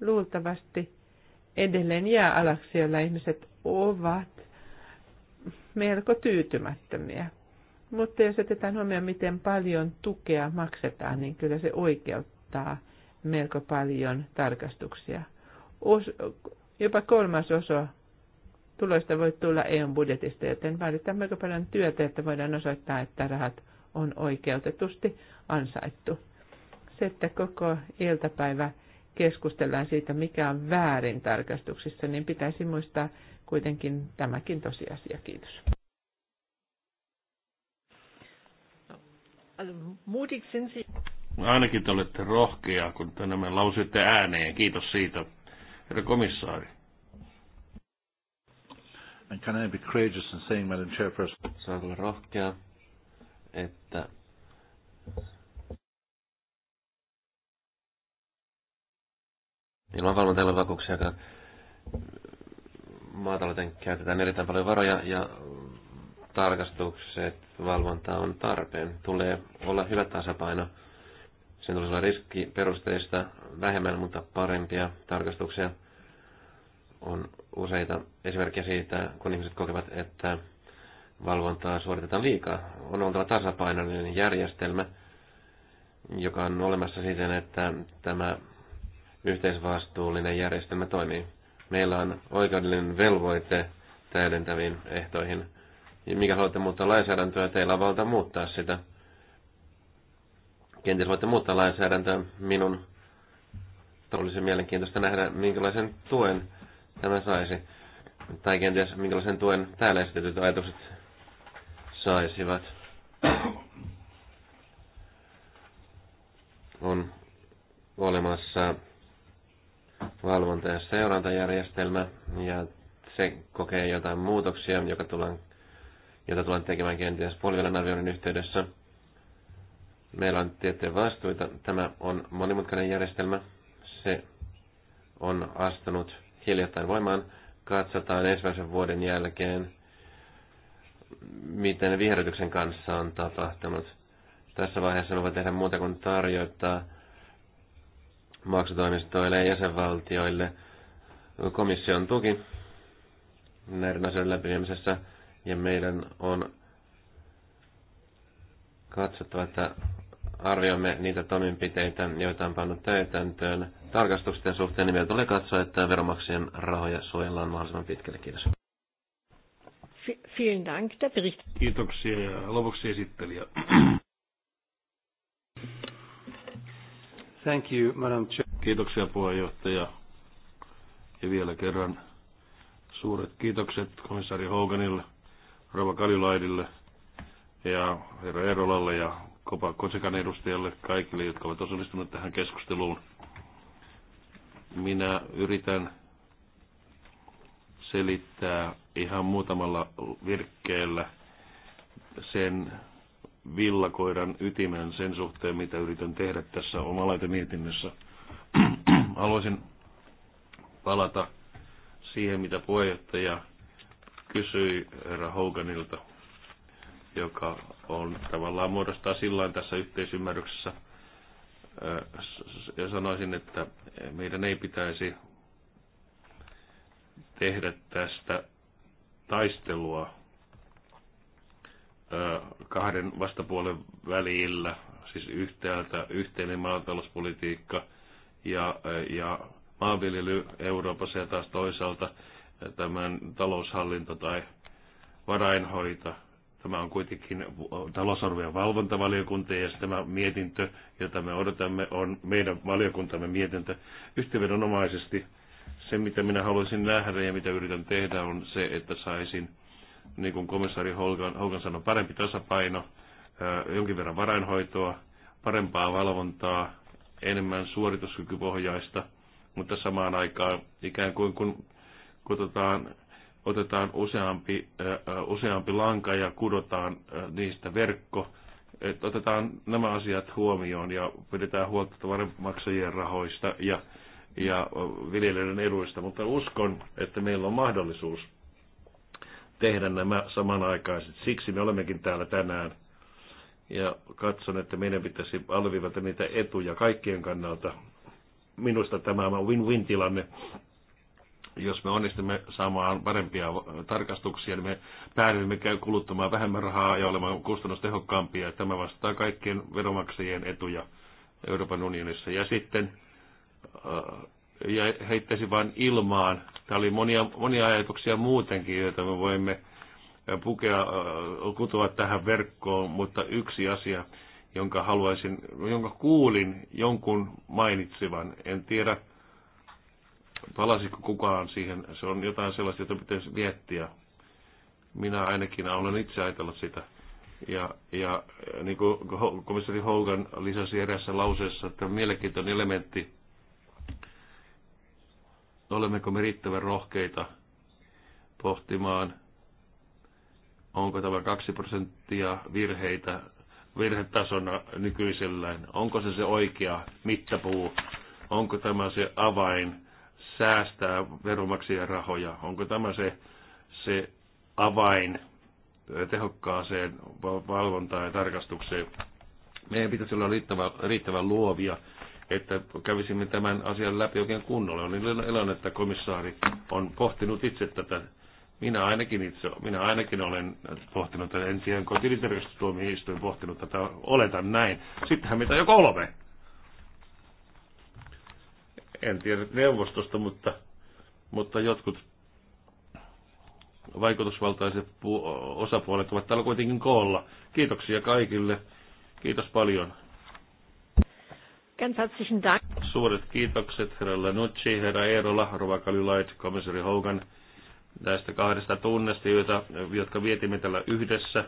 luultavasti edelleen jää alaksi, jolla ihmiset ovat melko tyytymättömiä. Mutta jos otetaan huomioon, miten paljon tukea maksetaan, niin kyllä se oikeuttaa melko paljon tarkastuksia. Os, jopa kolmas osa tuloista voi tulla eu budjetista, joten vaaditaan melko paljon työtä, että voidaan osoittaa, että rahat on oikeutetusti ansaittu. Se, että koko iltapäivä keskustellaan siitä, mikä on väärin tarkastuksissa, niin pitäisi muistaa kuitenkin tämäkin tosiasia. Kiitos. mutig sind Sie. Ainakin te olette rohkea, kun nämä lausitte ääneen. Kiitos siitä, herra komissaari. And can I be courageous in saying, Madam Chairperson? Saanko olla rohkea, että ilman valvontailun vakuuksiakaan maatalouteen käytetään erittäin paljon varoja ja tarkastukset, valvonta on tarpeen. Tulee olla hyvä tasapaino. Sen tulisi olla riskiperusteista vähemmän, mutta parempia tarkastuksia. On useita esimerkkejä siitä, kun ihmiset kokevat, että valvontaa suoritetaan liikaa. On oltava tasapainoinen järjestelmä, joka on olemassa siten, että tämä yhteisvastuullinen järjestelmä toimii. Meillä on oikeudellinen velvoite täydentäviin ehtoihin. Ja mikä haluatte muuttaa lainsäädäntöä, teillä on valta muuttaa sitä. Kenties voitte muuttaa lainsäädäntöä. Minun olisi mielenkiintoista nähdä, minkälaisen tuen tämä saisi. Tai kenties minkälaisen tuen täällä esitetyt ajatukset saisivat. On olemassa valvonta- ja seurantajärjestelmä, ja se kokee jotain muutoksia, joka tullaan jota tulen tekemään kenties puolivälin arvioinnin yhteydessä. Meillä on tiettyjä vastuita. Tämä on monimutkainen järjestelmä. Se on astunut hiljattain voimaan. Katsotaan ensimmäisen vuoden jälkeen, miten viherrytyksen kanssa on tapahtunut. Tässä vaiheessa on voi tehdä muuta kuin tarjota maksutoimistoille ja jäsenvaltioille komission tuki näiden asioiden läpiviemisessä – ja meidän on katsottava, että arvioimme niitä toimenpiteitä, joita on pannut täytäntöön tarkastusten suhteen, niin meillä tulee katsoa, että veromaksien rahoja suojellaan mahdollisimman pitkälle. Kiitos. Vielen Dank, der Bericht. Kiitoksia ja lopuksi esittelijä. Thank you, Madam Chair. Kiitoksia puheenjohtaja. Ja vielä kerran suuret kiitokset komissaari Hoganille Rova Kaljulaidille ja herra Erolalle ja Kopa Konsekan edustajalle, kaikille, jotka ovat osallistuneet tähän keskusteluun. Minä yritän selittää ihan muutamalla virkkeellä sen villakoiran ytimen sen suhteen, mitä yritän tehdä tässä omalaita mietinnössä. Haluaisin palata siihen, mitä puheenjohtaja kysyi herra Hoganilta, joka on tavallaan muodostaa silloin tässä yhteisymmärryksessä. Ja sanoisin, että meidän ei pitäisi tehdä tästä taistelua kahden vastapuolen välillä, siis yhtäältä yhteinen maatalouspolitiikka ja, ja maanviljely Euroopassa ja taas toisaalta – tämän taloushallinto tai varainhoito. Tämä on kuitenkin talousarvion valvontavaliokunta ja tämä mietintö, jota me odotamme, on meidän valiokuntamme mietintö. Yhteenvedonomaisesti se, mitä minä haluaisin nähdä ja mitä yritän tehdä, on se, että saisin, niin kuin komissaari Holgan, Holgan sanoi, parempi tasapaino, jonkin verran varainhoitoa, parempaa valvontaa, enemmän suorituskykypohjaista, mutta samaan aikaan ikään kuin kun kun otetaan, otetaan useampi, äh, useampi lanka ja kudotaan äh, niistä verkko, Et otetaan nämä asiat huomioon ja pidetään huolta maksajien rahoista ja, ja viljelijöiden eduista, mutta uskon, että meillä on mahdollisuus tehdä nämä samanaikaiset. Siksi me olemmekin täällä tänään ja katson, että meidän pitäisi alviivata niitä etuja kaikkien kannalta. Minusta tämä on win-win tilanne jos me onnistumme saamaan parempia tarkastuksia, niin me päädymme kuluttamaan vähemmän rahaa ja olemaan kustannustehokkaampia. Tämä vastaa kaikkien veromaksajien etuja Euroopan unionissa. Ja sitten äh, ja heittäisin vain ilmaan. Tämä oli monia, monia ajatuksia muutenkin, joita me voimme äh, pukea, äh, kutoa tähän verkkoon, mutta yksi asia, jonka haluaisin, jonka kuulin jonkun mainitsivan, en tiedä, Palasiko kukaan siihen? Se on jotain sellaista, jota pitäisi viettiä. Minä ainakin olen itse ajatellut sitä. Ja, ja niin kuin komissari Hogan lisäsi erässä lauseessa, että mielenkiintoinen elementti, olemmeko me riittävän rohkeita pohtimaan, onko tämä 2 prosenttia virheitä virhetasona nykyisellään, onko se se oikea mittapuu, onko tämä se avain säästää veronmaksajien rahoja. Onko tämä se, se avain tehokkaaseen valvontaan ja tarkastukseen? Meidän pitäisi olla riittävän, riittävän luovia, että kävisimme tämän asian läpi oikein kunnolla. On iloinen, että komissaari on pohtinut itse tätä. Minä ainakin itse, minä ainakin olen pohtinut tätä. En tiedä, onko tilintarkastustuomioistuin pohtinut tätä. Oletan näin. Sittenhän mitä jo kolme en tiedä neuvostosta, mutta, mutta jotkut vaikutusvaltaiset osapuolet ovat täällä kuitenkin koolla. Kiitoksia kaikille. Kiitos paljon. Ganz herzlichen Dank. Suuret kiitokset herra Lanucci, herra Eerola, Rova Kalilait, komissari Hogan näistä kahdesta tunnesta, joita, jotka vietimme täällä yhdessä.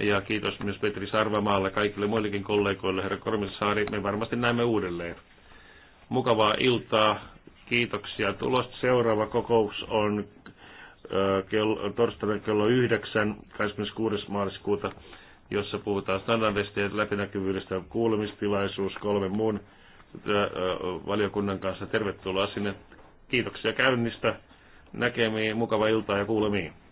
Ja kiitos myös Petri Sarvamaalle, kaikille muillekin kollegoille, herra Kormisaari. Me varmasti näemme uudelleen. Mukavaa iltaa. Kiitoksia tulosta. Seuraava kokous on kello, torstaina kello 9, 26. maaliskuuta, jossa puhutaan standardista ja läpinäkyvyydestä kuulemistilaisuus kolmen muun valiokunnan kanssa. Tervetuloa sinne. Kiitoksia käynnistä. Näkemiin, mukavaa iltaa ja kuulemiin.